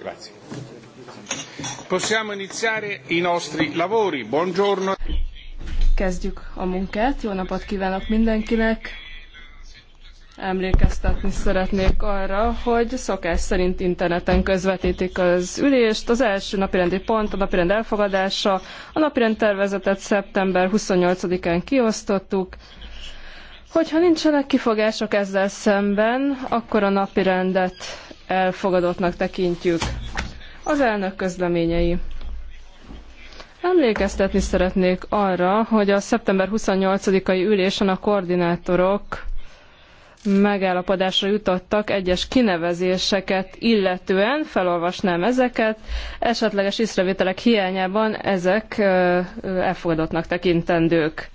Grazie. Possiamo iniziare i nostri lavori. Buongiorno. Kezdjük a munkát. Jó napot kívánok mindenkinek. Emlékeztetni szeretnék arra, hogy szokás szerint interneten közvetítik az ülést. Az első napirendi pont a napirend elfogadása. A napirend tervezetet szeptember 28-án kiosztottuk. Hogyha nincsenek kifogások ezzel szemben, akkor a napi rendet elfogadottnak tekintjük. Az elnök közleményei. Emlékeztetni szeretnék arra, hogy a szeptember 28-ai ülésen a koordinátorok megállapodásra jutottak egyes kinevezéseket illetően, felolvasnám ezeket, esetleges észrevételek hiányában ezek elfogadottnak tekintendők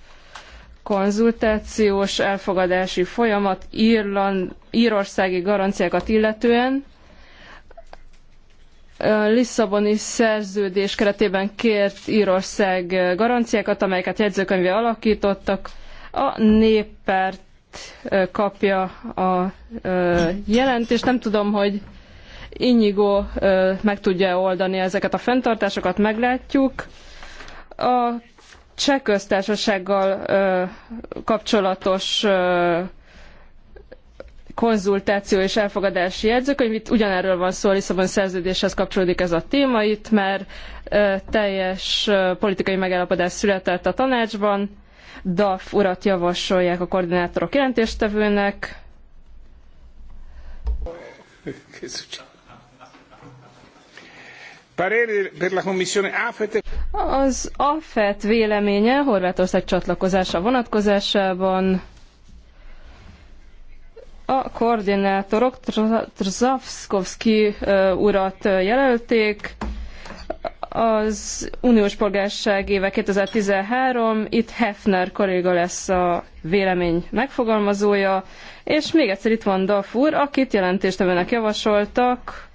konzultációs elfogadási folyamat Írland, írországi garanciákat illetően. A Lisszaboni szerződés keretében kért Írország garanciákat, amelyeket jegyzőkönyvé alakítottak. A néppárt kapja a jelentést. Nem tudom, hogy Inigo meg tudja oldani ezeket a fenntartásokat, meglátjuk. A cseh köztársasággal kapcsolatos konzultáció és elfogadási jegyzőkönyv. Itt ugyanerről van szó, a Lisszabon szerződéshez kapcsolódik ez a téma itt, mert teljes politikai megállapodás született a tanácsban. DAF urat javasolják a koordinátorok jelentéstevőnek. Köszönöm. Az AFET véleménye Horvátország csatlakozása vonatkozásában a koordinátorok Trzavskovski urat jelölték, az uniós polgárság éve 2013, itt Hefner kolléga lesz a vélemény megfogalmazója, és még egyszer itt van Dafur, akit jelentéstevőnek javasoltak,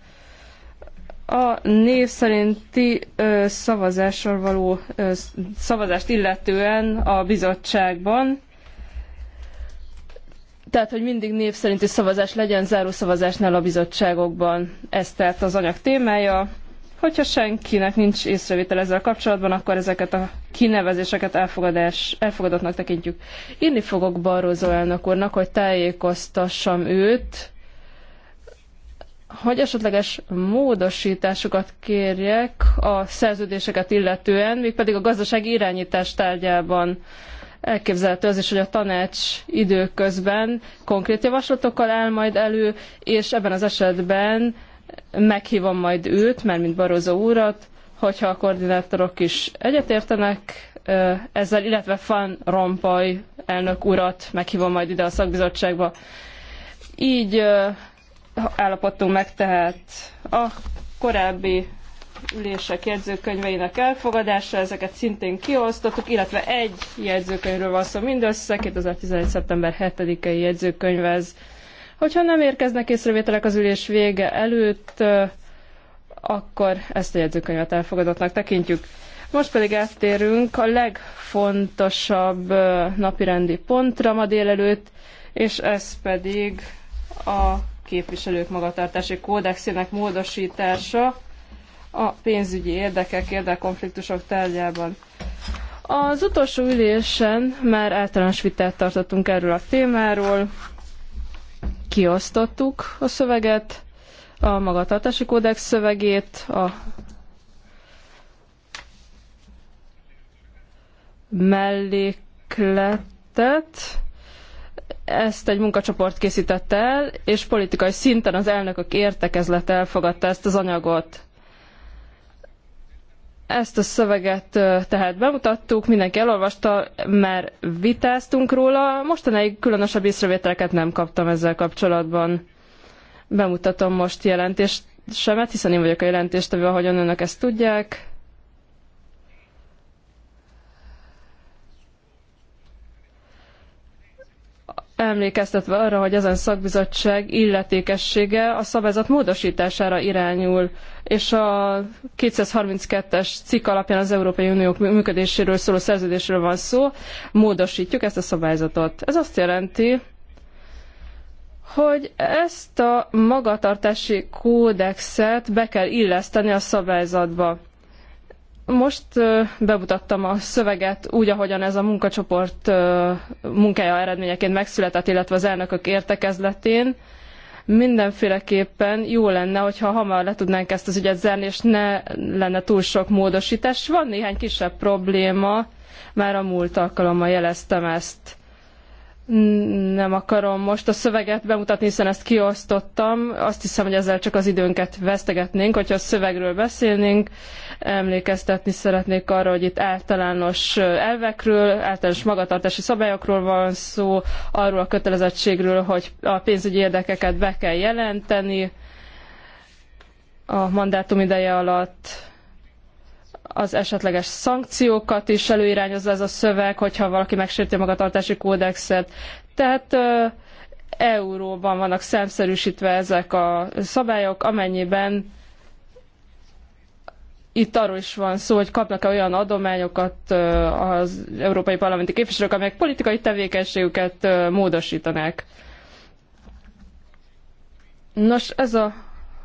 a név szerinti ö, szavazással való ö, szavazást illetően a bizottságban. Tehát, hogy mindig név szerinti szavazás legyen záró szavazásnál a bizottságokban. Ez tehát az anyag témája. Hogyha senkinek nincs észrevétel ezzel kapcsolatban, akkor ezeket a kinevezéseket elfogadás, elfogadottnak tekintjük. Írni fogok Barroso elnök úrnak, hogy tájékoztassam őt, hogy esetleges módosításokat kérjek a szerződéseket illetően, mégpedig a gazdasági irányítás tárgyában elképzelhető az is, hogy a tanács időközben konkrét javaslatokkal áll majd elő, és ebben az esetben meghívom majd őt, mert mint Barozó úrat, hogyha a koordinátorok is egyetértenek ezzel, illetve Fan Rompuy elnök urat meghívom majd ide a szakbizottságba. Így állapodtunk meg tehát a korábbi ülések jegyzőkönyveinek elfogadása, ezeket szintén kiosztottuk, illetve egy jegyzőkönyvről van szó mindössze, 2011. szeptember 7-i jegyzőkönyvez. Hogyha nem érkeznek észrevételek az ülés vége előtt, akkor ezt a jegyzőkönyvet elfogadottnak tekintjük. Most pedig áttérünk a legfontosabb uh, napirendi pontra ma délelőtt, és ez pedig a képviselők magatartási kódexének módosítása a pénzügyi érdekek, érdekkonfliktusok tárgyában. Az utolsó ülésen már általános vitát tartottunk erről a témáról, kiosztottuk a szöveget, a magatartási kódex szövegét, a mellékletet, ezt egy munkacsoport készítette el, és politikai szinten az elnökök értekezlete elfogadta ezt az anyagot. Ezt a szöveget tehát bemutattuk, mindenki elolvasta, mert vitáztunk róla. Mostanáig különösebb észrevételeket nem kaptam ezzel kapcsolatban. Bemutatom most jelentést semet, hiszen én vagyok a jelentéstevő, ahogyan önök ezt tudják. emlékeztetve arra, hogy ezen szakbizottság illetékessége a szabályzat módosítására irányul, és a 232-es cikk alapján az Európai Unió működéséről szóló szerződésről van szó, módosítjuk ezt a szabályzatot. Ez azt jelenti, hogy ezt a magatartási kódexet be kell illeszteni a szabályzatba. Most bemutattam a szöveget úgy, ahogyan ez a munkacsoport munkája eredményeként megszületett, illetve az elnökök értekezletén. Mindenféleképpen jó lenne, hogyha hamar le tudnánk ezt az ügyet zárni, és ne lenne túl sok módosítás. Van néhány kisebb probléma, már a múlt alkalommal jeleztem ezt nem akarom most a szöveget bemutatni, hiszen ezt kiosztottam. Azt hiszem, hogy ezzel csak az időnket vesztegetnénk, hogyha a szövegről beszélnénk. Emlékeztetni szeretnék arra, hogy itt általános elvekről, általános magatartási szabályokról van szó, arról a kötelezettségről, hogy a pénzügyi érdekeket be kell jelenteni a mandátum ideje alatt az esetleges szankciókat is előirányozza ez a szöveg, hogyha valaki megsérti a magatartási kódexet. Tehát euróban vannak szemszerűsítve ezek a szabályok, amennyiben itt arról is van szó, hogy kapnak-e olyan adományokat az európai parlamenti képviselők, amelyek politikai tevékenységüket módosítanák. Nos, ez a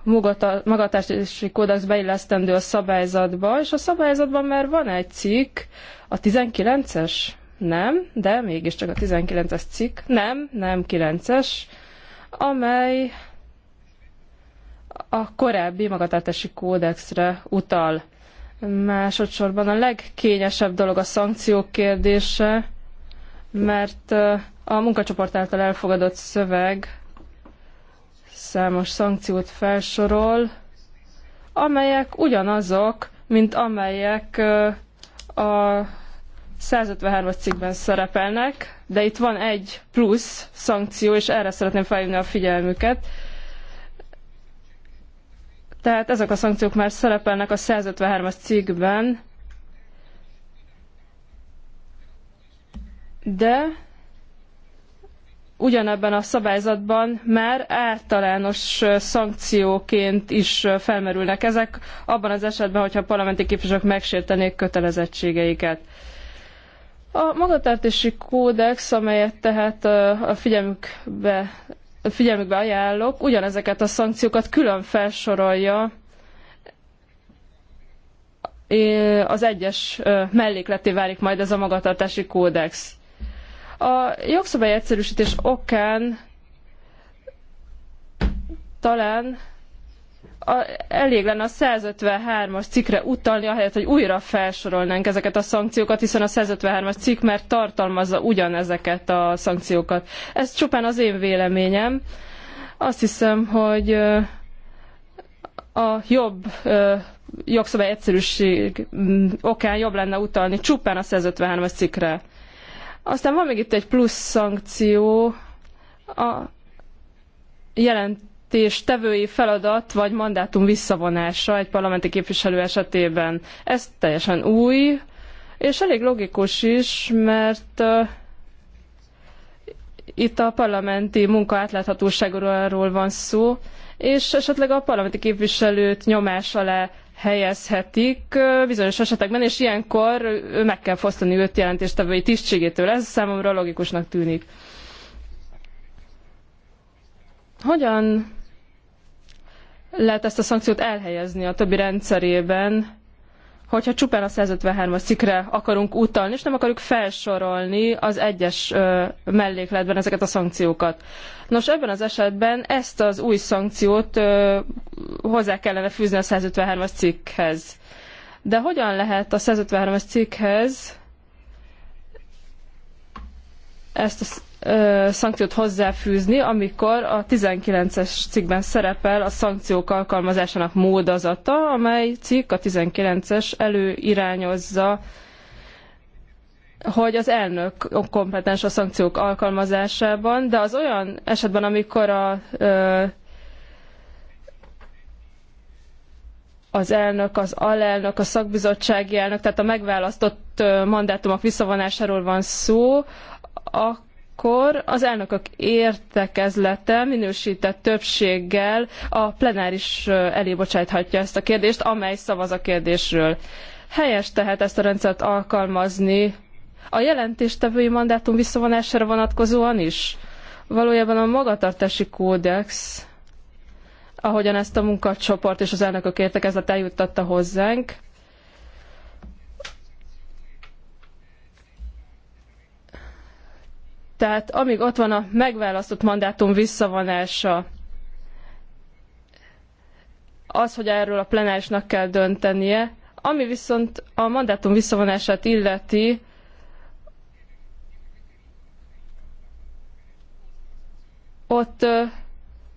magatartási kódex beillesztendő a szabályzatba, és a szabályzatban már van egy cikk, a 19-es? Nem, de mégiscsak a 19-es cikk, nem, nem 9-es, amely a korábbi magatartási kódexre utal. Másodszorban a legkényesebb dolog a szankciók kérdése, mert a munkacsoport által elfogadott szöveg számos szankciót felsorol, amelyek ugyanazok, mint amelyek a 153-as cikkben szerepelnek, de itt van egy plusz szankció, és erre szeretném felhívni a figyelmüket. Tehát ezek a szankciók már szerepelnek a 153-as cikkben, de ugyanebben a szabályzatban már általános szankcióként is felmerülnek ezek, abban az esetben, hogyha a parlamenti képviselők megsértenék kötelezettségeiket. A magatartási kódex, amelyet tehát a figyelmükbe, a figyelmükbe ajánlok, ugyanezeket a szankciókat külön felsorolja az egyes mellékleté válik majd ez a magatartási kódex. A jogszabály egyszerűsítés okán talán a, elég lenne a 153-as cikkre utalni, ahelyett, hogy újra felsorolnánk ezeket a szankciókat, hiszen a 153-as cikk már tartalmazza ugyanezeket a szankciókat. Ez csupán az én véleményem. Azt hiszem, hogy a jobb jogszabály egyszerűség okán jobb lenne utalni csupán a 153-as cikkre. Aztán van még itt egy plusz szankció, a jelentés tevői feladat vagy mandátum visszavonása egy parlamenti képviselő esetében. Ez teljesen új, és elég logikus is, mert uh, itt a parlamenti munka átláthatóságról van szó, és esetleg a parlamenti képviselőt nyomás alá helyezhetik bizonyos esetekben, és ilyenkor meg kell fosztani őt jelentéstevői tisztségétől. Ez számomra logikusnak tűnik. Hogyan lehet ezt a szankciót elhelyezni a többi rendszerében, hogyha csupán a 153-as cikre akarunk utalni, és nem akarjuk felsorolni az egyes mellékletben ezeket a szankciókat. Nos, ebben az esetben ezt az új szankciót hozzá kellene fűzni a 153-as cikkhez. De hogyan lehet a 153-as cikkhez ezt a ö, szankciót hozzáfűzni, amikor a 19-es cikkben szerepel a szankciók alkalmazásának módozata, amely cikk a 19-es előirányozza hogy az elnök kompetens a szankciók alkalmazásában, de az olyan esetben, amikor a, az elnök, az alelnök, a szakbizottsági elnök, tehát a megválasztott mandátumok visszavonásáról van szó, akkor akkor az elnökök értekezlete minősített többséggel a plenáris elé bocsájthatja ezt a kérdést, amely szavaz a kérdésről. Helyes tehát ezt a rendszert alkalmazni a jelentéstevői mandátum visszavonására vonatkozóan is. Valójában a magatartási kódex, ahogyan ezt a munkacsoport és az elnökök értekezlet eljuttatta hozzánk, Tehát amíg ott van a megválasztott mandátum visszavonása, az, hogy erről a plenárisnak kell döntenie, ami viszont a mandátum visszavonását illeti, ott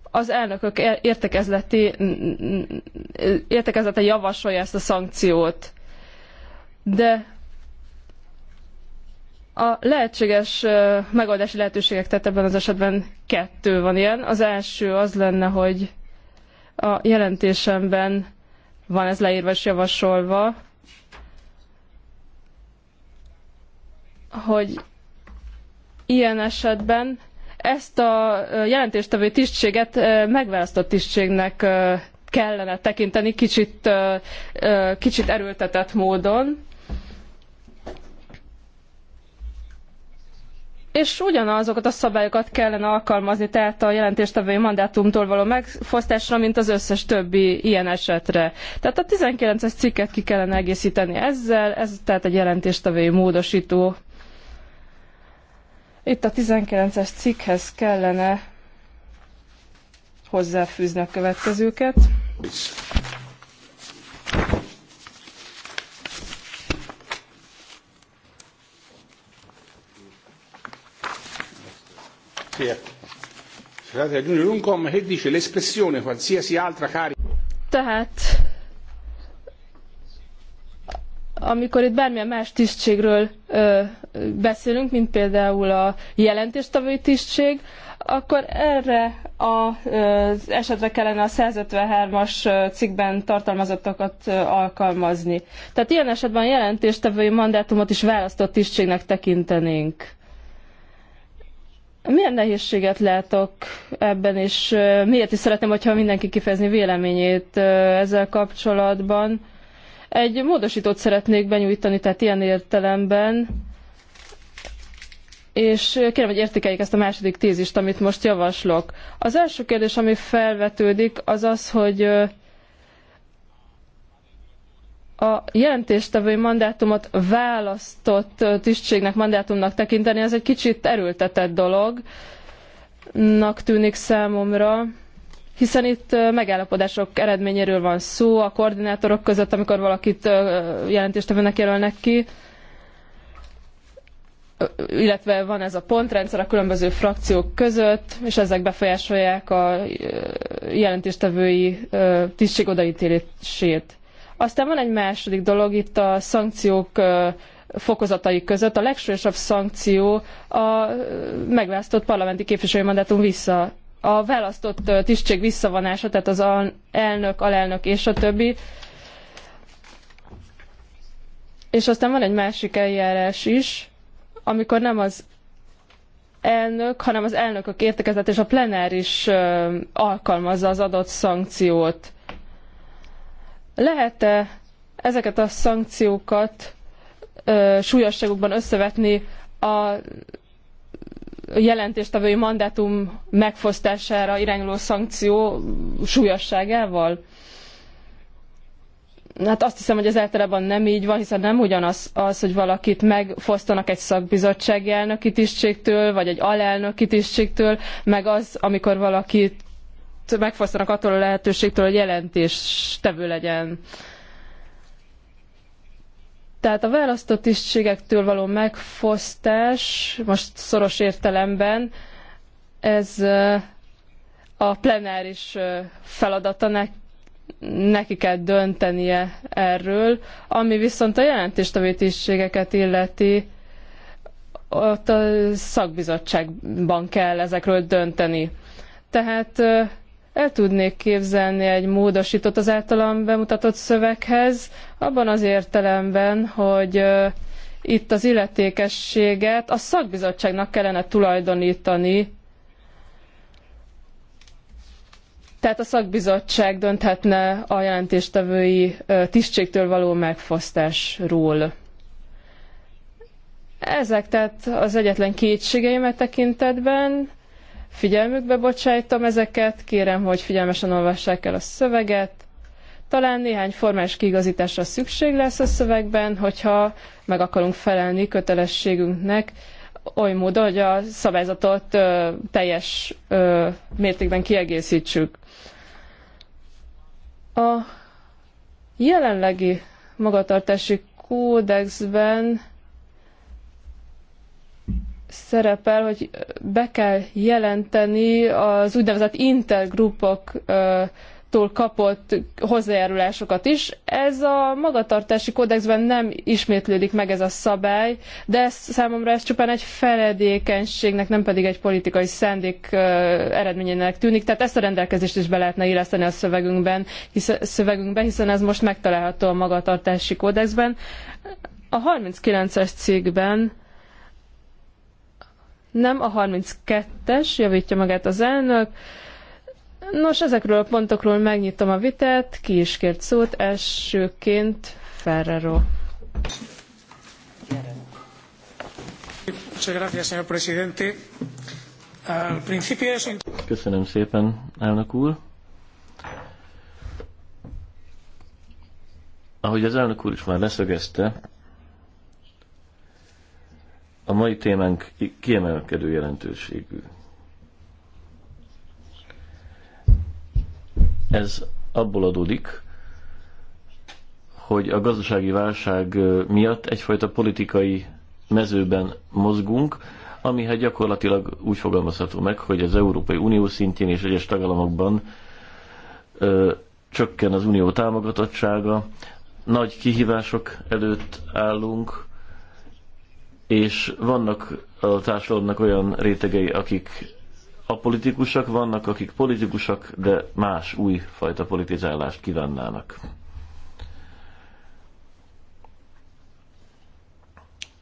az elnökök értekezleti, értekezlete javasolja ezt a szankciót. De a lehetséges megoldási lehetőségek, tehát ebben az esetben kettő van ilyen. Az első az lenne, hogy a jelentésemben van ez leírva és javasolva, hogy ilyen esetben ezt a jelentéstevő tisztséget megválasztott tisztségnek kellene tekinteni kicsit, kicsit erőltetett módon. és ugyanazokat a szabályokat kellene alkalmazni, tehát a jelentéstevői mandátumtól való megfosztásra, mint az összes többi ilyen esetre. Tehát a 19-es cikket ki kellene egészíteni ezzel, ez tehát egy jelentéstevői módosító. Itt a 19-es cikkhez kellene hozzáfűzni a következőket. tehát, amikor itt bármilyen más tisztségről ö, beszélünk, mint például a jelentéstevői tisztség, akkor erre a, az esetre kellene a 153-as cikkben tartalmazottakat alkalmazni. Tehát ilyen esetben a jelentéstevői mandátumot is választott tisztségnek tekintenénk. Milyen nehézséget látok ebben, és miért is szeretném, hogyha mindenki kifejezni véleményét ezzel kapcsolatban. Egy módosítót szeretnék benyújtani, tehát ilyen értelemben, és kérem, hogy értékeljék ezt a második tézist, amit most javaslok. Az első kérdés, ami felvetődik, az az, hogy a jelentéstevői mandátumot választott tisztségnek, mandátumnak tekinteni, ez egy kicsit erőltetett dolognak tűnik számomra, hiszen itt megállapodások eredményéről van szó, a koordinátorok között, amikor valakit jelentéstevőnek jelölnek ki, illetve van ez a pontrendszer a különböző frakciók között, és ezek befolyásolják a jelentéstevői tisztség odaítélését. Aztán van egy második dolog itt a szankciók fokozatai között. A legsúlyosabb szankció a megválasztott parlamenti képviselői mandátum vissza a választott tisztség visszavonása, tehát az elnök, alelnök és a többi. És aztán van egy másik eljárás is, amikor nem az elnök, hanem az elnökök értekezet és a plenáris alkalmazza az adott szankciót. Lehet-e ezeket a szankciókat ö, súlyosságukban összevetni a jelentéstevői mandátum megfosztására irányuló szankció súlyosságával? Hát azt hiszem, hogy ez általában nem így van, hiszen nem ugyanaz az, hogy valakit megfosztanak egy szakbizottsági elnöki tisztségtől, vagy egy alelnöki tisztségtől, meg az, amikor valakit megfosztanak attól a lehetőségtől, hogy jelentéstevő legyen. Tehát a választott tisztségektől való megfosztás, most szoros értelemben, ez a plenáris feladata, ne, neki kell döntenie erről, ami viszont a jelentéstevő tisztségeket illeti, ott a szakbizottságban kell ezekről dönteni. Tehát el tudnék képzelni egy módosított az általam bemutatott szöveghez, abban az értelemben, hogy itt az illetékességet a szakbizottságnak kellene tulajdonítani, tehát a szakbizottság dönthetne a jelentéstevői tisztségtől való megfosztásról. Ezek tehát az egyetlen kétségeim e tekintetben figyelmükbe bocsájtom ezeket, kérem, hogy figyelmesen olvassák el a szöveget. Talán néhány formális kiigazításra szükség lesz a szövegben, hogyha meg akarunk felelni kötelességünknek, oly módon, hogy a szabályzatot ö, teljes ö, mértékben kiegészítsük. A jelenlegi magatartási kódexben szerepel, hogy be kell jelenteni az úgynevezett intergrupok tól kapott hozzájárulásokat is. Ez a magatartási kódexben nem ismétlődik meg ez a szabály, de ez, számomra ez csupán egy feledékenységnek, nem pedig egy politikai szándék eredményének tűnik. Tehát ezt a rendelkezést is be lehetne illeszteni a szövegünkben, hisz, szövegünkben hiszen ez most megtalálható a magatartási kódexben. A 39-es cégben nem, a 32-es, javítja magát az elnök. Nos, ezekről a pontokról megnyitom a vitát, ki is kért szót, elsőként Ferrero. Köszönöm szépen, elnök úr. Ahogy az elnök úr is már leszögezte, a mai témánk kiemelkedő jelentőségű. Ez abból adódik, hogy a gazdasági válság miatt egyfajta politikai mezőben mozgunk, ami hát gyakorlatilag úgy fogalmazható meg, hogy az Európai Unió szintjén és egyes tagállamokban ö, csökken az unió támogatottsága, nagy kihívások előtt állunk, és vannak a társadalomnak olyan rétegei, akik apolitikusak, vannak akik politikusak, de más újfajta politizálást kívánnának.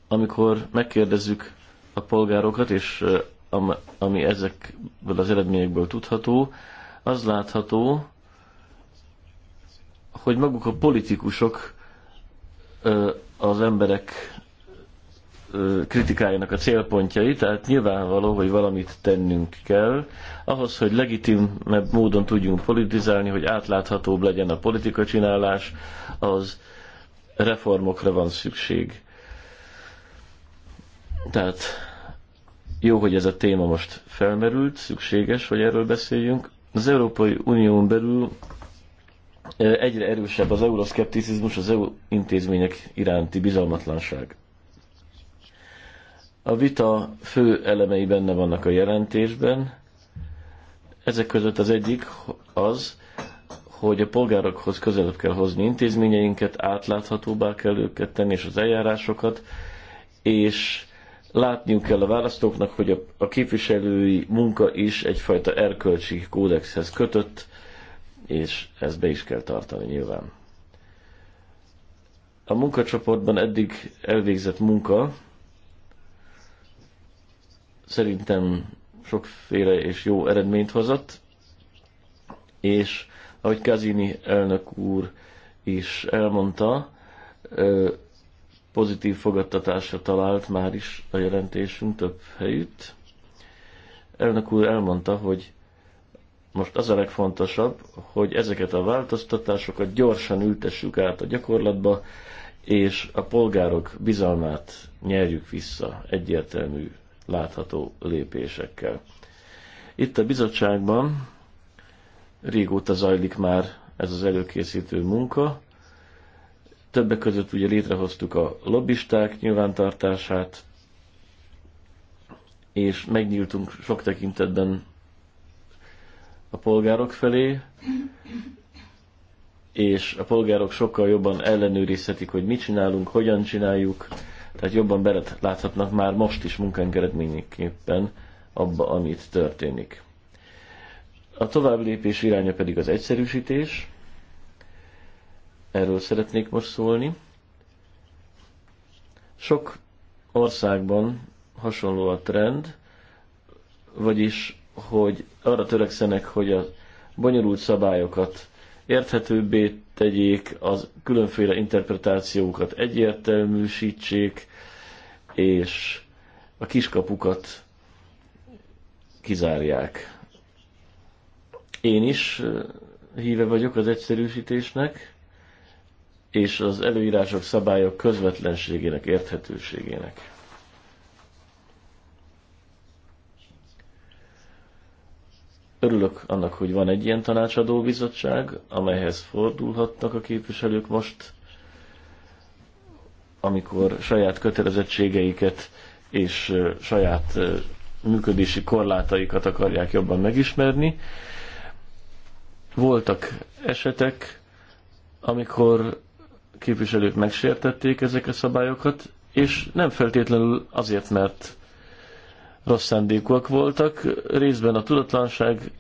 Amikor megkérdezzük a polgárokat, és ami ezekből az eredményekből tudható, az látható, hogy maguk a politikusok az emberek kritikájának a célpontjai, tehát nyilvánvaló, hogy valamit tennünk kell, ahhoz, hogy legitimebb módon tudjunk politizálni, hogy átláthatóbb legyen a politika csinálás, az reformokra van szükség. Tehát jó, hogy ez a téma most felmerült, szükséges, hogy erről beszéljünk. Az Európai Unión belül egyre erősebb az euroszkepticizmus, az EU intézmények iránti bizalmatlanság. A vita fő elemei benne vannak a jelentésben. Ezek között az egyik az, hogy a polgárokhoz közelebb kell hozni intézményeinket, átláthatóbbá kell őket tenni, és az eljárásokat, és látniuk kell a választóknak, hogy a képviselői munka is egyfajta erkölcsi kódexhez kötött, és ezt be is kell tartani nyilván. A munkacsoportban eddig elvégzett munka szerintem sokféle és jó eredményt hozott, és ahogy Kazini elnök úr is elmondta, pozitív fogadtatásra talált már is a jelentésünk több helyütt. Elnök úr elmondta, hogy most az a legfontosabb, hogy ezeket a változtatásokat gyorsan ültessük át a gyakorlatba, és a polgárok bizalmát nyerjük vissza. Egyértelmű látható lépésekkel. Itt a bizottságban régóta zajlik már ez az előkészítő munka. Többek között ugye létrehoztuk a lobbisták nyilvántartását, és megnyíltunk sok tekintetben a polgárok felé, és a polgárok sokkal jobban ellenőrizhetik, hogy mit csinálunk, hogyan csináljuk, tehát jobban beret láthatnak már most is munkánk eredményeképpen abba, amit történik. A tovább lépés iránya pedig az egyszerűsítés. Erről szeretnék most szólni. Sok országban hasonló a trend, vagyis, hogy arra törekszenek, hogy a bonyolult szabályokat érthetőbbé tegyék, az különféle interpretációkat egyértelműsítsék, és a kiskapukat kizárják. Én is híve vagyok az egyszerűsítésnek, és az előírások, szabályok közvetlenségének, érthetőségének. Örülök annak, hogy van egy ilyen tanácsadó bizottság, amelyhez fordulhatnak a képviselők most, amikor saját kötelezettségeiket és saját működési korlátaikat akarják jobban megismerni. Voltak esetek, amikor képviselők megsértették ezek a szabályokat, és nem feltétlenül azért, mert rossz szándékúak voltak, részben a tudatlanság,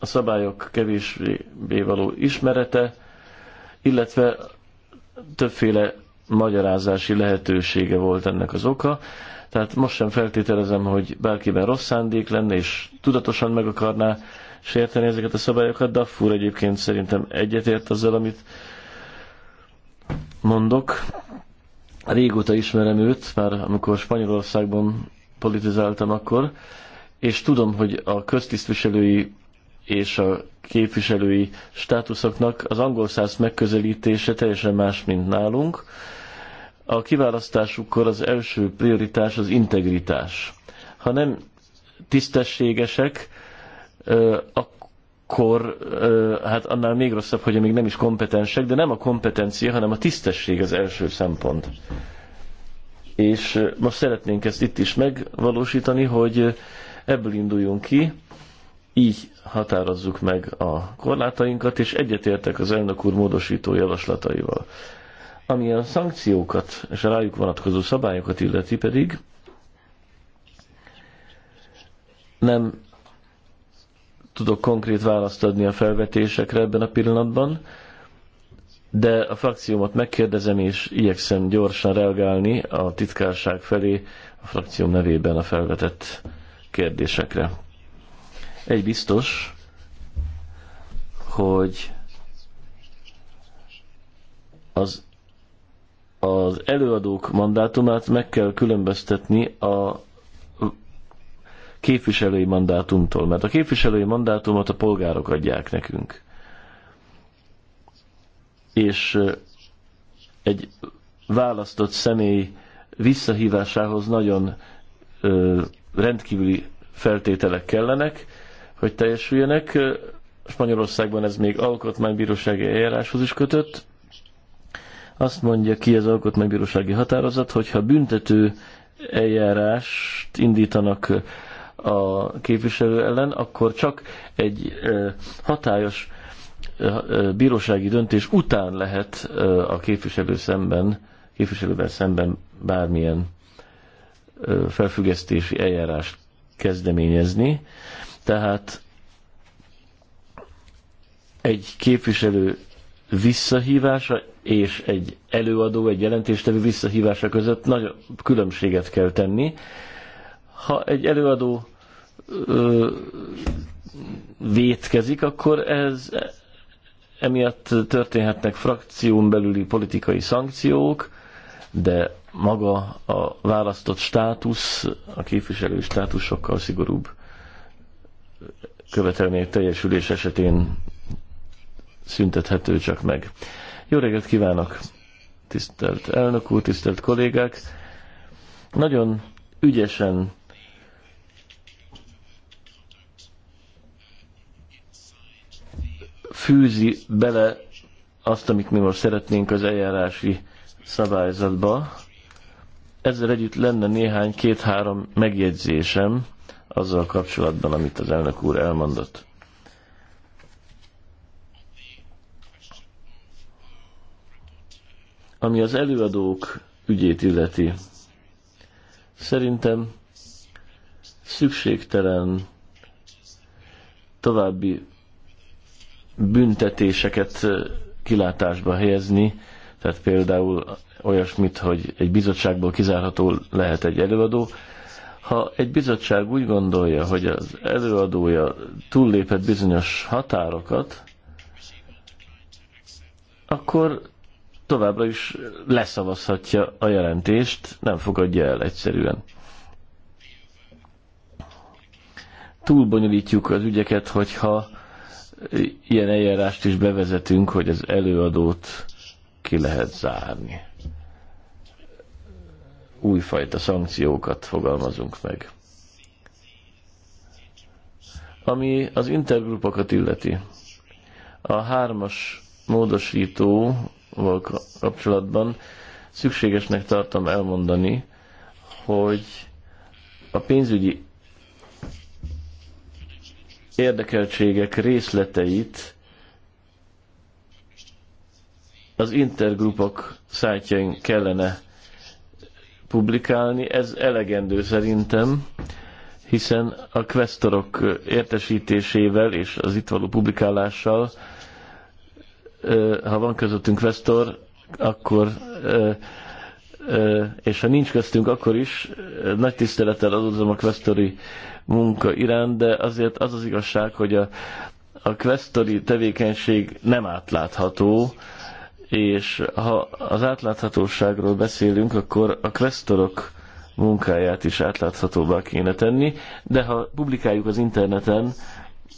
a szabályok kevésbé való ismerete, illetve többféle magyarázási lehetősége volt ennek az oka. Tehát most sem feltételezem, hogy bárkiben rossz szándék lenne, és tudatosan meg akarná sérteni ezeket a szabályokat. Daffur egyébként szerintem egyetért azzal, amit mondok. Régóta ismerem őt, már amikor Spanyolországban politizáltam akkor, és tudom, hogy a köztisztviselői és a képviselői státuszoknak az angol száz megközelítése teljesen más, mint nálunk. A kiválasztásukkor az első prioritás az integritás. Ha nem tisztességesek, akkor hát annál még rosszabb, hogy még nem is kompetensek, de nem a kompetencia, hanem a tisztesség az első szempont és most szeretnénk ezt itt is megvalósítani, hogy ebből induljunk ki, így határozzuk meg a korlátainkat, és egyetértek az elnök úr módosító javaslataival. Ami a szankciókat és a rájuk vonatkozó szabályokat illeti pedig, nem tudok konkrét választ adni a felvetésekre ebben a pillanatban, de a frakciómat megkérdezem, és igyekszem gyorsan reagálni a titkárság felé a frakcióm nevében a felvetett kérdésekre. Egy biztos, hogy az, az előadók mandátumát meg kell különböztetni a képviselői mandátumtól, mert a képviselői mandátumot a polgárok adják nekünk és egy választott személy visszahívásához nagyon rendkívüli feltételek kellenek, hogy teljesüljenek. Spanyolországban ez még alkotmánybírósági eljáráshoz is kötött. Azt mondja ki az alkotmánybírósági határozat, hogyha büntető eljárást indítanak a képviselő ellen, akkor csak egy hatályos bírósági döntés után lehet a képviselő szemben, képviselővel szemben bármilyen felfüggesztési eljárást kezdeményezni. Tehát egy képviselő visszahívása és egy előadó, egy jelentéstevő visszahívása között nagy különbséget kell tenni. Ha egy előadó ö, vétkezik, akkor ez emiatt történhetnek frakción belüli politikai szankciók, de maga a választott státusz, a képviselő státusz sokkal szigorúbb követelmények teljesülés esetén szüntethető csak meg. Jó reggelt kívánok, tisztelt elnök úr, tisztelt kollégák! Nagyon ügyesen fűzi bele azt, amit mi most szeretnénk az eljárási szabályzatba. Ezzel együtt lenne néhány két-három megjegyzésem azzal kapcsolatban, amit az elnök úr elmondott. Ami az előadók ügyét illeti, szerintem szükségtelen további büntetéseket kilátásba helyezni, tehát például olyasmit, hogy egy bizottságból kizárható lehet egy előadó. Ha egy bizottság úgy gondolja, hogy az előadója túllépett bizonyos határokat, akkor továbbra is leszavazhatja a jelentést, nem fogadja el egyszerűen. Túlbonyolítjuk az ügyeket, hogyha ilyen eljárást is bevezetünk, hogy az előadót ki lehet zárni. Újfajta szankciókat fogalmazunk meg. Ami az intergrupokat illeti, a hármas módosítóval kapcsolatban szükségesnek tartom elmondani, hogy a pénzügyi érdekeltségek részleteit az intergrupok szájtjain kellene publikálni. Ez elegendő szerintem, hiszen a questorok értesítésével és az itt való publikálással, ha van közöttünk questor, akkor és ha nincs köztünk, akkor is nagy tisztelettel adózom a questori munka iránt, de azért az az igazság, hogy a, a questori tevékenység nem átlátható, és ha az átláthatóságról beszélünk, akkor a questorok munkáját is átláthatóbbá kéne tenni, de ha publikáljuk az interneten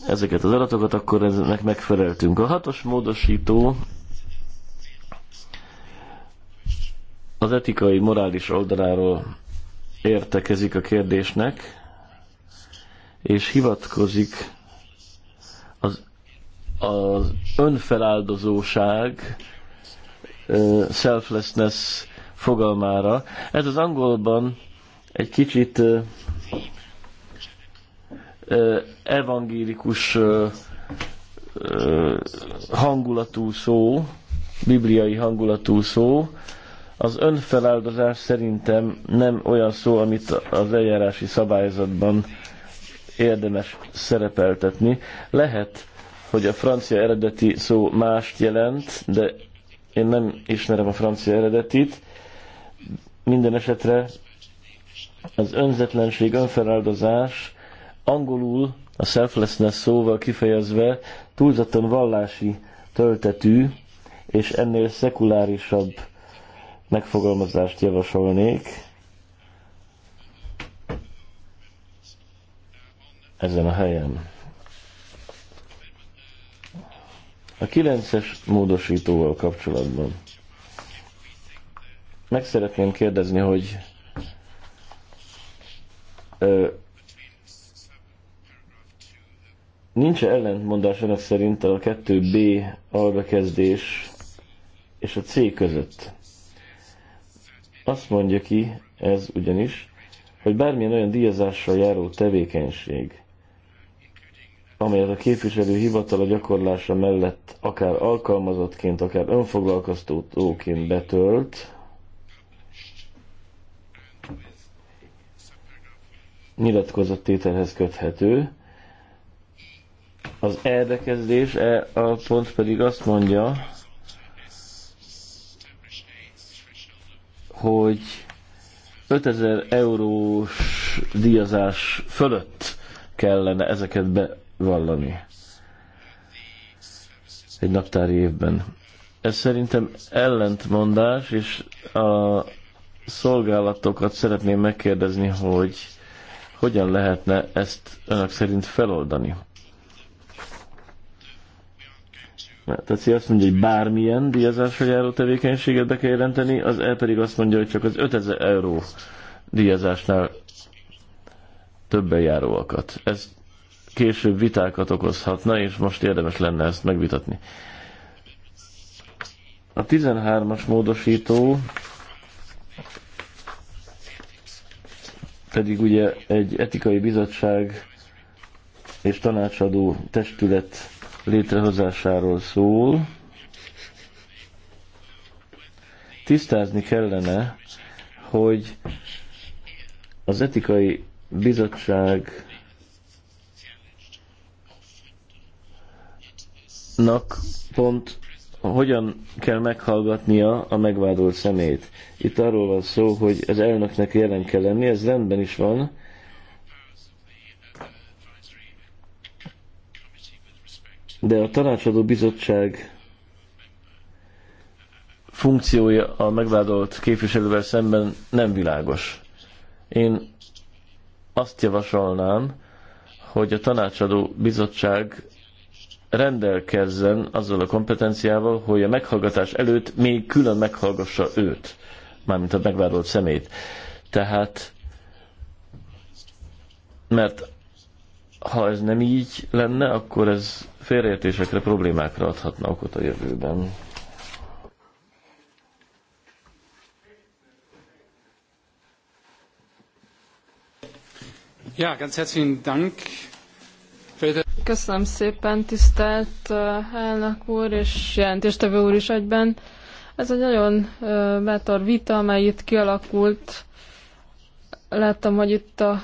ezeket az adatokat, akkor ennek megfeleltünk. A hatos módosító az etikai, morális oldaláról értekezik a kérdésnek, és hivatkozik az, az önfeláldozóság, selflessness fogalmára. Ez az angolban egy kicsit evangélikus hangulatú szó, bibliai hangulatú szó, az önfeláldozás szerintem nem olyan szó, amit az eljárási szabályzatban érdemes szerepeltetni. Lehet, hogy a francia eredeti szó mást jelent, de én nem ismerem a francia eredetit. Minden esetre az önzetlenség, önfeláldozás angolul a selflessness szóval kifejezve túlzottan vallási töltetű, és ennél szekulárisabb megfogalmazást javasolnék ezen a helyen. A kilences módosítóval kapcsolatban. Meg szeretném kérdezni, hogy ö, nincs -e ellentmondás önök szerint a 2B albekezdés és a C között? Azt mondja ki ez ugyanis, hogy bármilyen olyan díjazással járó tevékenység, amelyet a képviselő a gyakorlása mellett akár alkalmazottként, akár önfoglalkoztatóként betölt, tételhez köthető. Az erdekezdés, e a pont pedig azt mondja, hogy 5000 eurós díjazás fölött kellene ezeket bevallani egy naptári évben. Ez szerintem ellentmondás, és a szolgálatokat szeretném megkérdezni, hogy hogyan lehetne ezt önök szerint feloldani. Tehát azt mondja, hogy bármilyen díjazásra járó tevékenységet be kell jelenteni, az E pedig azt mondja, hogy csak az 5000 euró díjazásnál többen járóakat. Ez később vitákat okozhatna, és most érdemes lenne ezt megvitatni. A 13-as módosító pedig ugye egy etikai bizottság és tanácsadó testület létrehozásáról szól. Tisztázni kellene, hogy az etikai bizottság nak pont hogyan kell meghallgatnia a megvádolt szemét. Itt arról van szó, hogy az elnöknek jelen kell lenni, ez rendben is van, de a tanácsadó bizottság funkciója a megvádolt képviselővel szemben nem világos. Én azt javasolnám, hogy a tanácsadó bizottság rendelkezzen azzal a kompetenciával, hogy a meghallgatás előtt még külön meghallgassa őt, mármint a megvádolt szemét. Tehát, mert ha ez nem így lenne, akkor ez félreértésekre, problémákra adhatna okot a jövőben. Ja, ganz herzlichen Dank. Köszönöm szépen, tisztelt elnök úr és jelentéstevő úr is egyben. Ez egy nagyon bátor vita, amely itt kialakult. Láttam, hogy itt a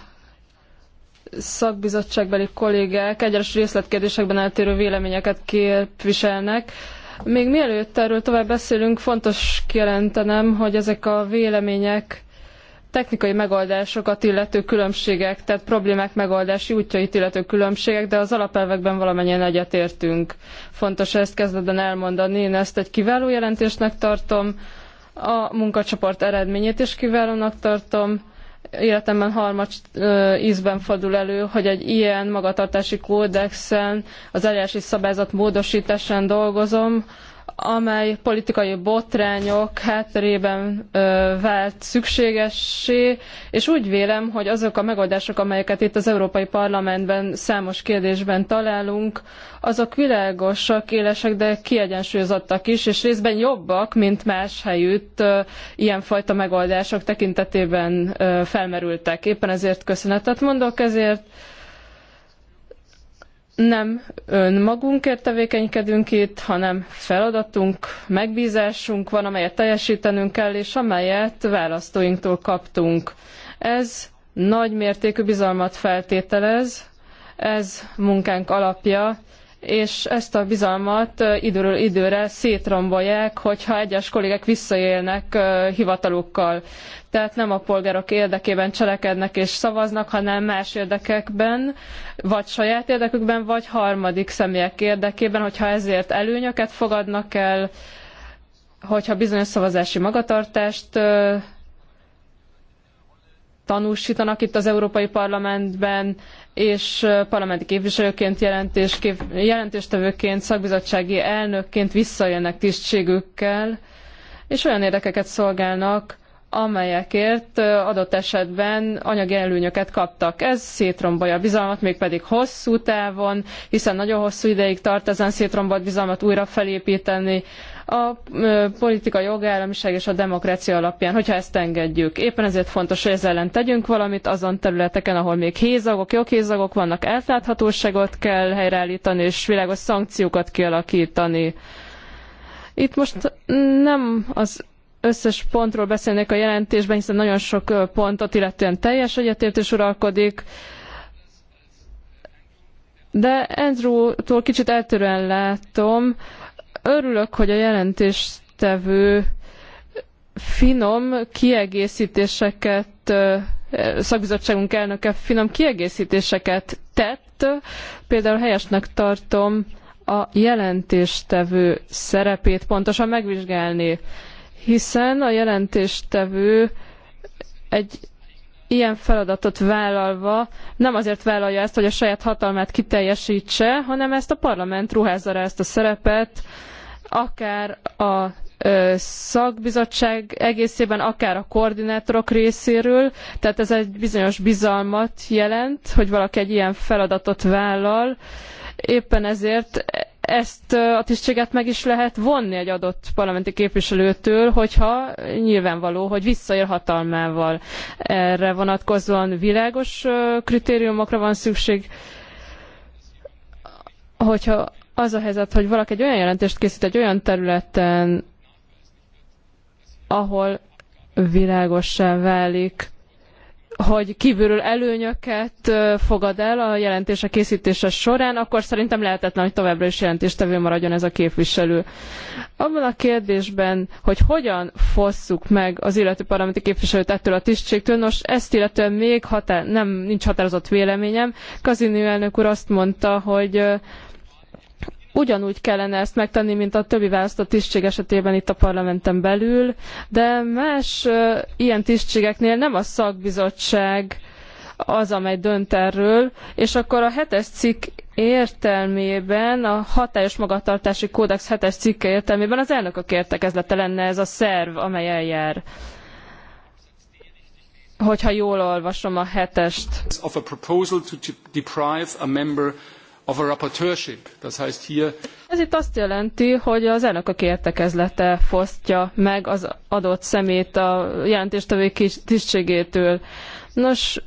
szakbizottságbeli kollégák egyes részletkérdésekben eltérő véleményeket képviselnek. Még mielőtt erről tovább beszélünk, fontos kijelentenem, hogy ezek a vélemények technikai megoldásokat illető különbségek, tehát problémák megoldási útjait illető különbségek, de az alapelvekben valamennyien egyetértünk. Fontos ezt kezdetben elmondani, én ezt egy kiváló jelentésnek tartom, a munkacsoport eredményét is kiválónak tartom, életemben harmad ízben fordul elő, hogy egy ilyen magatartási kódexen, az eljárási szabályzat módosításán dolgozom, amely politikai botrányok hátterében ö, vált szükségessé, és úgy vélem, hogy azok a megoldások, amelyeket itt az Európai Parlamentben számos kérdésben találunk, azok világosak, élesek, de kiegyensúlyozottak is, és részben jobbak, mint más helyütt ö, ilyenfajta megoldások tekintetében ö, felmerültek. Éppen ezért köszönetet mondok ezért nem önmagunkért tevékenykedünk itt, hanem feladatunk, megbízásunk van, amelyet teljesítenünk kell, és amelyet választóinktól kaptunk. Ez nagy mértékű bizalmat feltételez, ez munkánk alapja, és ezt a bizalmat időről időre szétrombolják, hogyha egyes kollégek visszaélnek hivatalukkal. Tehát nem a polgárok érdekében cselekednek és szavaznak, hanem más érdekekben, vagy saját érdekükben, vagy harmadik személyek érdekében, hogyha ezért előnyöket fogadnak el, hogyha bizonyos szavazási magatartást tanúsítanak itt az Európai Parlamentben, és parlamenti képviselőként, jelentés, kép, jelentéstevőként, szakbizottsági elnökként visszajönnek tisztségükkel, és olyan érdekeket szolgálnak, amelyekért adott esetben anyagi előnyöket kaptak. Ez szétrombolja a bizalmat, mégpedig hosszú távon, hiszen nagyon hosszú ideig tart ezen szétrombolt bizalmat újra felépíteni, a politika jogállamiság és a demokrácia alapján, hogyha ezt engedjük. Éppen ezért fontos, hogy ezzel ellen tegyünk valamit azon területeken, ahol még hézagok, joghézagok vannak, eltláthatóságot kell helyreállítani, és világos szankciókat kialakítani. Itt most nem az összes pontról beszélnék a jelentésben, hiszen nagyon sok pontot, illetően teljes egyetértés uralkodik, de Andrew-tól kicsit eltérően látom, Örülök, hogy a jelentéstevő finom kiegészítéseket szakbizottságunk elnöke finom kiegészítéseket tett. Például helyesnek tartom a jelentéstevő szerepét pontosan megvizsgálni, hiszen a jelentéstevő egy ilyen feladatot vállalva nem azért vállalja ezt, hogy a saját hatalmát kiteljesítse, hanem ezt a parlament ruházza rá ezt a szerepet, akár a szakbizottság egészében, akár a koordinátorok részéről, tehát ez egy bizonyos bizalmat jelent, hogy valaki egy ilyen feladatot vállal, éppen ezért ezt a tisztséget meg is lehet vonni egy adott parlamenti képviselőtől, hogyha nyilvánvaló, hogy visszaél hatalmával. Erre vonatkozóan világos kritériumokra van szükség, hogyha az a helyzet, hogy valaki egy olyan jelentést készít egy olyan területen, ahol világosan válik, hogy kívülről előnyöket fogad el a jelentése készítése során, akkor szerintem lehetetlen, hogy továbbra is jelentéstevő maradjon ez a képviselő. Abban a kérdésben, hogy hogyan fosszuk meg az illető parlamenti képviselőt ettől a tisztségtől, nos, ezt illetően még határ, nem, nincs határozott véleményem. Kazinő elnök úr azt mondta, hogy Ugyanúgy kellene ezt megtenni, mint a többi választott tisztség esetében itt a parlamenten belül, de más ilyen tisztségeknél nem a szakbizottság az, amely dönt erről, és akkor a hetes cikk értelmében, a hatályos magatartási kódex hetes cikke értelmében az elnökök értekezlete lenne ez a szerv, amely eljár hogyha jól olvasom a hetest. Of a proposal to deprive a member of a rapporteurship. Das heißt hier ez itt azt jelenti, hogy az elnökök értekezlete fosztja meg az adott szemét a jelentéstevő tisztségétől. Nos,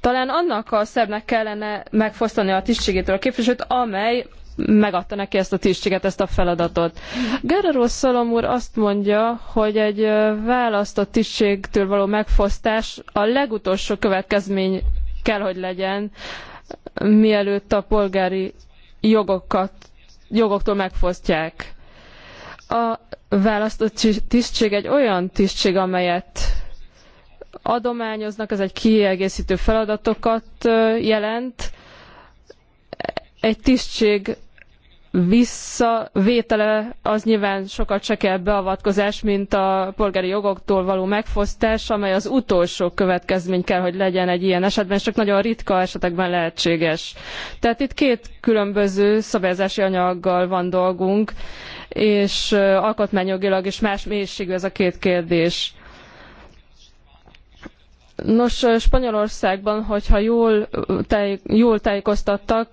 talán annak a szervnek kellene megfosztani a tisztségétől a képviselőt, amely megadta neki ezt a tisztséget, ezt a feladatot. Gerardo Szalom úr azt mondja, hogy egy választott tisztségtől való megfosztás a legutolsó következmény kell, hogy legyen, mielőtt a polgári jogokat, jogoktól megfosztják. A választott tisztség egy olyan tisztség, amelyet adományoznak, ez egy kiegészítő feladatokat jelent. Egy tisztség visszavétele, az nyilván sokat se kell beavatkozás, mint a polgári jogoktól való megfosztás, amely az utolsó következmény kell, hogy legyen egy ilyen esetben, és csak nagyon ritka esetekben lehetséges. Tehát itt két különböző szabályozási anyaggal van dolgunk, és alkotmányjogilag is más mélységű ez a két kérdés. Nos, Spanyolországban, hogyha jól, jól tájékoztattak,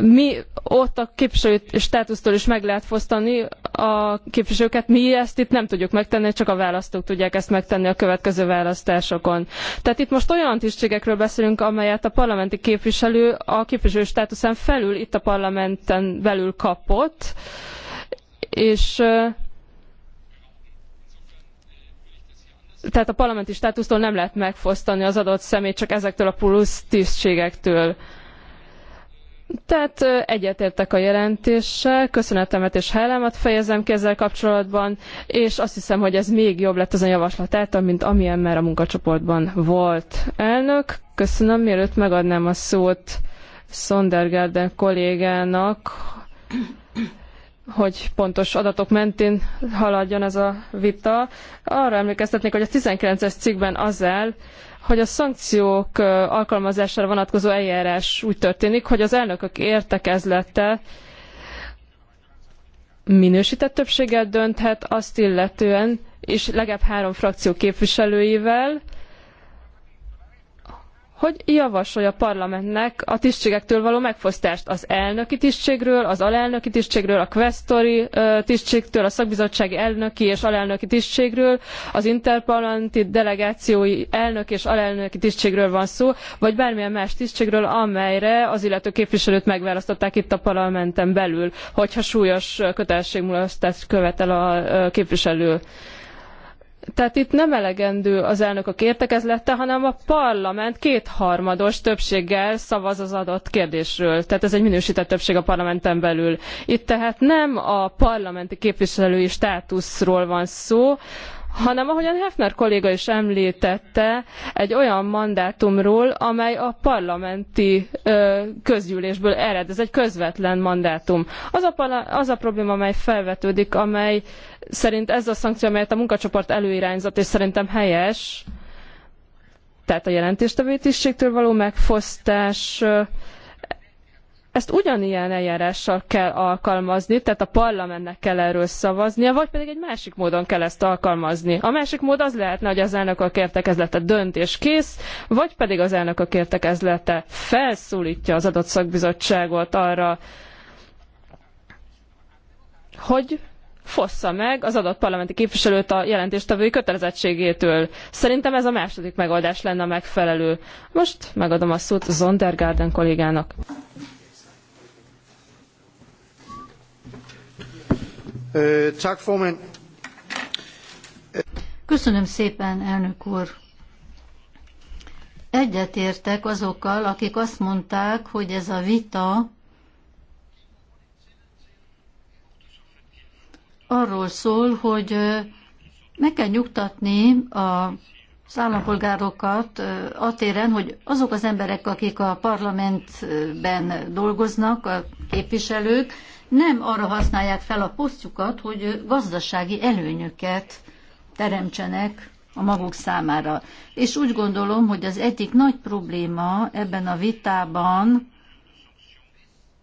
mi ott a képviselői státusztól is meg lehet fosztani a képviselőket, mi ezt itt nem tudjuk megtenni, csak a választók tudják ezt megtenni a következő választásokon. Tehát itt most olyan tisztségekről beszélünk, amelyet a parlamenti képviselő a képviselői státuszán felül itt a parlamenten belül kapott, és tehát a parlamenti státusztól nem lehet megfosztani az adott személyt, csak ezektől a plusz tisztségektől. Tehát egyetértek a jelentéssel, köszönetemet és hálámat fejezem ki ezzel kapcsolatban, és azt hiszem, hogy ez még jobb lett az a javaslat által, mint amilyen már a munkacsoportban volt. Elnök, köszönöm, mielőtt megadnám a szót Sondergarden kollégának, hogy pontos adatok mentén haladjon ez a vita. Arra emlékeztetnék, hogy a 19-es cikkben az áll, hogy a szankciók alkalmazására vonatkozó eljárás úgy történik, hogy az elnökök értekezlete minősített többséggel dönthet azt illetően, és legalább három frakció képviselőivel, hogy javasolja a parlamentnek a tisztségektől való megfosztást az elnöki tisztségről, az alelnöki tisztségről, a questori tisztségtől, a szakbizottsági elnöki és alelnöki tisztségről, az interparlamenti delegációi elnök és alelnöki tisztségről van szó, vagy bármilyen más tisztségről, amelyre az illető képviselőt megválasztották itt a parlamenten belül, hogyha súlyos kötelességmulasztást követel a képviselő. Tehát itt nem elegendő az elnökök értekezlete, hanem a parlament kétharmados többséggel szavaz az adott kérdésről. Tehát ez egy minősített többség a parlamenten belül. Itt tehát nem a parlamenti képviselői státuszról van szó, hanem ahogyan Hefner kolléga is említette, egy olyan mandátumról, amely a parlamenti ö, közgyűlésből ered. Ez egy közvetlen mandátum. Az a, az a probléma, amely felvetődik, amely szerint ez a szankció, amelyet a munkacsoport előirányzott, és szerintem helyes, tehát a jelentéstevő tisztségtől való megfosztás, ezt ugyanilyen eljárással kell alkalmazni, tehát a parlamentnek kell erről szavaznia, vagy pedig egy másik módon kell ezt alkalmazni. A másik mód az lehetne, hogy az elnökök értekezlete döntés kész, vagy pedig az elnökök értekezlete felszólítja az adott szakbizottságot arra, hogy fossza meg az adott parlamenti képviselőt a jelentéstevői kötelezettségétől. Szerintem ez a második megoldás lenne a megfelelő. Most megadom a szót Zondergarden kollégának. Tak, formand. Köszönöm szépen, elnök úr. Egyetértek azokkal, akik azt mondták, hogy ez a vita arról szól, hogy meg kell nyugtatni a az állampolgárokat a téren, hogy azok az emberek, akik a parlamentben dolgoznak, a képviselők, nem arra használják fel a posztjukat, hogy gazdasági előnyöket teremtsenek a maguk számára. És úgy gondolom, hogy az egyik nagy probléma ebben a vitában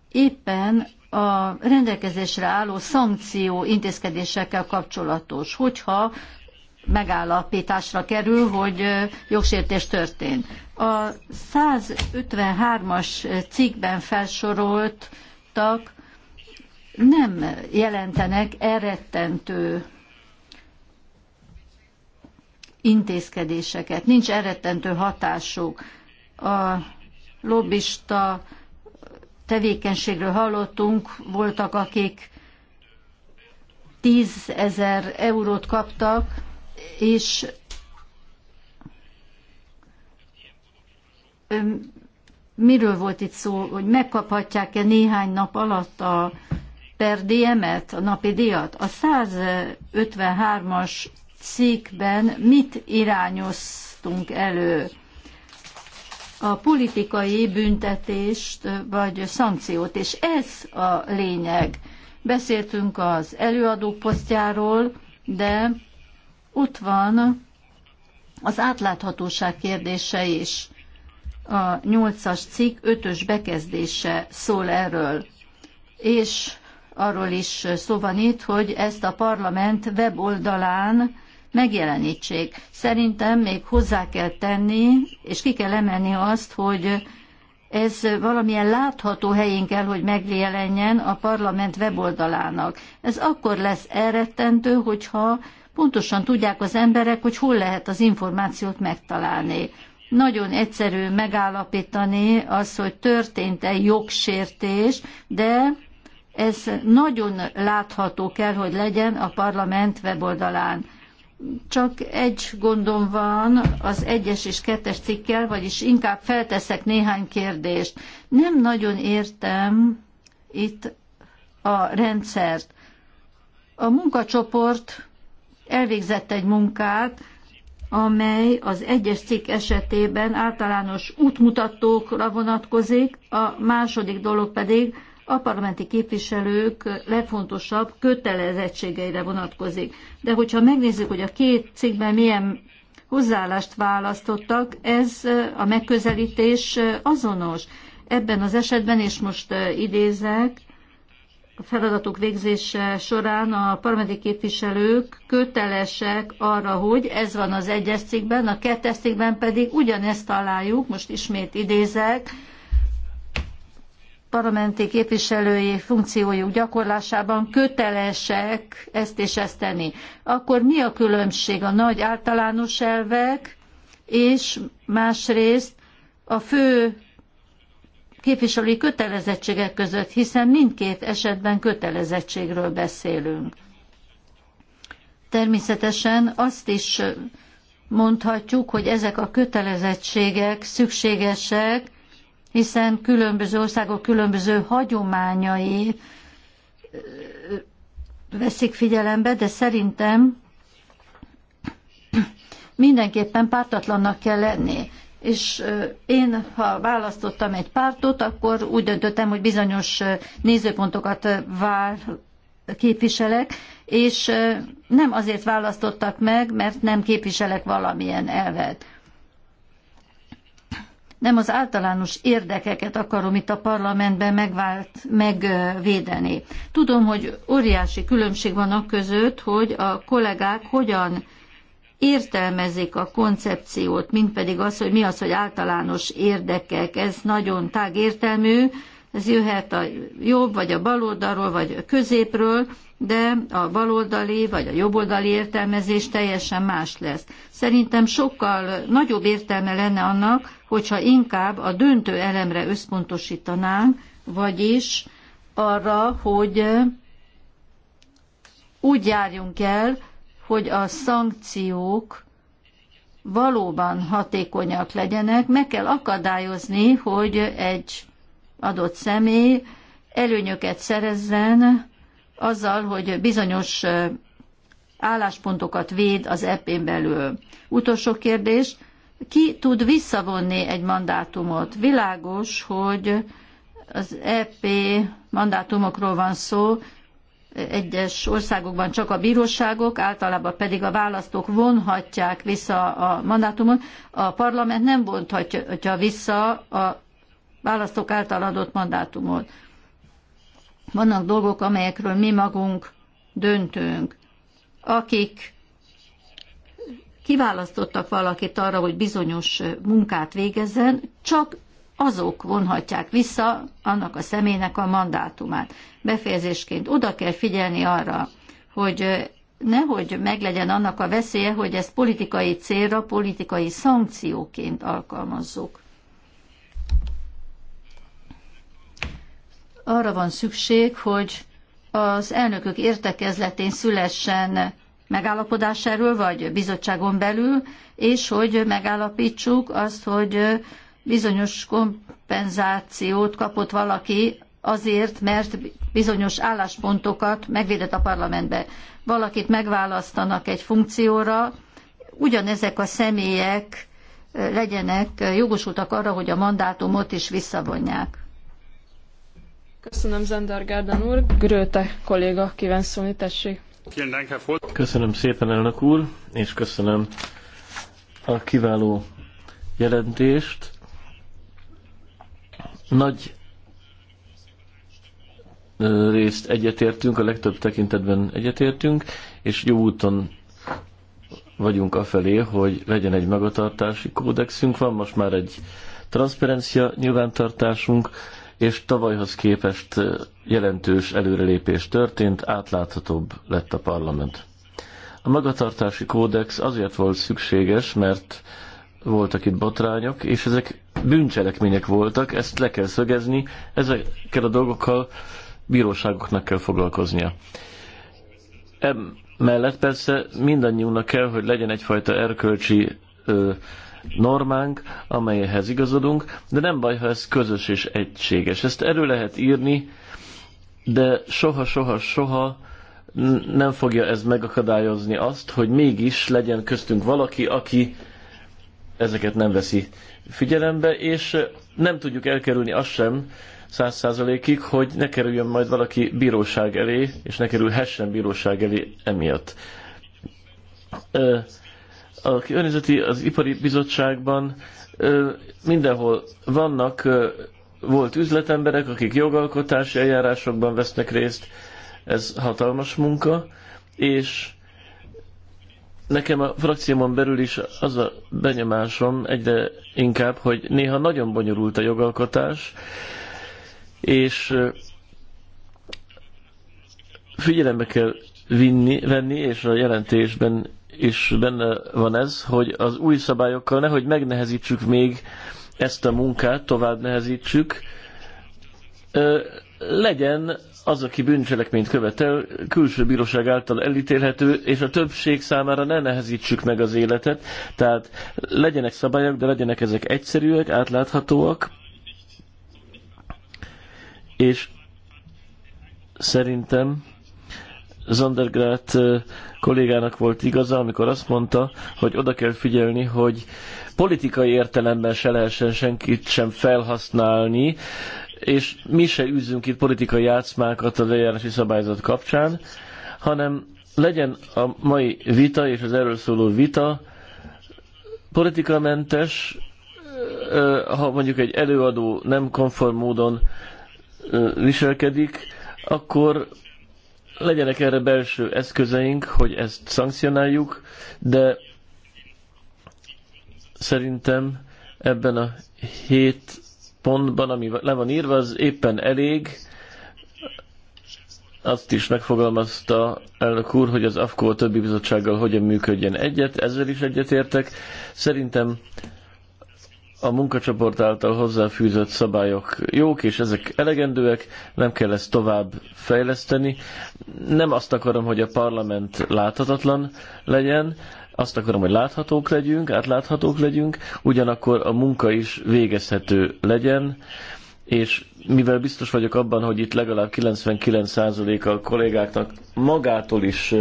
éppen a rendelkezésre álló szankció intézkedésekkel kapcsolatos, hogyha megállapításra kerül, hogy jogsértés történt. A 153-as cikkben felsoroltak nem jelentenek elrettentő intézkedéseket, nincs elrettentő hatásuk. A lobbista tevékenységről hallottunk, voltak akik tízezer ezer eurót kaptak, és miről volt itt szó, hogy megkaphatják-e néhány nap alatt a per diemet, a napi díjat. A 153-as cikkben mit irányoztunk elő? A politikai büntetést vagy szankciót, és ez a lényeg. Beszéltünk az előadó posztjáról, de ott van az átláthatóság kérdése is. A 8-as cikk 5-ös bekezdése szól erről. És arról is szó van itt, hogy ezt a parlament weboldalán megjelenítsék. Szerintem még hozzá kell tenni, és ki kell emelni azt, hogy ez valamilyen látható helyén kell, hogy megjelenjen a parlament weboldalának. Ez akkor lesz elrettentő, hogyha pontosan tudják az emberek, hogy hol lehet az információt megtalálni. Nagyon egyszerű megállapítani az, hogy történt-e jogsértés, de ez nagyon látható kell, hogy legyen a parlament weboldalán. Csak egy gondom van az egyes és kettes cikkel, vagyis inkább felteszek néhány kérdést. Nem nagyon értem itt a rendszert. A munkacsoport elvégzett egy munkát, amely az egyes cikk esetében általános útmutatókra vonatkozik, a második dolog pedig a parlamenti képviselők legfontosabb kötelezettségeire vonatkozik. De hogyha megnézzük, hogy a két cikkben milyen hozzáállást választottak, ez eh, a megközelítés eh, azonos. Ebben az esetben, és most eh, idézek, a feladatok végzése során a parlamenti képviselők kötelesek arra, hogy ez van az egyes cikkben, a kettes cikkben pedig ugyanezt találjuk, most ismét idézek, parlamenti képviselői funkciójuk gyakorlásában kötelesek ezt és ezt tenni. Akkor mi a különbség a nagy általános elvek, és másrészt a fő képviselői kötelezettségek között, hiszen mindkét esetben kötelezettségről beszélünk. Természetesen azt is mondhatjuk, hogy ezek a kötelezettségek szükségesek hiszen különböző országok különböző hagyományai veszik figyelembe, de szerintem mindenképpen pártatlannak kell lenni. És én, ha választottam egy pártot, akkor úgy döntöttem, hogy bizonyos nézőpontokat vár, képviselek, és nem azért választottak meg, mert nem képviselek valamilyen elvet nem az általános érdekeket akarom itt a parlamentben megvált, megvédeni. Tudom, hogy óriási különbség van a között, hogy a kollégák hogyan értelmezik a koncepciót, mint pedig az, hogy mi az, hogy általános érdekek. Ez nagyon értelmű ez jöhet a jobb, vagy a bal oldalról vagy a középről, de a baloldali vagy a jobboldali értelmezés teljesen más lesz. Szerintem sokkal nagyobb értelme lenne annak, hogyha inkább a döntő elemre összpontosítanánk, vagyis arra, hogy úgy járjunk el, hogy a szankciók valóban hatékonyak legyenek, meg kell akadályozni, hogy egy adott személy előnyöket szerezzen azzal, hogy bizonyos álláspontokat véd az EP-n belül. Utolsó kérdés, ki tud visszavonni egy mandátumot? Világos, hogy az EP mandátumokról van szó, egyes országokban csak a bíróságok, általában pedig a választók vonhatják vissza a mandátumot. A parlament nem vonhatja vissza a választók által adott mandátumot. Vannak dolgok, amelyekről mi magunk döntünk. Akik kiválasztottak valakit arra, hogy bizonyos munkát végezzen, csak azok vonhatják vissza annak a személynek a mandátumát. Befejezésként oda kell figyelni arra, hogy nehogy meglegyen annak a veszélye, hogy ezt politikai célra, politikai szankcióként alkalmazzuk. arra van szükség, hogy az elnökök értekezletén szülessen megállapodás erről, vagy bizottságon belül, és hogy megállapítsuk azt, hogy bizonyos kompenzációt kapott valaki azért, mert bizonyos álláspontokat megvédett a parlamentbe. Valakit megválasztanak egy funkcióra, ugyanezek a személyek legyenek jogosultak arra, hogy a mandátumot is visszavonják. Köszönöm Zender Gárden úr. Gröte kolléga kíván szólni, tessék. Köszönöm szépen, elnök úr, és köszönöm a kiváló jelentést. Nagy részt egyetértünk, a legtöbb tekintetben egyetértünk, és jó úton vagyunk afelé, hogy legyen egy magatartási kódexünk, van most már egy transzparencia nyilvántartásunk, és tavalyhoz képest jelentős előrelépés történt, átláthatóbb lett a parlament. A magatartási kódex azért volt szükséges, mert voltak itt botrányok, és ezek bűncselekmények voltak, ezt le kell szögezni, ezekkel a dolgokkal bíróságoknak kell foglalkoznia. Emellett mellett persze mindannyiunknak kell, hogy legyen egyfajta erkölcsi ö, normánk, amelyhez igazodunk, de nem baj, ha ez közös és egységes. Ezt elő lehet írni, de soha, soha, soha nem fogja ez megakadályozni azt, hogy mégis legyen köztünk valaki, aki ezeket nem veszi figyelembe, és nem tudjuk elkerülni azt sem, száz százalékig, hogy ne kerüljön majd valaki bíróság elé, és ne kerülhessen bíróság elé emiatt. A környezeti, az ipari bizottságban mindenhol vannak, volt üzletemberek, akik jogalkotási eljárásokban vesznek részt, ez hatalmas munka, és nekem a frakciómon belül is az a benyomásom egyre inkább, hogy néha nagyon bonyolult a jogalkotás, és figyelembe kell vinni, venni, és a jelentésben is benne van ez, hogy az új szabályokkal nehogy megnehezítsük még ezt a munkát, tovább nehezítsük. Legyen az, aki bűncselekményt követel, külső bíróság által elítélhető, és a többség számára ne nehezítsük meg az életet. Tehát legyenek szabályok, de legyenek ezek egyszerűek, átláthatóak, és szerintem Zandergrát kollégának volt igaza, amikor azt mondta, hogy oda kell figyelni, hogy politikai értelemben se lehessen senkit sem felhasználni, és mi se űzzünk itt politikai játszmákat az eljárási szabályzat kapcsán, hanem legyen a mai vita és az erről szóló vita politikamentes, ha mondjuk egy előadó nem konform módon viselkedik, akkor Legyenek erre belső eszközeink, hogy ezt szankcionáljuk, de szerintem ebben a hét pontban, ami le van írva, az éppen elég. Azt is megfogalmazta elnök úr, hogy az AFKO a többi bizottsággal hogyan működjen egyet, ezzel is egyetértek. Szerintem a munkacsoport által hozzáfűzött szabályok jók, és ezek elegendőek, nem kell ezt tovább fejleszteni. Nem azt akarom, hogy a parlament láthatatlan legyen, azt akarom, hogy láthatók legyünk, átláthatók legyünk, ugyanakkor a munka is végezhető legyen, és mivel biztos vagyok abban, hogy itt legalább 99% a kollégáknak magától is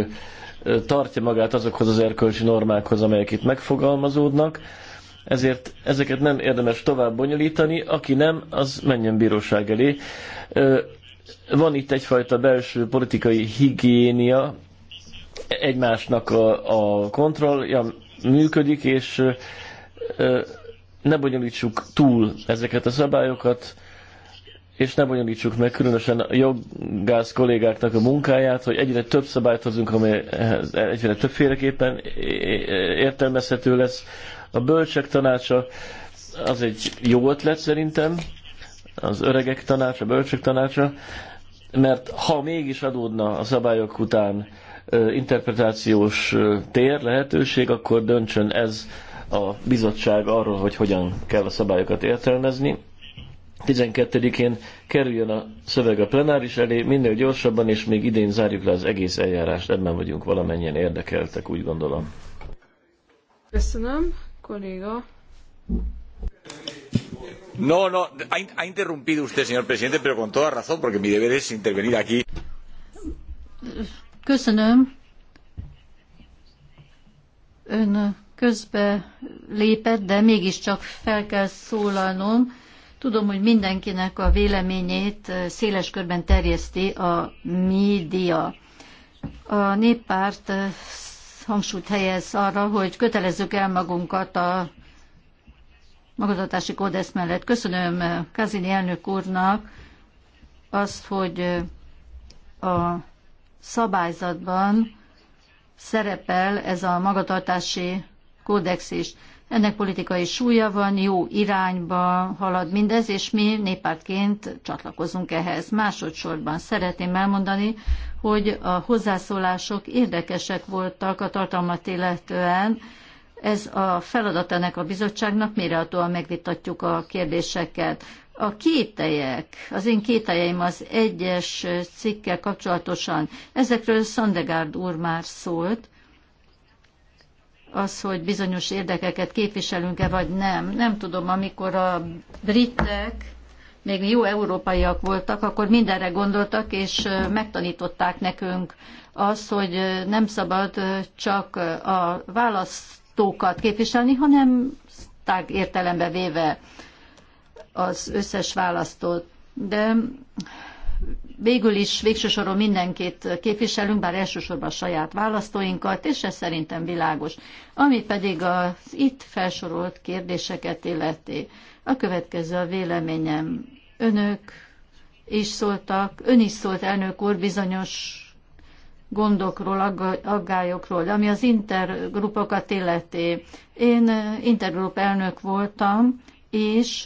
tartja magát azokhoz az erkölcsi normákhoz, amelyek itt megfogalmazódnak, ezért ezeket nem érdemes tovább bonyolítani, aki nem, az menjen bíróság elé. Van itt egyfajta belső politikai higiénia, egymásnak a, a kontrollja működik, és ne bonyolítsuk túl ezeket a szabályokat, és ne bonyolítsuk meg különösen a joggász kollégáknak a munkáját, hogy egyre több szabályt hozunk, amely egyre többféleképpen értelmezhető lesz, a bölcsek tanácsa az egy jó ötlet szerintem, az öregek tanácsa, a bölcsek tanácsa, mert ha mégis adódna a szabályok után interpretációs tér, lehetőség, akkor döntsön ez a bizottság arról, hogy hogyan kell a szabályokat értelmezni. 12-én kerüljön a szöveg a plenáris elé, minél gyorsabban, és még idén zárjuk le az egész eljárást. Ebben vagyunk valamennyien érdekeltek, úgy gondolom. Köszönöm kolléga. No, no, ha, ha interrumpido usted, señor presidente, pero con toda razón, porque mi deber es intervenir aquí. Köszönöm. Ön közbe lépett, de mégiscsak fel kell szólalnom. Tudom, hogy mindenkinek a véleményét széles körben terjeszti a média. A néppárt hangsúlyt helyez arra, hogy kötelezzük el magunkat a magatartási kódex mellett. Köszönöm Kazini elnök úrnak azt, hogy a szabályzatban szerepel ez a magatartási kódex is. Ennek politikai súlya van, jó irányba halad mindez, és mi néppártként csatlakozunk ehhez. Másodszorban szeretném elmondani, hogy a hozzászólások érdekesek voltak a tartalmat illetően, ez a feladat ennek a bizottságnak, attól megvitatjuk a kérdéseket. A kételyek, az én kételjeim az egyes cikkel kapcsolatosan, ezekről Szandegárd úr már szólt, az, hogy bizonyos érdekeket képviselünk-e vagy nem. Nem tudom, amikor a britek még jó európaiak voltak, akkor mindenre gondoltak, és megtanították nekünk az, hogy nem szabad csak a választókat képviselni, hanem tág értelembe véve az összes választót. De végül is végső soron mindenkit képviselünk, bár elsősorban a saját választóinkat, és ez szerintem világos. Ami pedig az itt felsorolt kérdéseket illeti. A következő a véleményem. Önök is szóltak, ön is szólt elnök úr bizonyos gondokról, aggályokról, ami az intergrupokat illeti. Én intergrup elnök voltam, és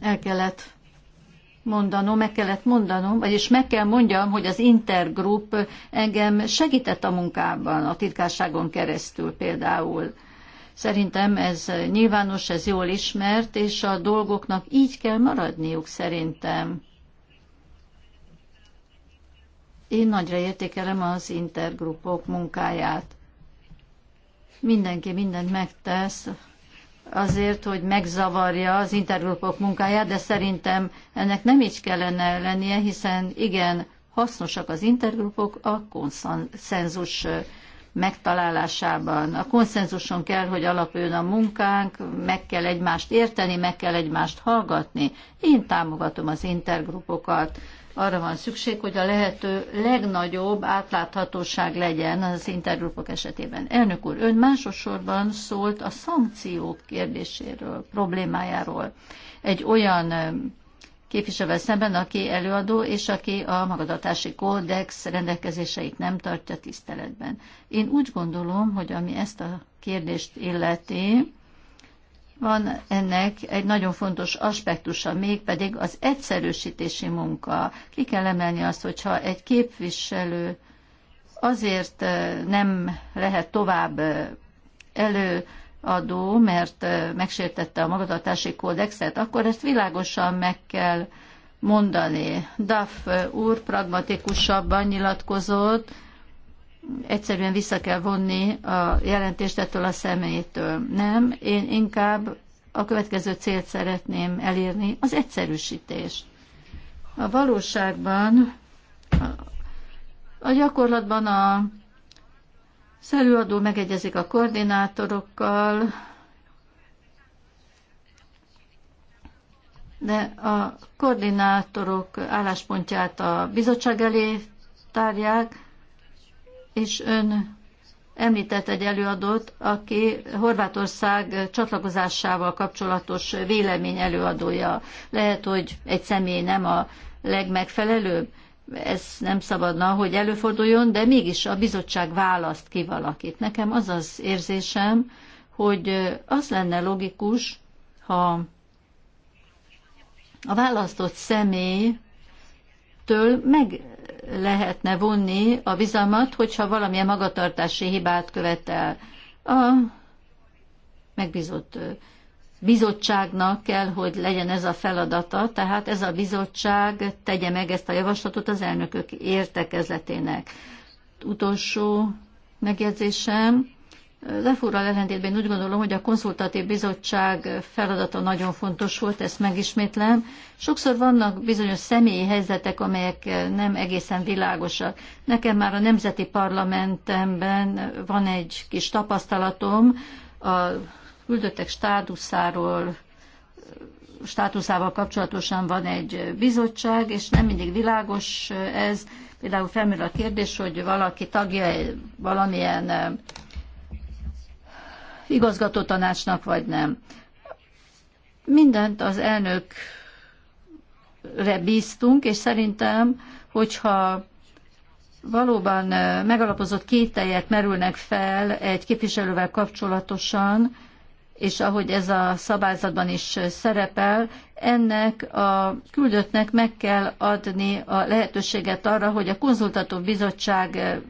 el kellett mondanom, meg kellett mondanom, vagyis meg kell mondjam, hogy az Intergroup engem segített a munkában, a titkárságon keresztül például. Szerintem ez nyilvános, ez jól ismert, és a dolgoknak így kell maradniuk szerintem. Én nagyra értékelem az intergrupok munkáját. Mindenki mindent megtesz azért, hogy megzavarja az intergrupok munkáját, de szerintem ennek nem így kellene lennie, hiszen igen, hasznosak az intergrupok a konszenzus megtalálásában. A konszenzuson kell, hogy alapuljon a munkánk, meg kell egymást érteni, meg kell egymást hallgatni. Én támogatom az intergrupokat arra van szükség, hogy a lehető legnagyobb átláthatóság legyen az intergrupok esetében. Elnök úr, ön másosorban szólt a szankciók kérdéséről, problémájáról. Egy olyan képviselővel szemben, aki előadó, és aki a magatartási kódex rendelkezéseit nem tartja tiszteletben. Én úgy gondolom, hogy ami ezt a kérdést illeti, van ennek egy nagyon fontos aspektusa, Még pedig az egyszerűsítési munka. Ki kell emelni azt, hogyha egy képviselő azért nem lehet tovább előadó, mert megsértette a magatartási kódexet, akkor ezt világosan meg kell mondani. Duff úr pragmatikusabban nyilatkozott, egyszerűen vissza kell vonni a jelentést ettől a személytől. Nem, én inkább a következő célt szeretném elérni, az egyszerűsítés. A valóságban, a gyakorlatban a szerűadó megegyezik a koordinátorokkal, de a koordinátorok álláspontját a bizottság elé tárják, és ön említett egy előadót, aki Horvátország csatlakozásával kapcsolatos vélemény előadója. Lehet, hogy egy személy nem a legmegfelelőbb, ez nem szabadna, hogy előforduljon, de mégis a bizottság választ ki valakit. Nekem az az érzésem, hogy az lenne logikus, ha a választott személytől meg lehetne vonni a bizalmat, hogyha valamilyen magatartási hibát követel. A megbízott bizottságnak kell, hogy legyen ez a feladata, tehát ez a bizottság tegye meg ezt a javaslatot az elnökök értekezletének. Utolsó megjegyzésem, Lefúrral ellentétben úgy gondolom, hogy a konzultatív bizottság feladata nagyon fontos volt, ezt megismétlem. Sokszor vannak bizonyos személyi helyzetek, amelyek nem egészen világosak. Nekem már a Nemzeti Parlamentemben van egy kis tapasztalatom a küldöttek státuszáról, státuszával kapcsolatosan van egy bizottság, és nem mindig világos ez. Például felmerül a kérdés, hogy valaki tagja valamilyen igazgató tanácsnak, vagy nem. Mindent az elnökre bíztunk, és szerintem, hogyha valóban megalapozott kételjek merülnek fel egy képviselővel kapcsolatosan, és ahogy ez a szabályzatban is szerepel, ennek a küldöttnek meg kell adni a lehetőséget arra, hogy a konzultató bizottság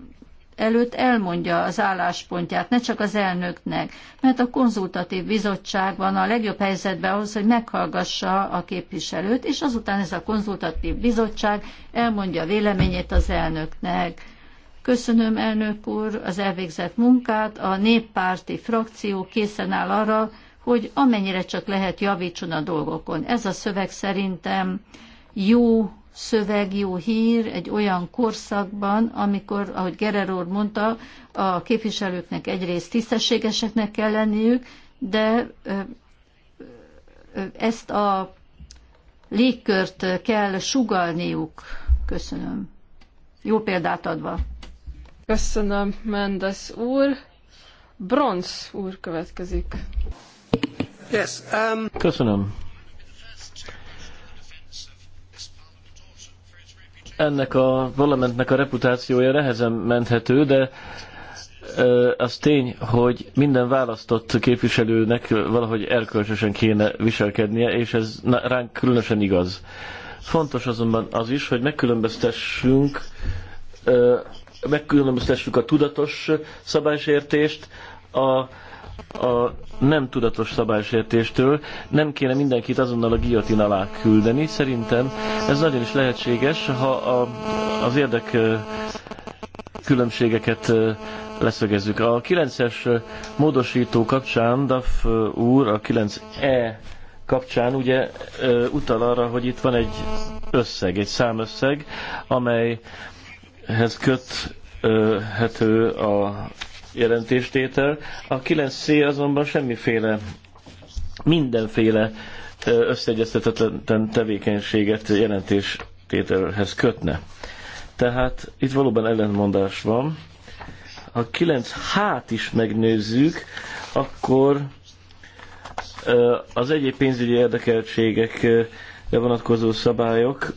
előtt elmondja az álláspontját, ne csak az elnöknek, mert a konzultatív bizottság van a legjobb helyzetben ahhoz, hogy meghallgassa a képviselőt, és azután ez a konzultatív bizottság elmondja a véleményét az elnöknek. Köszönöm, elnök úr, az elvégzett munkát. A néppárti frakció készen áll arra, hogy amennyire csak lehet javítson a dolgokon. Ez a szöveg szerintem jó szöveg, jó hír egy olyan korszakban, amikor, ahogy Gerer úr mondta, a képviselőknek egyrészt tisztességeseknek kell lenniük, de ezt a légkört kell sugalniuk. Köszönöm. Jó példát adva. Köszönöm, Mendes úr. Bronz úr következik. Yes, um... Köszönöm. ennek a parlamentnek a reputációja nehezen menthető, de az tény, hogy minden választott képviselőnek valahogy erkölcsösen kéne viselkednie, és ez ránk különösen igaz. Fontos azonban az is, hogy megkülönböztessünk megkülönböztessük a tudatos szabálysértést a a nem tudatos szabálysértéstől. Nem kéne mindenkit azonnal a guillotine alá küldeni. Szerintem ez nagyon is lehetséges, ha a, az érdek különbségeket leszögezzük. A 9-es módosító kapcsán Daf úr a 9E kapcsán ugye utal arra, hogy itt van egy összeg, egy számösszeg, amelyhez köthető a jelentéstétel. A 9C azonban semmiféle, mindenféle összeegyeztetetlen tevékenységet jelentéstételhez kötne. Tehát itt valóban ellentmondás van. Ha 9 hát is megnézzük, akkor az egyéb pénzügyi érdekeltségekre vonatkozó szabályok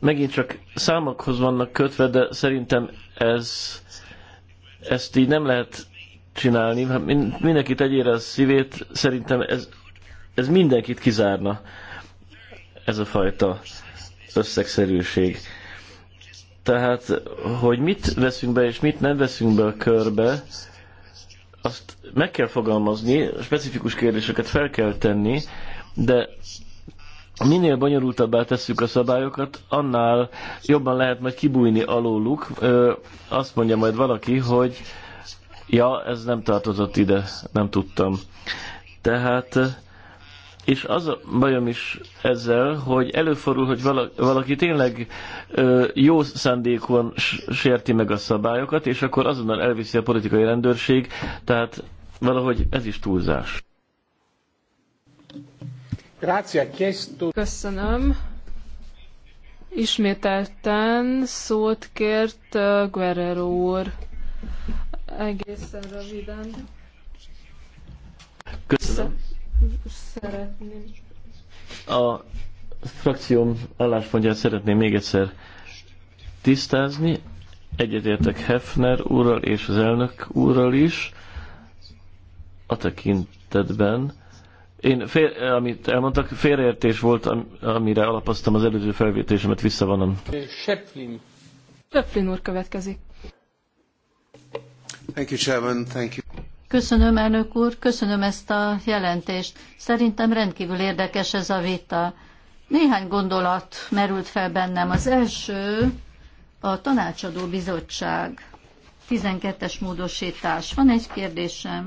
megint csak számokhoz vannak kötve, de szerintem ez, ezt így nem lehet csinálni. Hát mindenki tegyére a szívét, szerintem ez, ez mindenkit kizárna, ez a fajta összegszerűség. Tehát, hogy mit veszünk be és mit nem veszünk be a körbe, azt meg kell fogalmazni, specifikus kérdéseket fel kell tenni, de minél bonyolultabbá tesszük a szabályokat, annál jobban lehet majd kibújni alóluk. Ö, azt mondja majd valaki, hogy ja, ez nem tartozott ide, nem tudtam. Tehát, és az a bajom is ezzel, hogy előfordul, hogy valaki tényleg ö, jó szándékon sérti meg a szabályokat, és akkor azonnal elviszi a politikai rendőrség, tehát valahogy ez is túlzás. Köszönöm. Ismételten szót kért uh, Guerrero úr. Egészen röviden. Köszönöm. Szeretném. A frakcióm álláspontját szeretném még egyszer tisztázni. Egyetértek Hefner úrral és az elnök úrral is a tekintetben, én fél, amit elmondtak, félreértés volt, amire alapoztam az előző felvétésemet, visszavonom. Sheplin. Sheplin úr következik. Thank you, Chairman. Thank you. Köszönöm, elnök úr, köszönöm ezt a jelentést. Szerintem rendkívül érdekes ez a vita. Néhány gondolat merült fel bennem. Az első a tanácsadó bizottság 12-es módosítás. Van egy kérdésem.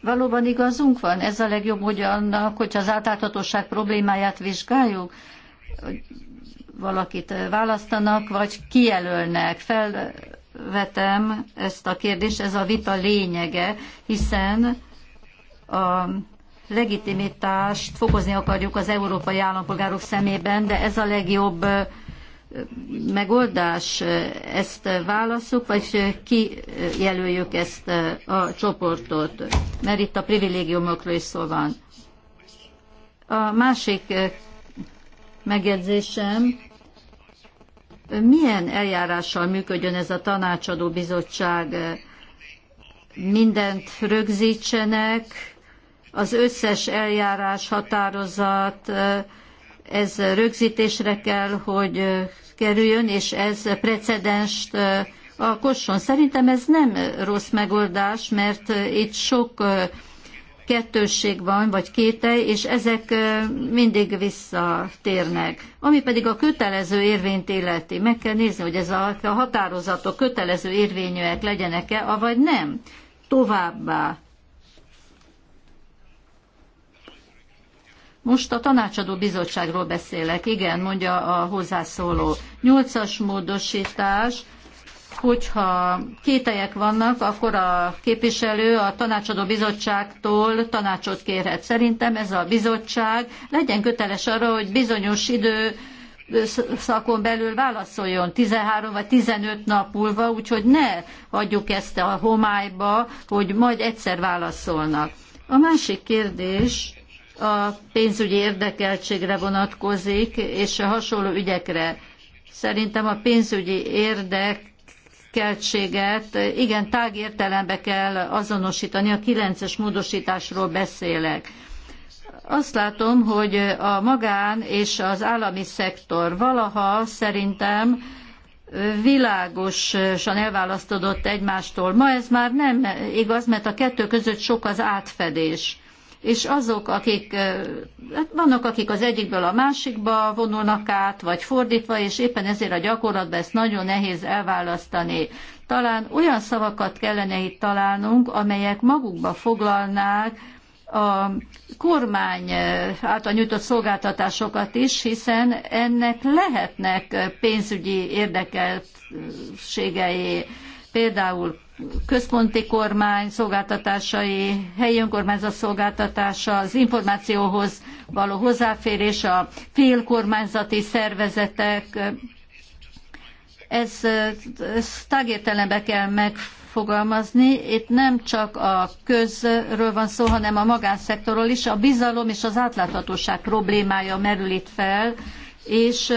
valóban igazunk van? Ez a legjobb hogy annak, hogyha az átláthatóság problémáját vizsgáljuk? Valakit választanak, vagy kijelölnek? Felvetem ezt a kérdést, ez a vita lényege, hiszen a legitimitást fokozni akarjuk az európai állampolgárok szemében, de ez a legjobb megoldás, ezt válaszuk, vagy ki jelöljük ezt a csoportot, mert itt a privilégiumokról is szó van. A másik megjegyzésem, milyen eljárással működjön ez a tanácsadó bizottság? Mindent rögzítsenek, az összes eljárás határozat, ez rögzítésre kell, hogy kerüljön, és ez precedenst alkosson. Szerintem ez nem rossz megoldás, mert itt sok kettősség van, vagy kétely, és ezek mindig visszatérnek. Ami pedig a kötelező érvényt illeti, meg kell nézni, hogy ez a, a határozatok kötelező érvényűek legyenek-e, avagy nem. Továbbá Most a tanácsadó bizottságról beszélek. Igen, mondja a hozzászóló. Nyolcas módosítás, hogyha kételyek vannak, akkor a képviselő a tanácsadó bizottságtól tanácsot kérhet. Szerintem ez a bizottság legyen köteles arra, hogy bizonyos idő szakon belül válaszoljon 13 vagy 15 nap múlva, úgyhogy ne adjuk ezt a homályba, hogy majd egyszer válaszolnak. A másik kérdés, a pénzügyi érdekeltségre vonatkozik, és a hasonló ügyekre. Szerintem a pénzügyi érdekeltséget igen tág értelembe kell azonosítani, a 9-es módosításról beszélek. Azt látom, hogy a magán és az állami szektor valaha szerintem világosan elválasztódott egymástól. Ma ez már nem igaz, mert a kettő között sok az átfedés és azok, akik, hát vannak, akik az egyikből a másikba vonulnak át, vagy fordítva, és éppen ezért a gyakorlatban ezt nagyon nehéz elválasztani. Talán olyan szavakat kellene itt találnunk, amelyek magukba foglalnák a kormány által nyújtott szolgáltatásokat is, hiszen ennek lehetnek pénzügyi érdekeltségei például központi kormány szolgáltatásai, helyi önkormányzat szolgáltatása, az információhoz való hozzáférés, a félkormányzati szervezetek, ez, ez tagértelembe kell megfogalmazni. Itt nem csak a közről van szó, hanem a magánszektorról is. A bizalom és az átláthatóság problémája merül itt fel, és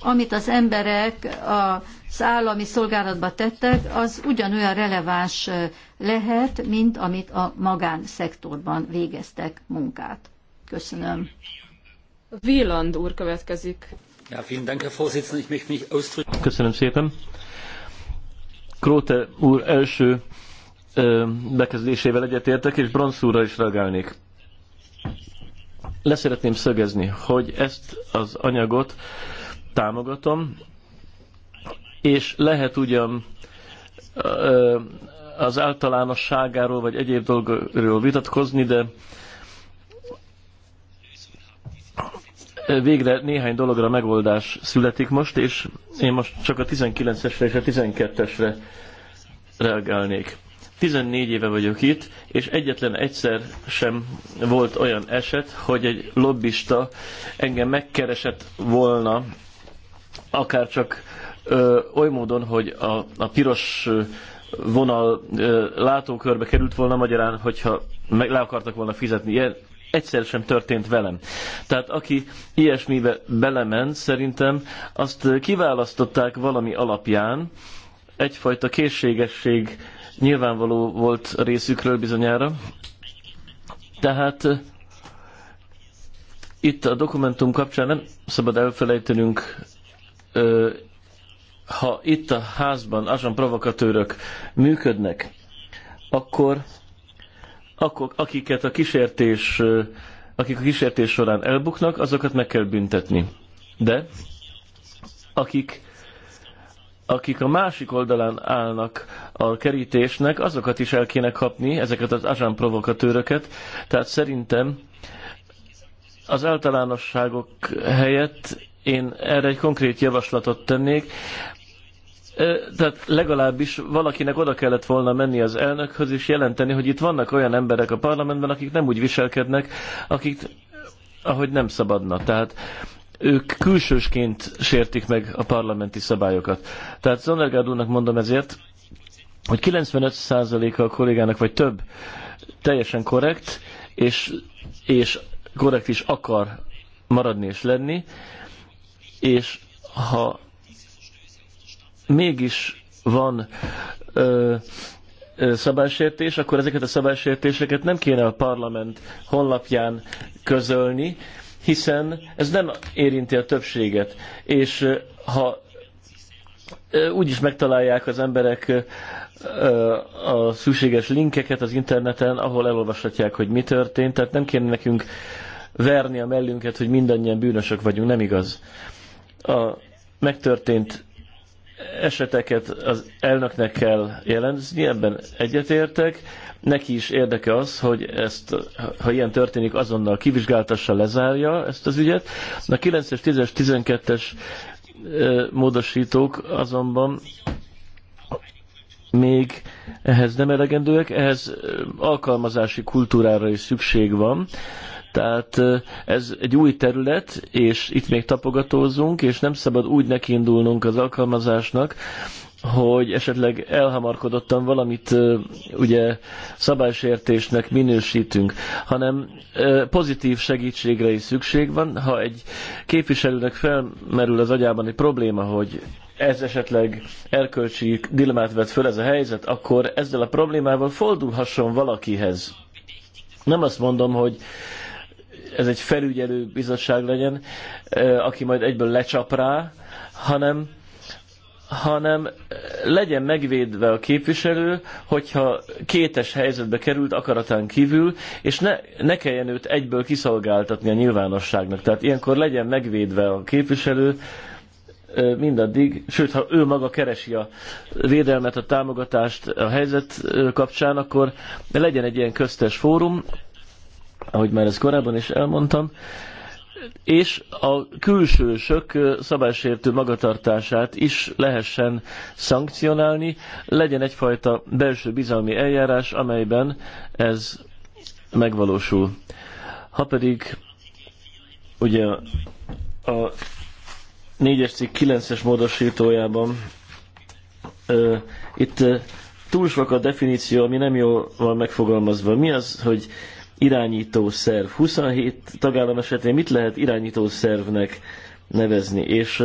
amit az emberek a állami szolgálatba tettek, az ugyanolyan releváns lehet, mint amit a magánszektorban végeztek munkát. Köszönöm. Wieland úr következik. Köszönöm szépen. Króte úr első bekezdésével egyetértek, és Bronsz úrra is reagálnék. Leszeretném szögezni, hogy ezt az anyagot támogatom, és lehet ugyan az általánosságáról vagy egyéb dolgokról vitatkozni, de végre néhány dologra megoldás születik most, és én most csak a 19-esre és a 12-esre reagálnék. 14 éve vagyok itt, és egyetlen egyszer sem volt olyan eset, hogy egy lobbista engem megkeresett volna, akár csak ö, oly módon, hogy a, a piros vonal ö, látókörbe került volna magyarán, hogyha meg le akartak volna fizetni. Ilyen egyszer sem történt velem. Tehát aki ilyesmibe belement, szerintem azt kiválasztották valami alapján, egyfajta készségesség nyilvánvaló volt a részükről bizonyára. Tehát itt a dokumentum kapcsán nem szabad elfelejtenünk ha itt a házban azon provokatőrök működnek, akkor, akkor akiket a kísértés, akik a kísértés során elbuknak, azokat meg kell büntetni. De akik, akik a másik oldalán állnak a kerítésnek, azokat is el kéne kapni, ezeket az azsán provokatőröket. Tehát szerintem az általánosságok helyett én erre egy konkrét javaslatot tennék. Tehát legalábbis valakinek oda kellett volna menni az elnökhöz és jelenteni, hogy itt vannak olyan emberek a parlamentben, akik nem úgy viselkednek, akik ahogy nem szabadna. Tehát ők külsősként sértik meg a parlamenti szabályokat. Tehát Zonnergád úrnak mondom ezért, hogy 95%-a a kollégának, vagy több, teljesen korrekt, és, és korrekt is akar maradni és lenni, és ha mégis van ö, ö, szabálysértés, akkor ezeket a szabálysértéseket nem kéne a parlament honlapján közölni, hiszen ez nem érinti a többséget. És ha úgy is megtalálják az emberek a szükséges linkeket az interneten, ahol elolvashatják, hogy mi történt, tehát nem kéne nekünk verni a mellünket, hogy mindannyian bűnösök vagyunk, nem igaz. A megtörtént eseteket az elnöknek kell jelenzni, ebben egyetértek. Neki is érdeke az, hogy ezt, ha ilyen történik, azonnal kivizsgáltassa, lezárja ezt az ügyet. A 9-es, 10-es, 12-es módosítók azonban még ehhez nem elegendőek, ehhez alkalmazási kultúrára is szükség van. Tehát ez egy új terület, és itt még tapogatózunk, és nem szabad úgy nekiindulnunk az alkalmazásnak, hogy esetleg elhamarkodottan valamit ugye szabálysértésnek minősítünk, hanem pozitív segítségre is szükség van. Ha egy képviselőnek felmerül az agyában egy probléma, hogy ez esetleg erkölcsi dilemát vet föl ez a helyzet, akkor ezzel a problémával fordulhasson valakihez. Nem azt mondom, hogy ez egy felügyelő bizottság legyen, aki majd egyből lecsap rá, hanem hanem legyen megvédve a képviselő, hogyha kétes helyzetbe került akaratán kívül, és ne, ne kelljen őt egyből kiszolgáltatni a nyilvánosságnak. Tehát ilyenkor legyen megvédve a képviselő mindaddig, sőt, ha ő maga keresi a védelmet, a támogatást a helyzet kapcsán, akkor legyen egy ilyen köztes fórum, ahogy már ezt korábban is elmondtam, és a külsősök szabálysértő magatartását is lehessen szankcionálni, legyen egyfajta belső bizalmi eljárás, amelyben ez megvalósul. Ha pedig ugye a 4-es cikk 9-es módosítójában ö, itt túl sok a definíció, ami nem jól van megfogalmazva. Mi az, hogy irányító szerv. 27 tagállam esetén mit lehet irányító szervnek nevezni? És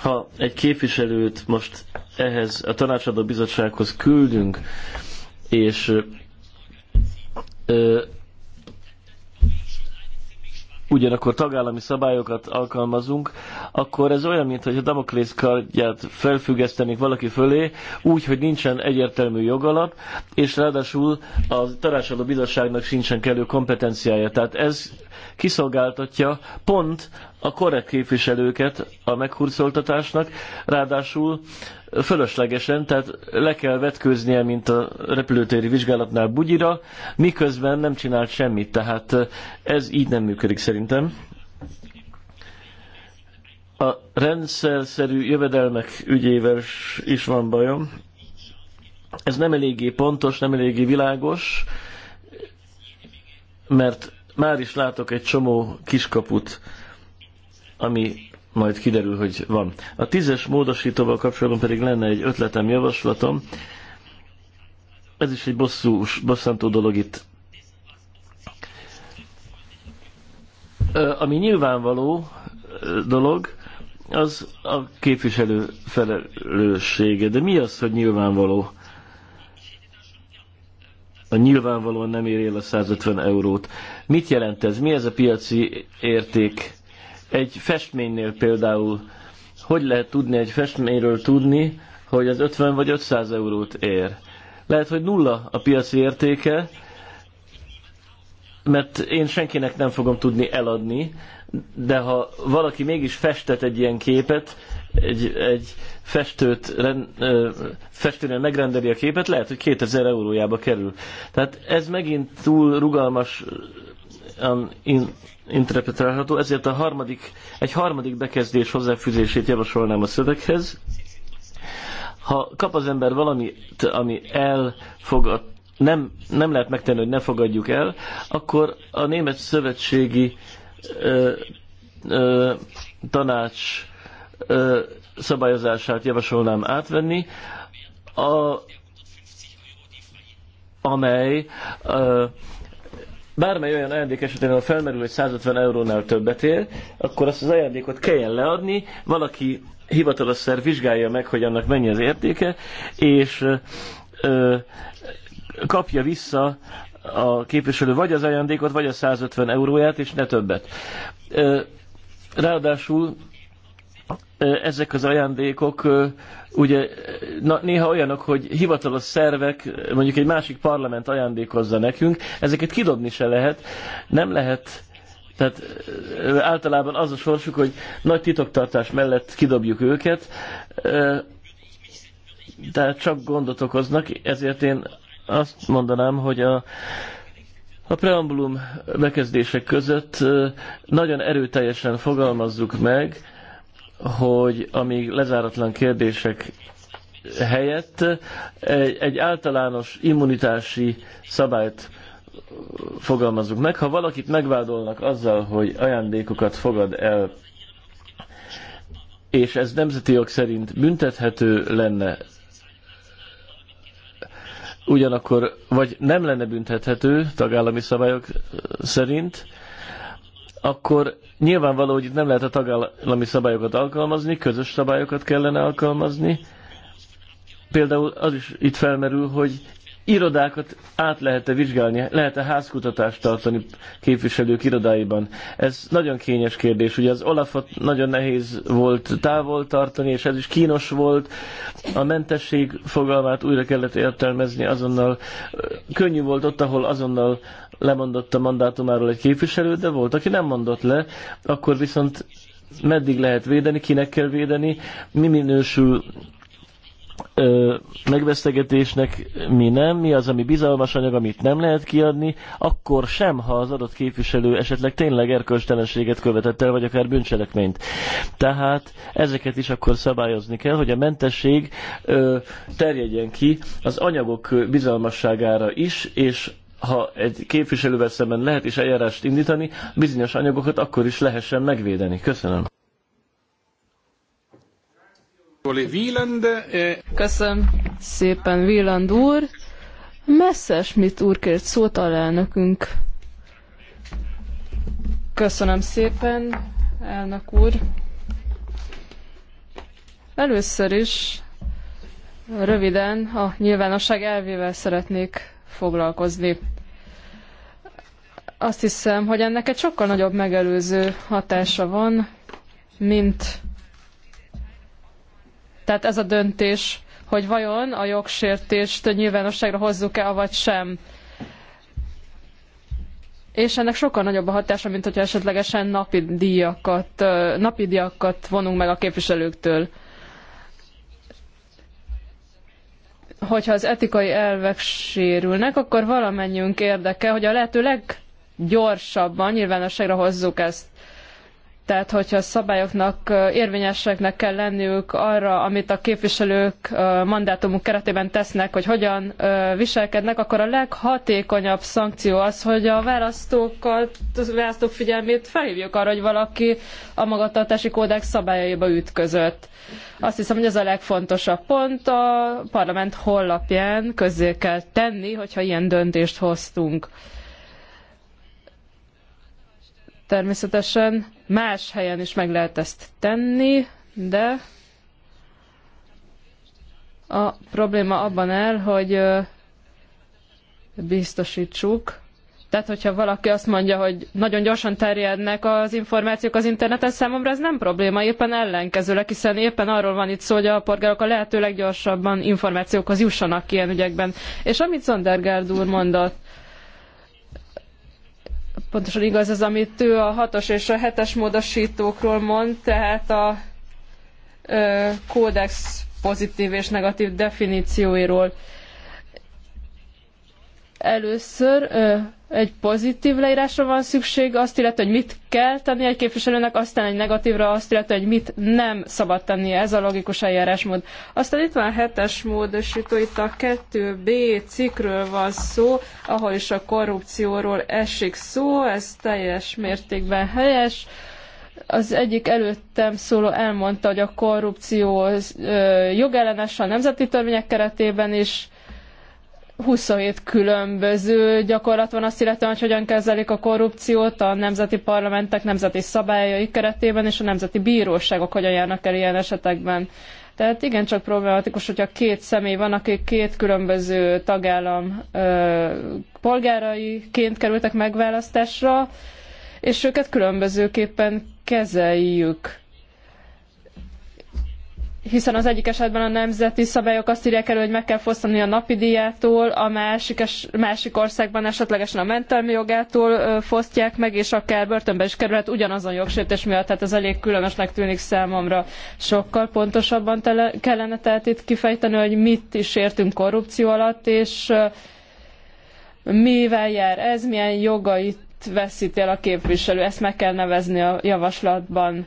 ha egy képviselőt most ehhez a tanácsadó bizottsághoz küldünk, és ugyanakkor tagállami szabályokat alkalmazunk, akkor ez olyan, mintha a Damoklész kardját felfüggesztenék valaki fölé, úgy, hogy nincsen egyértelmű jogalap, és ráadásul a tanácsadó bizottságnak sincsen kellő kompetenciája. Tehát ez kiszolgáltatja pont a korrekt képviselőket a meghurcoltatásnak, ráadásul fölöslegesen, tehát le kell vetkőznie, mint a repülőtéri vizsgálatnál bugyira, miközben nem csinált semmit, tehát ez így nem működik szerintem. A rendszerszerű jövedelmek ügyével is van bajom. Ez nem eléggé pontos, nem eléggé világos, mert már is látok egy csomó kiskaput, ami majd kiderül, hogy van. A tízes módosítóval kapcsolatban pedig lenne egy ötletem, javaslatom. Ez is egy bosszús, bosszantó dolog itt. Ami nyilvánvaló dolog, az a képviselő felelőssége. De mi az, hogy nyilvánvaló? A nyilvánvalóan nem ér el a 150 eurót. Mit jelent ez? Mi ez a piaci érték? Egy festménynél például, hogy lehet tudni egy festményről tudni, hogy az 50 vagy 500 eurót ér? Lehet, hogy nulla a piaci értéke, mert én senkinek nem fogom tudni eladni, de ha valaki mégis festet egy ilyen képet, egy, egy festőt, ö, festőnél megrendeli a képet, lehet, hogy 2000 eurójába kerül. Tehát ez megint túl rugalmas um, interpretálható, ezért a harmadik, egy harmadik bekezdés hozzáfűzését javasolnám a szöveghez. Ha kap az ember valamit, ami elfogad, nem, nem lehet megtenni, hogy ne fogadjuk el, akkor a német szövetségi ö, ö, tanács ö, szabályozását javasolnám átvenni, a, amely ö, bármely olyan ajándék esetén, ha felmerül, hogy 150 eurónál többet ér, akkor azt az ajándékot kelljen leadni, valaki hivatalos szer vizsgálja meg, hogy annak mennyi az értéke, és ö, kapja vissza a képviselő vagy az ajándékot, vagy a 150 euróját, és ne többet. Ö, ráadásul ezek az ajándékok ugye na, néha olyanok, hogy hivatalos szervek, mondjuk egy másik parlament ajándékozza nekünk, ezeket kidobni se lehet, nem lehet tehát általában az a sorsuk, hogy nagy titoktartás mellett kidobjuk őket, de csak gondot okoznak, ezért én azt mondanám, hogy a, a preambulum bekezdések között nagyon erőteljesen fogalmazzuk meg, hogy amíg lezáratlan kérdések helyett egy, egy általános immunitási szabályt fogalmazunk meg. Ha valakit megvádolnak azzal, hogy ajándékokat fogad el, és ez nemzeti jog szerint büntethető lenne, ugyanakkor vagy nem lenne büntethető tagállami szabályok szerint, akkor nyilvánvaló, hogy itt nem lehet a tagállami szabályokat alkalmazni, közös szabályokat kellene alkalmazni. Például az is itt felmerül, hogy irodákat át lehet-e vizsgálni, lehet-e házkutatást tartani képviselők irodáiban. Ez nagyon kényes kérdés. Ugye az Olafot nagyon nehéz volt távol tartani, és ez is kínos volt. A mentesség fogalmát újra kellett értelmezni azonnal. Könnyű volt ott, ahol azonnal lemondott a mandátumáról egy képviselő, de volt, aki nem mondott le, akkor viszont meddig lehet védeni, kinek kell védeni, mi minősül ö, megvesztegetésnek mi nem, mi az, ami bizalmas anyag, amit nem lehet kiadni, akkor sem, ha az adott képviselő esetleg tényleg erkölcstelenséget követett el, vagy akár bűncselekményt. Tehát ezeket is akkor szabályozni kell, hogy a mentesség ö, terjedjen ki az anyagok bizalmasságára is, és ha egy képviselővel szemben lehet is eljárást indítani, bizonyos anyagokat akkor is lehessen megvédeni. Köszönöm. Eh, Köszönöm szépen, Wieland úr. Messzes, mit úr kért szót alelnökünk. Köszönöm szépen, elnök úr. Először is röviden a nyilvánosság elvével szeretnék foglalkozni. Azt hiszem, hogy ennek egy sokkal nagyobb megelőző hatása van, mint tehát ez a döntés, hogy vajon a jogsértést nyilvánosságra hozzuk-e, avagy sem. És ennek sokkal nagyobb a hatása, mint hogyha esetlegesen napi díjakat, napi díjakat vonunk meg a képviselőktől. Hogyha az etikai elvek sérülnek, akkor valamennyünk érdeke, hogy a lehető leggyorsabban nyilvánosságra hozzuk ezt. Tehát, hogyha a szabályoknak érvényeseknek kell lenniük arra, amit a képviselők mandátumuk keretében tesznek, hogy hogyan viselkednek, akkor a leghatékonyabb szankció az, hogy a választókat, a választók figyelmét felhívjuk arra, hogy valaki a magatartási kódex szabályaiba ütközött. Azt hiszem, hogy ez a legfontosabb pont. A parlament hollapján közzé kell tenni, hogyha ilyen döntést hoztunk. Természetesen Más helyen is meg lehet ezt tenni, de a probléma abban el, hogy biztosítsuk, tehát, hogyha valaki azt mondja, hogy nagyon gyorsan terjednek az információk az interneten, számomra ez nem probléma, éppen ellenkezőleg, hiszen éppen arról van itt szó, hogy a polgárok a lehető leggyorsabban információkhoz jussanak ilyen ügyekben. És amit Zondergárd úr mondott, pontosan igaz ez, amit ő a hatos és a hetes módosítókról mond, tehát a ö, kódex pozitív és negatív definícióiról. Először ö, egy pozitív leírásra van szükség, azt illetve, hogy mit kell tenni egy képviselőnek, aztán egy negatívra, azt illetve, hogy mit nem szabad tenni. Ez a logikus eljárásmód. Aztán itt van a hetes módosító, itt a 2B cikről van szó, ahol is a korrupcióról esik szó, ez teljes mértékben helyes. Az egyik előttem szóló elmondta, hogy a korrupció jogellenes a nemzeti törvények keretében is, 27 különböző gyakorlat van azt illetően, hogy hogyan kezelik a korrupciót a nemzeti parlamentek nemzeti szabályai keretében, és a nemzeti bíróságok hogyan járnak el ilyen esetekben. Tehát igencsak problematikus, hogyha két személy van, akik két különböző tagállam ö, polgáraiként kerültek megválasztásra, és őket különbözőképpen kezeljük hiszen az egyik esetben a nemzeti szabályok azt írják elő, hogy meg kell fosztani a napi díjától, a másik, es, másik országban esetlegesen a mentelmi jogától ö, fosztják meg, és akár börtönbe is kerülhet ugyanazon jogsértés miatt, tehát ez elég különösnek tűnik számomra. Sokkal pontosabban tele, kellene tehát itt kifejteni, hogy mit is értünk korrupció alatt, és ö, mivel jár ez, milyen jogait veszít el a képviselő, ezt meg kell nevezni a javaslatban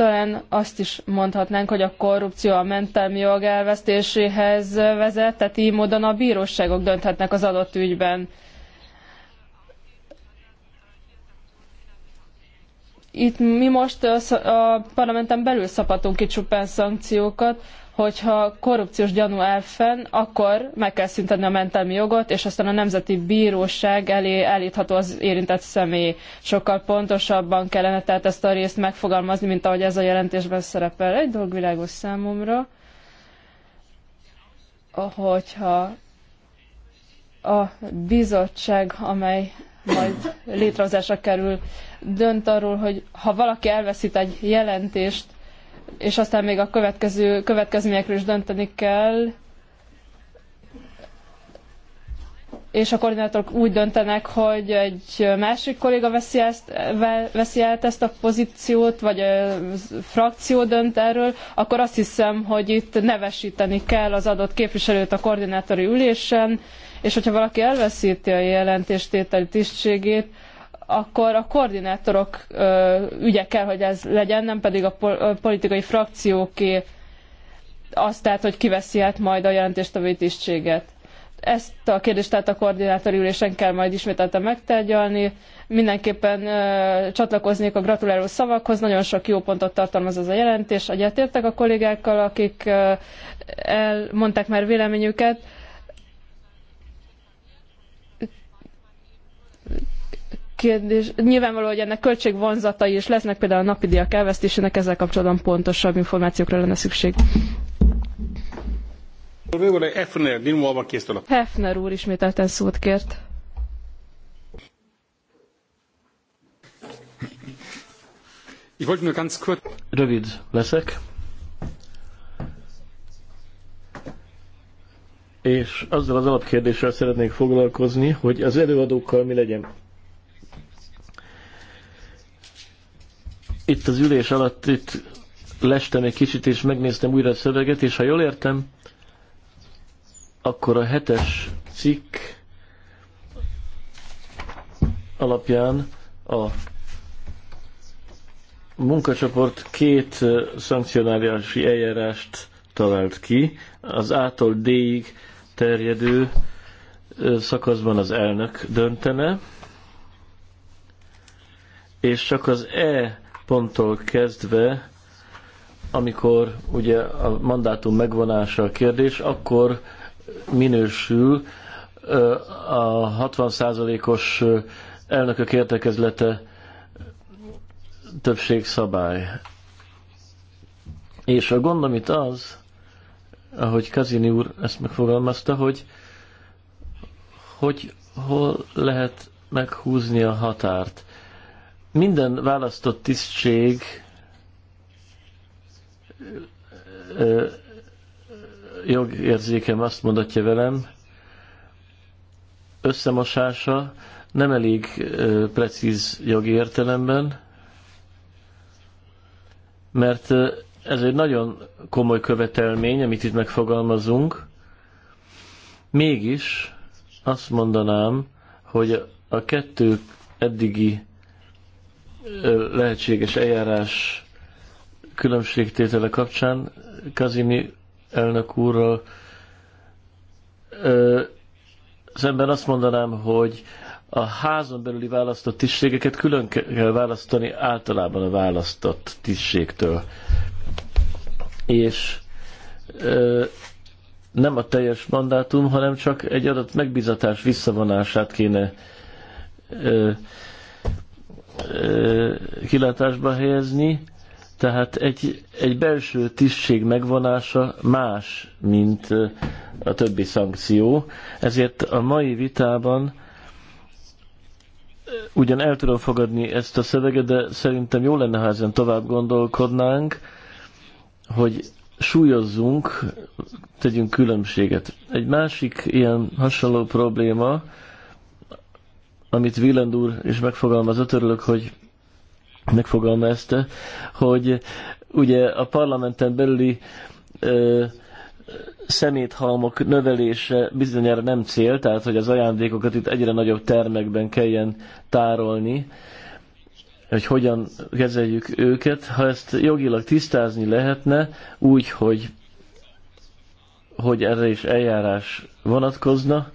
talán azt is mondhatnánk, hogy a korrupció a mentelmi jog elvesztéséhez vezet, tehát így módon a bíróságok dönthetnek az adott ügyben. Itt mi most a parlamenten belül szabadunk ki csupán szankciókat, hogyha korrupciós gyanú fenn, akkor meg kell szüntetni a mentelmi jogot, és aztán a Nemzeti Bíróság elé állítható az érintett személy. Sokkal pontosabban kellene tehát ezt a részt megfogalmazni, mint ahogy ez a jelentésben szerepel. Egy dolog világos számomra, hogyha a bizottság, amely majd létrehozásra kerül, dönt arról, hogy ha valaki elveszít egy jelentést, és aztán még a következő következményekről is dönteni kell, és a koordinátorok úgy döntenek, hogy egy másik kolléga veszi, ezt, veszi át ezt a pozíciót, vagy a frakció dönt erről, akkor azt hiszem, hogy itt nevesíteni kell az adott képviselőt a koordinátori ülésen, és hogyha valaki elveszíti a jelentéstételi tisztségét, akkor a koordinátorok ügye kell, hogy ez legyen, nem pedig a politikai frakcióké azt tehát, hogy kiveszi át majd a jelentést a vétisztséget. Ezt a kérdést tehát a koordinátori ülésen kell majd ismételten megtárgyalni. Mindenképpen ö, csatlakoznék a gratuláló szavakhoz, nagyon sok jó pontot tartalmaz az a jelentés. Egyetértek a kollégákkal, akik ö, elmondták már véleményüket kérdés, nyilvánvaló, hogy ennek költségvonzatai is lesznek, például a napi díjak elvesztésének ezzel kapcsolatban pontosabb információkra lenne szükség. Hefner úr ismételten szót kért. Rövid leszek. És azzal az alapkérdéssel szeretnék foglalkozni, hogy az előadókkal mi legyen. itt az ülés alatt itt lestem egy kicsit, és megnéztem újra a szöveget, és ha jól értem, akkor a hetes cikk alapján a munkacsoport két szankcionáriási eljárást talált ki. Az A-tól D-ig terjedő szakaszban az elnök döntene, és csak az E ponttól kezdve, amikor ugye a mandátum megvonása a kérdés, akkor minősül a 60%-os elnökök értekezlete szabály. És a gondom itt az, ahogy Kazini úr ezt megfogalmazta, hogy hogy hol lehet meghúzni a határt minden választott tisztség jogérzékem azt mondatja velem, összemosása nem elég precíz jogi értelemben, mert ez egy nagyon komoly követelmény, amit itt megfogalmazunk. Mégis azt mondanám, hogy a kettő eddigi lehetséges eljárás különbségtétele kapcsán Kazini elnök úrral szemben azt mondanám, hogy a házon belüli választott tisztségeket külön kell választani általában a választott tisztségtől. És ö, nem a teljes mandátum, hanem csak egy adott megbizatás visszavonását kéne ö, kilátásba helyezni, tehát egy, egy belső tisztség megvonása más, mint a többi szankció. Ezért a mai vitában ugyan el tudom fogadni ezt a szöveget, de szerintem jó lenne, ha ezen tovább gondolkodnánk, hogy súlyozzunk, tegyünk különbséget. Egy másik ilyen hasonló probléma, amit Willand úr is megfogalmazott, örülök, hogy megfogalmazta, hogy ugye a parlamenten belüli ö, szeméthalmok növelése bizonyára nem cél, tehát hogy az ajándékokat itt egyre nagyobb termekben kelljen tárolni, hogy hogyan kezeljük őket. Ha ezt jogilag tisztázni lehetne, úgy, hogy, hogy erre is eljárás vonatkozna,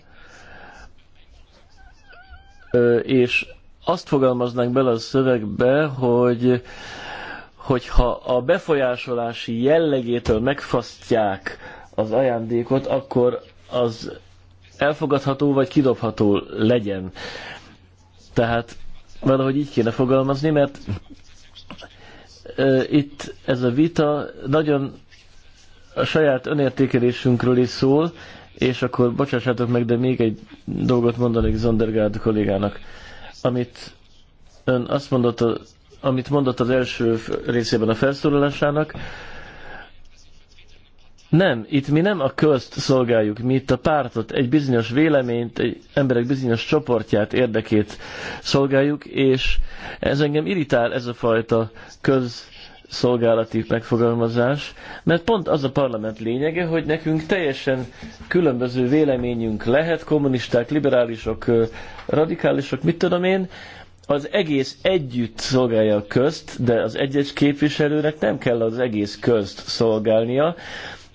és azt fogalmaznánk bele a szövegbe, hogy hogyha a befolyásolási jellegétől megfasztják az ajándékot, akkor az elfogadható vagy kidobható legyen. Tehát valahogy így kéne fogalmazni, mert e, itt ez a vita nagyon a saját önértékelésünkről is szól, és akkor bocsássátok meg, de még egy dolgot mondanék Zondergaard kollégának. Amit ön azt mondott, a, amit mondott az első részében a felszólalásának, nem, itt mi nem a közt szolgáljuk, mi itt a pártot, egy bizonyos véleményt, egy emberek bizonyos csoportját, érdekét szolgáljuk, és ez engem irritál ez a fajta köz szolgálati megfogalmazás, mert pont az a parlament lényege, hogy nekünk teljesen különböző véleményünk lehet, kommunisták, liberálisok, radikálisok, mit tudom én, az egész együtt szolgálja a közt, de az egyes képviselőnek nem kell az egész közt szolgálnia,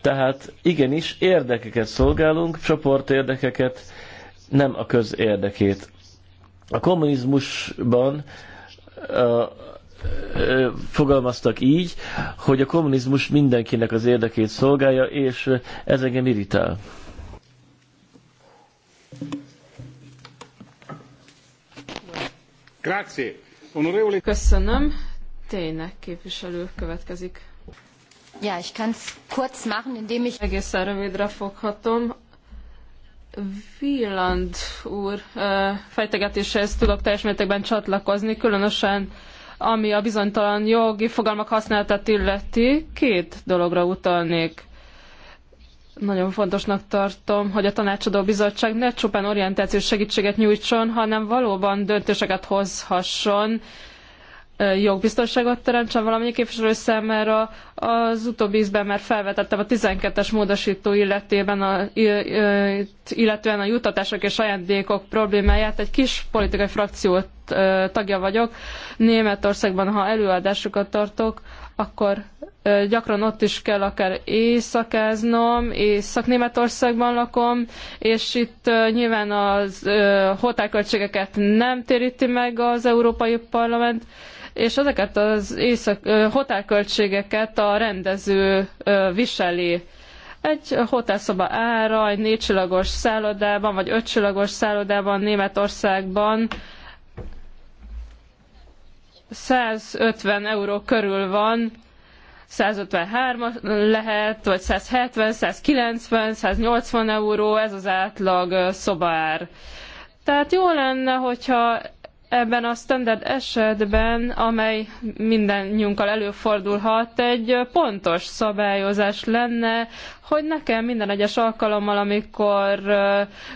tehát igenis érdekeket szolgálunk, csoportérdekeket, nem a köz érdekét. A kommunizmusban fogalmaztak így, hogy a kommunizmus mindenkinek az érdekét szolgálja, és ez engem irítál. Grazie. Honorevole... Köszönöm. Tényleg képviselő következik. Ja, ich kann's kurz machen, indem ich... Egészen rövidre foghatom. Wieland úr fejtegetéshez tudok teljes mértékben csatlakozni, különösen ami a bizonytalan jogi fogalmak használatát illeti, két dologra utalnék. Nagyon fontosnak tartom, hogy a tanácsadó bizottság ne csupán orientációs segítséget nyújtson, hanem valóban döntéseket hozhasson, jogbiztonságot teremtsen valamennyi képviselő számára. Az utóbbi ízben már felvetettem a 12-es módosító illetében a, illetően a juttatások és ajándékok problémáját. Egy kis politikai frakció tagja vagyok. Németországban, ha előadásokat tartok, akkor gyakran ott is kell akár éjszakáznom, Észak-Németországban lakom, és itt nyilván az hotelköltségeket nem téríti meg az Európai Parlament, és ezeket az éjszak, hotelköltségeket a rendező viseli. Egy hotelszoba ára, egy négycsillagos szállodában, vagy ötcsillagos szállodában Németországban 150 euró körül van, 153 lehet, vagy 170, 190, 180 euró, ez az átlag szobaár. Tehát jó lenne, hogyha ebben a standard esetben, amely mindennyiunkkal előfordulhat, egy pontos szabályozás lenne, hogy nekem minden egyes alkalommal, amikor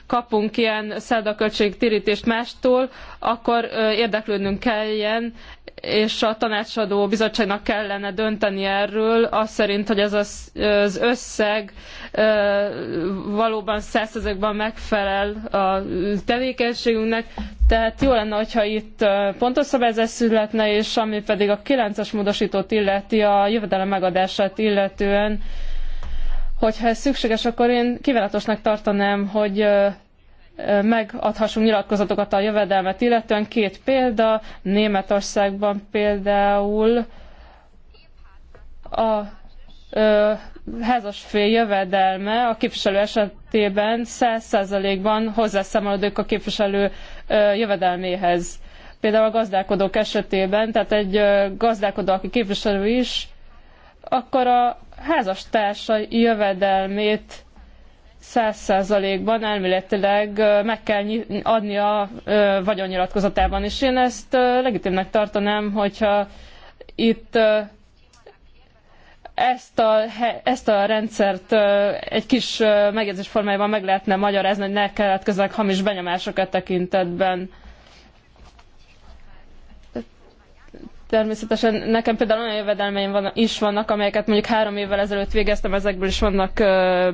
kapunk ilyen szedaköltségtérítést mástól, akkor érdeklődnünk kelljen, és a tanácsadó bizottságnak kellene dönteni erről, az szerint, hogy ez az összeg valóban százszerzőkben megfelel a tevékenységünknek. Tehát jó lenne, hogyha itt pontos szabályzás születne, és ami pedig a 9-es módosítót illeti, a jövedelem megadását illetően, Hogyha ez szükséges, akkor én kívánatosnak tartanám, hogy megadhassunk nyilatkozatokat a jövedelmet, illetően két példa, Németországban például a ö, házasfél jövedelme a képviselő esetében 100%-ban hozzászámolódik a képviselő ö, jövedelméhez. Például a gazdálkodók esetében, tehát egy ö, gazdálkodó, aki képviselő is, akkor a házastársa jövedelmét száz százalékban elméletileg meg kell adni a vagyonnyilatkozatában, és én ezt legitimnek tartanám, hogyha itt ezt a, ezt a rendszert egy kis megjegyzés formájában meg lehetne magyarázni, hogy ne keletkezzenek hamis benyomások e tekintetben. Természetesen nekem például olyan jövedelmeim van, is vannak, amelyeket mondjuk három évvel ezelőtt végeztem, ezekből is vannak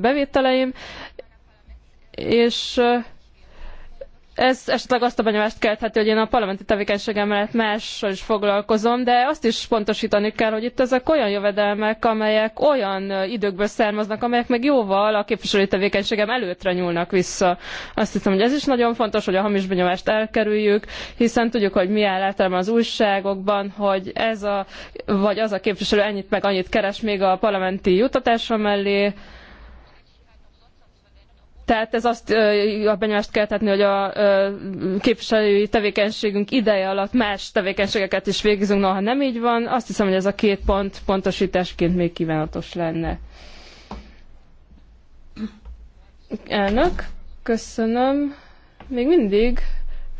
bevételeim, és ez esetleg azt a benyomást keltheti, hogy én a parlamenti tevékenységem mellett mással is foglalkozom, de azt is pontosítani kell, hogy itt ezek olyan jövedelmek, amelyek olyan időkből származnak, amelyek meg jóval a képviselői tevékenységem előttre nyúlnak vissza. Azt hiszem, hogy ez is nagyon fontos, hogy a hamis benyomást elkerüljük, hiszen tudjuk, hogy mi áll általában az újságokban, hogy ez a, vagy az a képviselő ennyit meg annyit keres még a parlamenti jutatása mellé, tehát ez azt a benyomást kell tetni, hogy a képviselői tevékenységünk ideje alatt más tevékenységeket is végzünk, noha nem így van. Azt hiszem, hogy ez a két pont pontosításként még kívánatos lenne. Elnök, köszönöm. Még mindig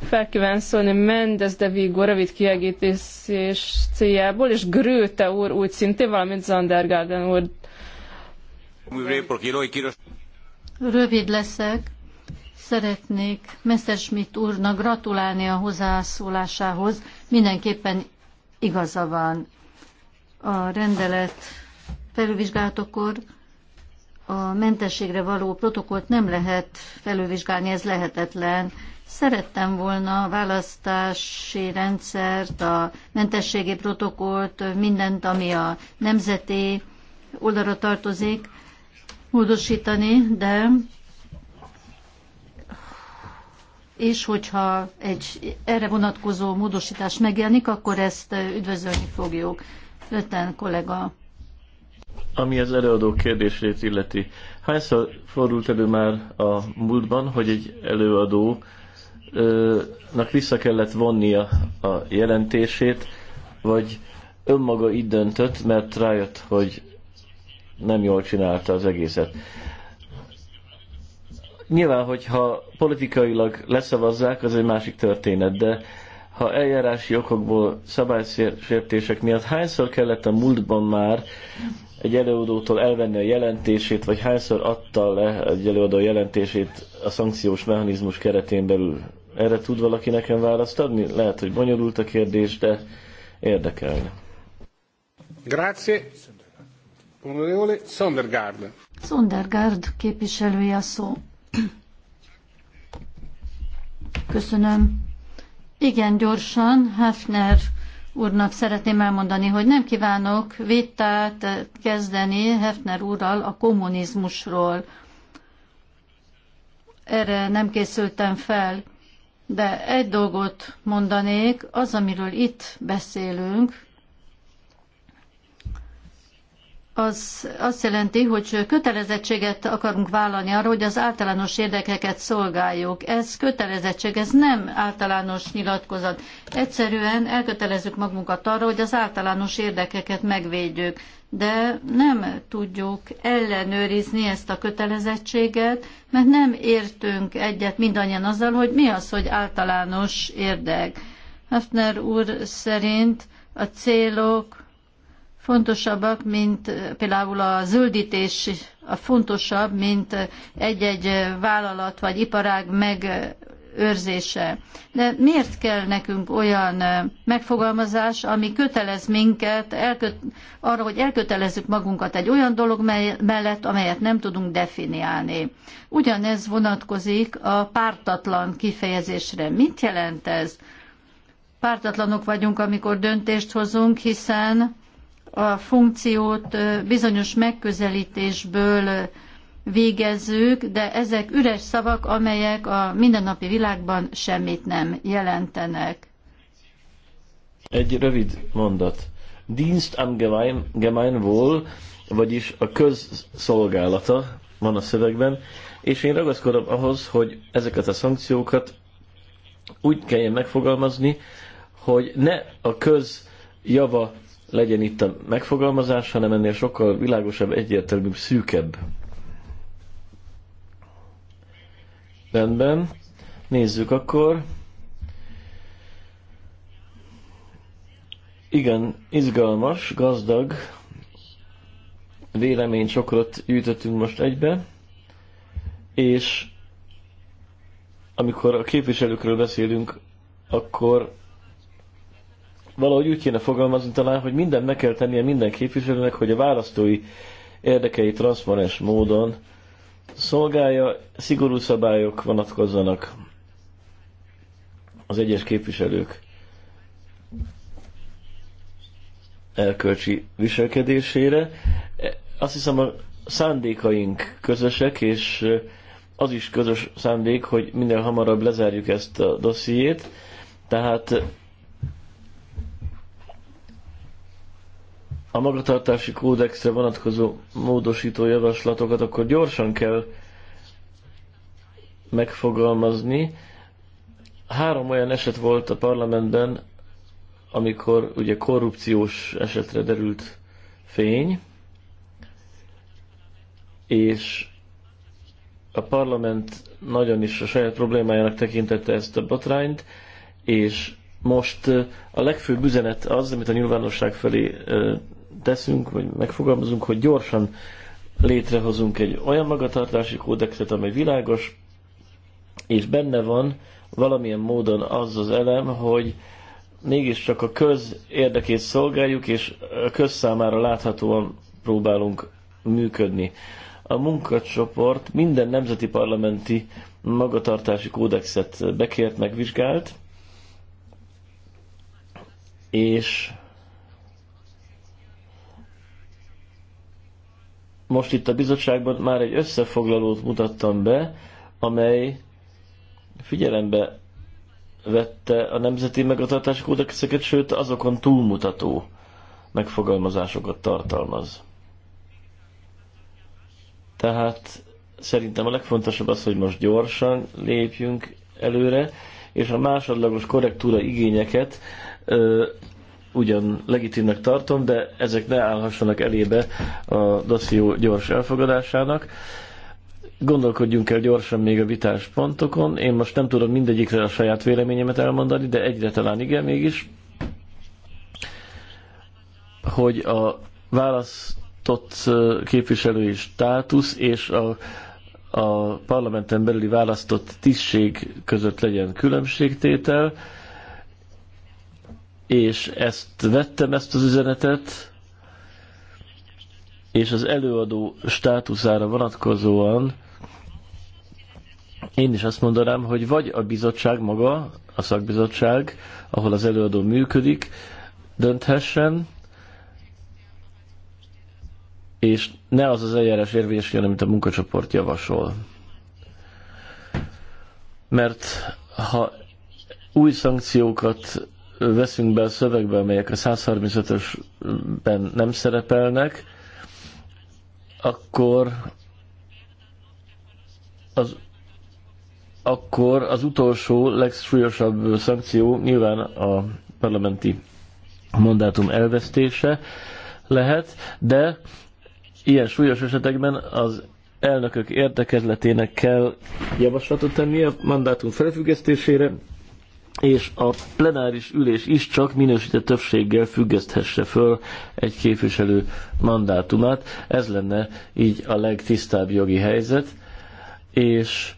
felkíván szólni Mendes de Vigo rövid kiegítés céljából, és Grőte úr úgy szintén, valamint Zandergarden úr. Rövid leszek. Szeretnék Messerschmidt úrnak gratulálni a hozzászólásához. Mindenképpen igaza van. A rendelet felülvizsgálatokor a mentességre való protokolt nem lehet felülvizsgálni, ez lehetetlen. Szerettem volna a választási rendszert, a mentességi protokolt, mindent, ami a nemzeti oldalra tartozik, módosítani, de és hogyha egy erre vonatkozó módosítás megjelenik, akkor ezt üdvözölni fogjuk. Öten kollega. Ami az előadó kérdését illeti, hányszor fordult elő már a múltban, hogy egy előadónak vissza kellett vonnia a jelentését, vagy önmaga így döntött, mert rájött, hogy nem jól csinálta az egészet. Nyilván, hogyha politikailag leszavazzák, az egy másik történet, de ha eljárási okokból szabálysértések miatt hányszor kellett a múltban már egy előadótól elvenni a jelentését, vagy hányszor adta le egy előadó jelentését a szankciós mechanizmus keretén belül? Erre tud valaki nekem választ adni? Lehet, hogy bonyolult a kérdés, de érdekelne. Grazie. Honorevole Sondergaard. Sondergaard képviselője a szó. Köszönöm. Igen, gyorsan, Hafner úrnak szeretném elmondani, hogy nem kívánok vitát kezdeni Hefner úrral a kommunizmusról. Erre nem készültem fel, de egy dolgot mondanék, az, amiről itt beszélünk, az azt jelenti, hogy kötelezettséget akarunk vállalni arra, hogy az általános érdekeket szolgáljuk. Ez kötelezettség, ez nem általános nyilatkozat. Egyszerűen elkötelezzük magunkat arra, hogy az általános érdekeket megvédjük, de nem tudjuk ellenőrizni ezt a kötelezettséget, mert nem értünk egyet mindannyian azzal, hogy mi az, hogy általános érdek. Hafner úr szerint a célok fontosabbak, mint például a zöldítés a fontosabb, mint egy-egy vállalat vagy iparág megőrzése. De miért kell nekünk olyan megfogalmazás, ami kötelez minket elkö- arra, hogy elkötelezzük magunkat egy olyan dolog mellett, amelyet nem tudunk definiálni? Ugyanez vonatkozik a pártatlan kifejezésre. Mit jelent ez? Pártatlanok vagyunk, amikor döntést hozunk, hiszen a funkciót bizonyos megközelítésből végezzük, de ezek üres szavak, amelyek a mindennapi világban semmit nem jelentenek. Egy rövid mondat. Dienst am Gemeinwohl, vagyis a közszolgálata van a szövegben, és én ragaszkodom ahhoz, hogy ezeket a szankciókat úgy kelljen megfogalmazni, hogy ne a közjava legyen itt a megfogalmazás, hanem ennél sokkal világosabb, egyértelműbb, szűkebb. Rendben. Nézzük akkor. Igen, izgalmas, gazdag vélemény sokrot gyűjtöttünk most egybe, és amikor a képviselőkről beszélünk, akkor valahogy úgy kéne fogalmazni talán, hogy mindent meg kell tennie minden képviselőnek, hogy a választói érdekei transzparens módon szolgálja, szigorú szabályok vonatkozzanak az egyes képviselők elkölcsi viselkedésére. Azt hiszem a szándékaink közösek, és az is közös szándék, hogy minél hamarabb lezárjuk ezt a dossziét, tehát a magatartási kódexre vonatkozó módosító javaslatokat akkor gyorsan kell megfogalmazni. Három olyan eset volt a parlamentben, amikor ugye korrupciós esetre derült fény, és a parlament nagyon is a saját problémájának tekintette ezt a botrányt, és most a legfőbb üzenet az, amit a nyilvánosság felé teszünk, vagy megfogalmazunk, hogy gyorsan létrehozunk egy olyan magatartási kódexet, amely világos, és benne van valamilyen módon az az elem, hogy mégiscsak a köz érdekét szolgáljuk, és a köz számára láthatóan próbálunk működni. A munkacsoport minden nemzeti parlamenti magatartási kódexet bekért, megvizsgált, és most itt a bizottságban már egy összefoglalót mutattam be, amely figyelembe vette a nemzeti megadatási kódexeket, sőt azokon túlmutató megfogalmazásokat tartalmaz. Tehát szerintem a legfontosabb az, hogy most gyorsan lépjünk előre, és a másodlagos korrektúra igényeket ö, ugyan legitimnek tartom, de ezek ne állhassanak elébe a dosszió gyors elfogadásának. Gondolkodjunk el gyorsan még a vitás pontokon. Én most nem tudom mindegyikre a saját véleményemet elmondani, de egyre talán igen mégis, hogy a választott képviselői státusz és a, a parlamenten belüli választott tisztség között legyen különbségtétel és ezt vettem, ezt az üzenetet, és az előadó státuszára vonatkozóan én is azt mondanám, hogy vagy a bizottság maga, a szakbizottság, ahol az előadó működik, dönthessen, és ne az az eljárás érvényesüljön, amit a munkacsoport javasol. Mert ha új szankciókat veszünk be a szövegbe, amelyek a 135-ösben nem szerepelnek, akkor az, akkor az utolsó, legsúlyosabb szankció nyilván a parlamenti mandátum elvesztése lehet, de ilyen súlyos esetekben az elnökök értekezletének kell javaslatot tennie a mandátum felfüggesztésére, és a plenáris ülés is csak minősített többséggel függeszthesse föl egy képviselő mandátumát. Ez lenne így a legtisztább jogi helyzet, és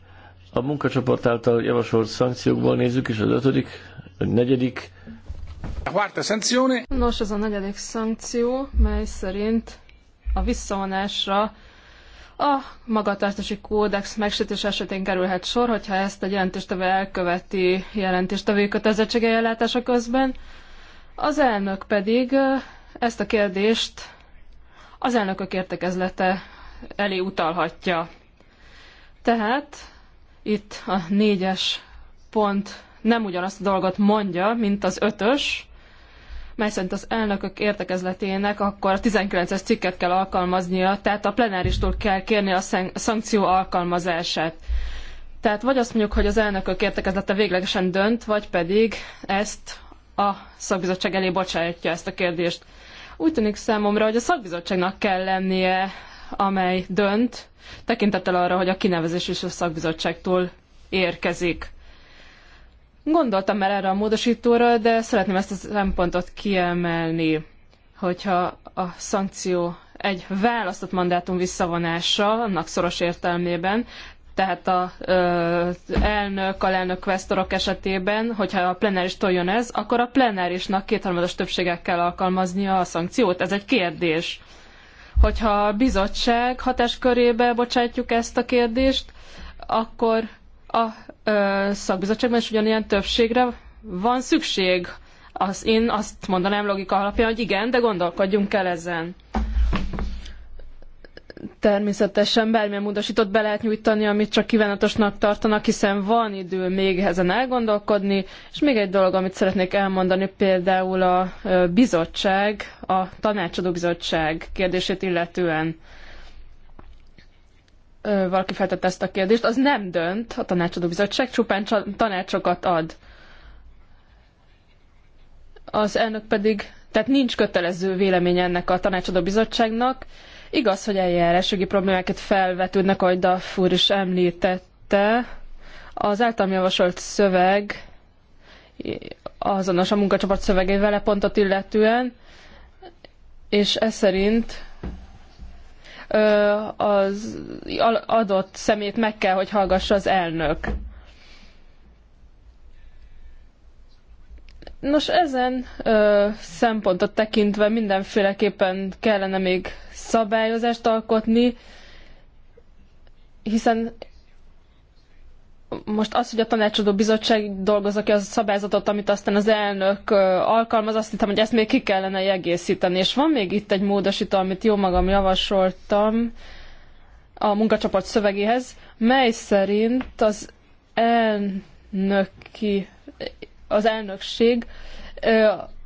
a munkacsoport által javasolt szankciókból nézzük is az ötödik, a negyedik. A Nos, ez a negyedik szankció, mely szerint a visszavonásra a magatartási kódex megsütés esetén kerülhet sor, hogyha ezt a jelentéstevő elköveti jelentéstevői kötelezettsége ellátása közben. Az elnök pedig ezt a kérdést az elnökök értekezlete elé utalhatja. Tehát itt a négyes pont nem ugyanazt a dolgot mondja, mint az ötös, mely szerint az elnökök értekezletének akkor a 19-es cikket kell alkalmaznia, tehát a plenáristól kell kérni a szankció alkalmazását. Tehát vagy azt mondjuk, hogy az elnökök értekezlete véglegesen dönt, vagy pedig ezt a szakbizottság elé bocsátja ezt a kérdést. Úgy tűnik számomra, hogy a szakbizottságnak kell lennie, amely dönt, tekintettel arra, hogy a kinevezés is a szakbizottságtól érkezik. Gondoltam már erre a módosítóra, de szeretném ezt a szempontot kiemelni, hogyha a szankció egy választott mandátum visszavonása, annak szoros értelmében, tehát a ö, elnök, alelnök kvesztorok esetében, hogyha a plenáristól jön ez, akkor a plenárisnak kétharmados többséggel kell alkalmaznia a szankciót. Ez egy kérdés. Hogyha a bizottság hatáskörébe bocsátjuk ezt a kérdést, akkor a ö, szakbizottságban is ugyanilyen többségre van szükség. Az, én azt mondanám logika alapján, hogy igen, de gondolkodjunk el ezen. Természetesen bármilyen módosított be lehet nyújtani, amit csak kívánatosnak tartanak, hiszen van idő még ezen elgondolkodni. És még egy dolog, amit szeretnék elmondani, például a bizottság, a tanácsadó bizottság kérdését illetően valaki feltette ezt a kérdést, az nem dönt a tanácsadó bizottság, csupán tanácsokat ad. Az elnök pedig, tehát nincs kötelező vélemény ennek a tanácsadó bizottságnak. Igaz, hogy eljárásjogi problémákat felvetődnek, ahogy Daffur is említette. Az általam javasolt szöveg azonos a munkacsoport szövegével pontot illetően, és ez szerint az adott szemét meg kell, hogy hallgassa az elnök. Nos, ezen ö, szempontot tekintve mindenféleképpen kellene még szabályozást alkotni, hiszen most az, hogy a tanácsadó bizottság dolgozza ki az a szabályzatot, amit aztán az elnök alkalmaz, azt hittem, hogy ezt még ki kellene egészíteni. És van még itt egy módosító, amit jó magam javasoltam a munkacsoport szövegéhez, mely szerint az elnöki, az elnökség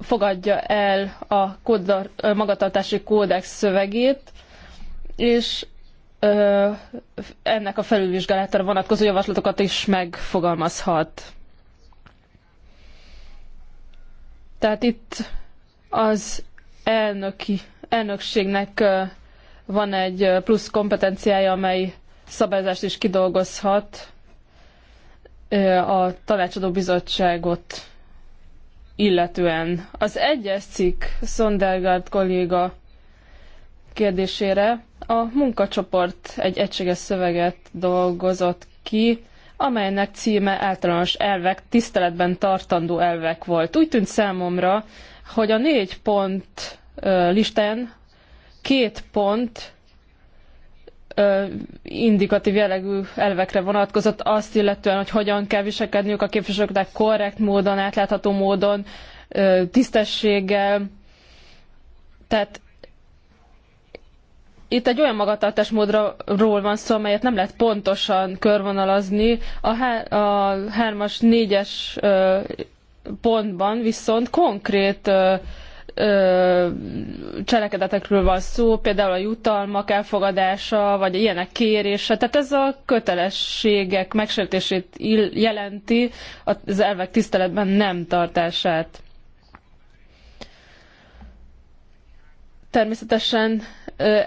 fogadja el a magatartási kódex szövegét, és ö, ennek a felülvizsgálatára vonatkozó javaslatokat is megfogalmazhat. Tehát itt az elnöki, elnökségnek van egy plusz kompetenciája, amely szabályzást is kidolgozhat a tanácsadó bizottságot illetően. Az egyes cikk Szondergaard kolléga kérdésére a munkacsoport egy egységes szöveget dolgozott ki, amelynek címe általános elvek, tiszteletben tartandó elvek volt. Úgy tűnt számomra, hogy a négy pont listán két pont indikatív jellegű elvekre vonatkozott, azt illetően, hogy hogyan kell viselkedniük a képviselőknek korrekt módon, átlátható módon, tisztességgel. Tehát itt egy olyan magatartásmódról van szó, amelyet nem lehet pontosan körvonalazni. A, há- a as 4-es pontban viszont konkrét ö, ö, cselekedetekről van szó, például a jutalmak elfogadása, vagy ilyenek kérése. Tehát ez a kötelességek megsértését jelenti az elvek tiszteletben nem tartását. Természetesen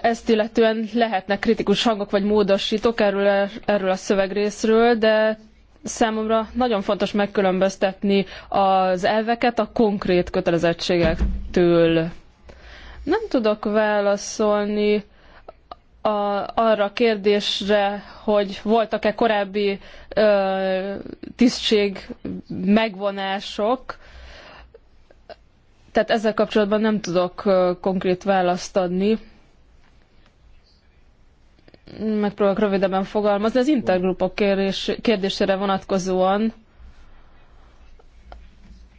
ezt illetően lehetnek kritikus hangok vagy módosítók erről, erről a szövegrészről, de számomra nagyon fontos megkülönböztetni az elveket a konkrét kötelezettségektől. Nem tudok válaszolni a, arra a kérdésre, hogy voltak-e korábbi ö, tisztség megvonások, tehát ezzel kapcsolatban nem tudok konkrét választ adni. Megpróbálok rövidebben fogalmazni. Az intergrupok kérdésére vonatkozóan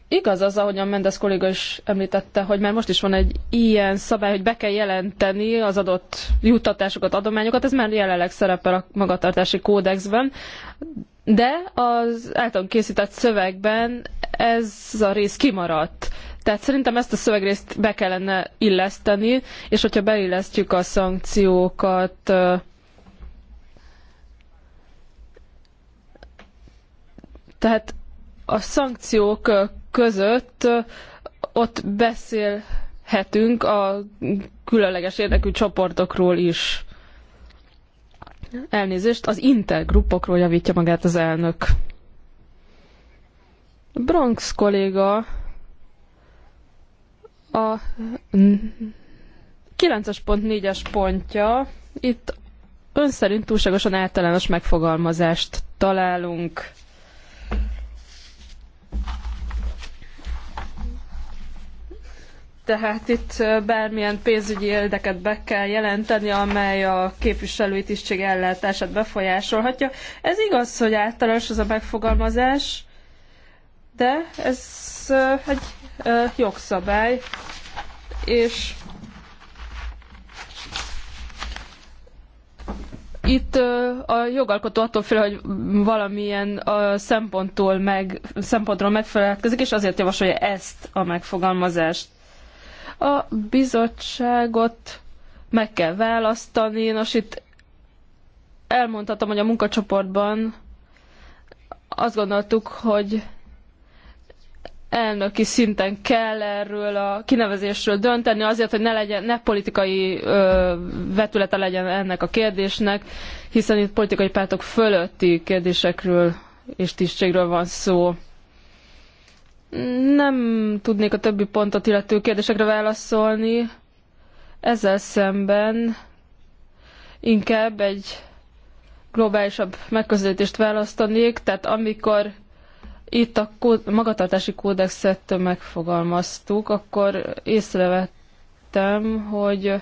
igaz az, ahogyan Mendes kolléga is említette, hogy már most is van egy ilyen szabály, hogy be kell jelenteni az adott juttatásokat, adományokat, ez már jelenleg szerepel a magatartási kódexben, de az általunk készített szövegben ez a rész kimaradt. Tehát szerintem ezt a szövegrészt be kellene illeszteni, és hogyha beillesztjük a szankciókat, tehát a szankciók között ott beszélhetünk a különleges érdekű csoportokról is. Elnézést, az intergrupokról javítja magát az elnök. Bronx kolléga a 9.4-es pontja, itt ön szerint túlságosan általános megfogalmazást találunk. Tehát itt bármilyen pénzügyi érdeket be kell jelenteni, amely a képviselői tisztség ellátását befolyásolhatja. Ez igaz, hogy általános ez a megfogalmazás, de ez egy jogszabály, és itt a jogalkotó attól fél, hogy valamilyen szemponttól meg, szempontról megfelelkezik, és azért javasolja ezt a megfogalmazást. A bizottságot meg kell választani. Nos, itt elmondhatom, hogy a munkacsoportban azt gondoltuk, hogy elnöki szinten kell erről a kinevezésről dönteni, azért, hogy ne, legyen, ne politikai ö, vetülete legyen ennek a kérdésnek, hiszen itt politikai pártok fölötti kérdésekről és tisztségről van szó. Nem tudnék a többi pontot illető kérdésekre válaszolni. Ezzel szemben inkább egy globálisabb megközelítést választanék, tehát amikor itt a kód, magatartási kódexet megfogalmaztuk, akkor észrevettem, hogy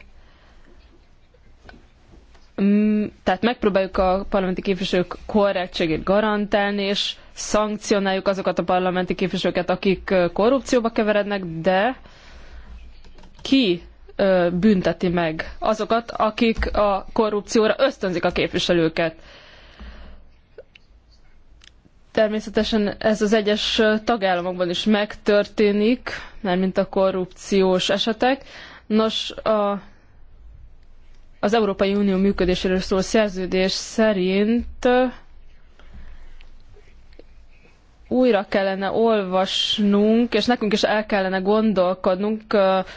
mm, tehát megpróbáljuk a parlamenti képviselők korrektségét garantálni, és szankcionáljuk azokat a parlamenti képviselőket, akik korrupcióba keverednek, de ki bünteti meg azokat, akik a korrupcióra ösztönzik a képviselőket. Természetesen ez az egyes tagállamokban is megtörténik, mármint a korrupciós esetek. Nos, a, az Európai Unió működéséről szóló szerződés szerint újra kellene olvasnunk, és nekünk is el kellene gondolkodnunk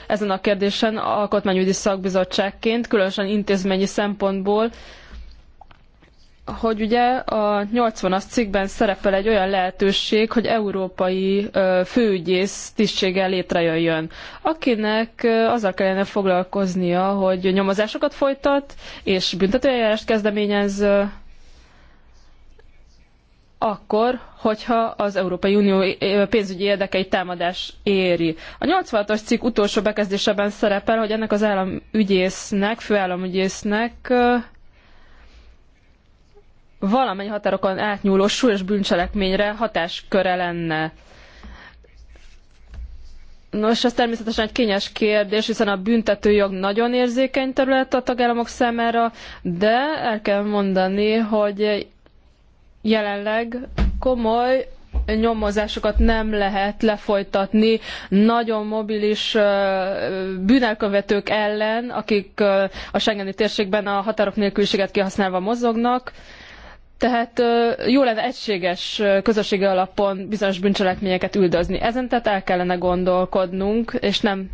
ezen a kérdésen alkotmányügyi szakbizottságként, különösen intézményi szempontból, hogy ugye a 80-as cikkben szerepel egy olyan lehetőség, hogy európai főügyész tisztséggel létrejöjjön, akinek azzal kellene foglalkoznia, hogy nyomozásokat folytat, és büntetőeljárást kezdeményez akkor, hogyha az Európai Unió pénzügyi érdekei támadás éri. A 86-as cikk utolsó bekezdésében szerepel, hogy ennek az államügyésznek, főállamügyésznek valamennyi határokon átnyúló súlyos bűncselekményre hatásköre lenne. Nos, ez természetesen egy kényes kérdés, hiszen a büntetőjog nagyon érzékeny terület a tagállamok számára, de el kell mondani, hogy jelenleg komoly nyomozásokat nem lehet lefolytatni nagyon mobilis bűnelkövetők ellen, akik a Schengeni térségben a határok nélküliséget kihasználva mozognak. Tehát jó lenne egységes közösségi alapon bizonyos bűncselekményeket üldözni. Ezen tehát el kellene gondolkodnunk, és nem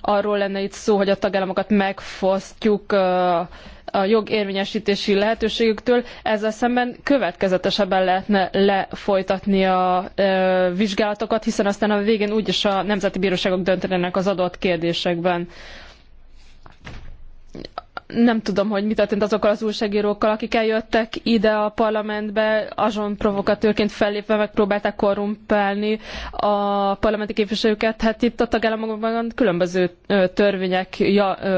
arról lenne itt szó, hogy a tagállamokat megfosztjuk a jog lehetőségüktől, ezzel szemben következetesebben lehetne lefolytatni a vizsgálatokat, hiszen aztán a végén úgyis a nemzeti bíróságok döntenének az adott kérdésekben nem tudom, hogy mi történt azokkal az újságírókkal, akik eljöttek ide a parlamentbe, azon provokatőrként fellépve megpróbálták korrumpálni a parlamenti képviselőket. Hát itt a tagállamokban különböző törvények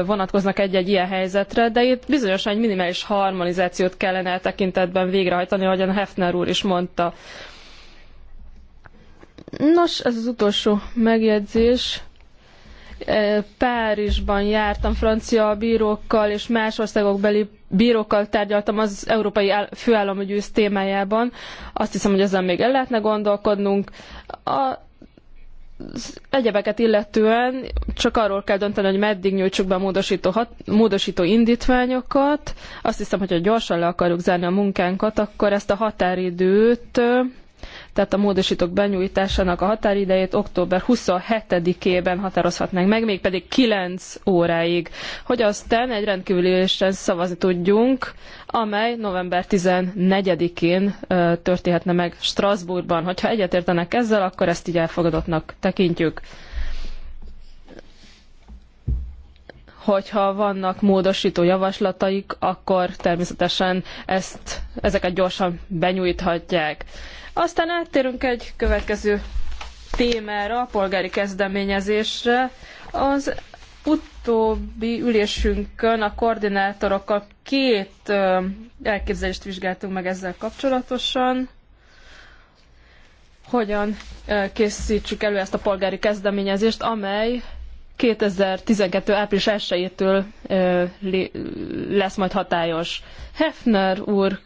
vonatkoznak egy-egy ilyen helyzetre, de itt bizonyosan egy minimális harmonizációt kellene e tekintetben végrehajtani, ahogyan Hefner úr is mondta. Nos, ez az utolsó megjegyzés. Párizsban jártam francia bírókkal és más országokbeli bírókkal tárgyaltam az európai főállamügyűsz témájában. Azt hiszem, hogy ezzel még el lehetne gondolkodnunk. A egyebeket illetően csak arról kell dönteni, hogy meddig nyújtsuk be a módosító, hat, módosító indítványokat. Azt hiszem, hogy ha gyorsan le akarjuk zárni a munkánkat, akkor ezt a határidőt tehát a módosítók benyújtásának a határidejét október 27-ében határozhatnánk meg, mégpedig 9 óráig, hogy aztán egy rendkívüli ülésen szavazni tudjunk, amely november 14-én történhetne meg Strasbourgban. Hogyha egyetértenek ezzel, akkor ezt így elfogadottnak tekintjük. hogyha vannak módosító javaslataik, akkor természetesen ezt, ezeket gyorsan benyújthatják. Aztán áttérünk egy következő témára, a polgári kezdeményezésre. Az utóbbi ülésünkön a koordinátorokkal két elképzelést vizsgáltunk meg ezzel kapcsolatosan hogyan készítsük elő ezt a polgári kezdeményezést, amely 2012. április 1-től lesz majd hatályos. Hefner úr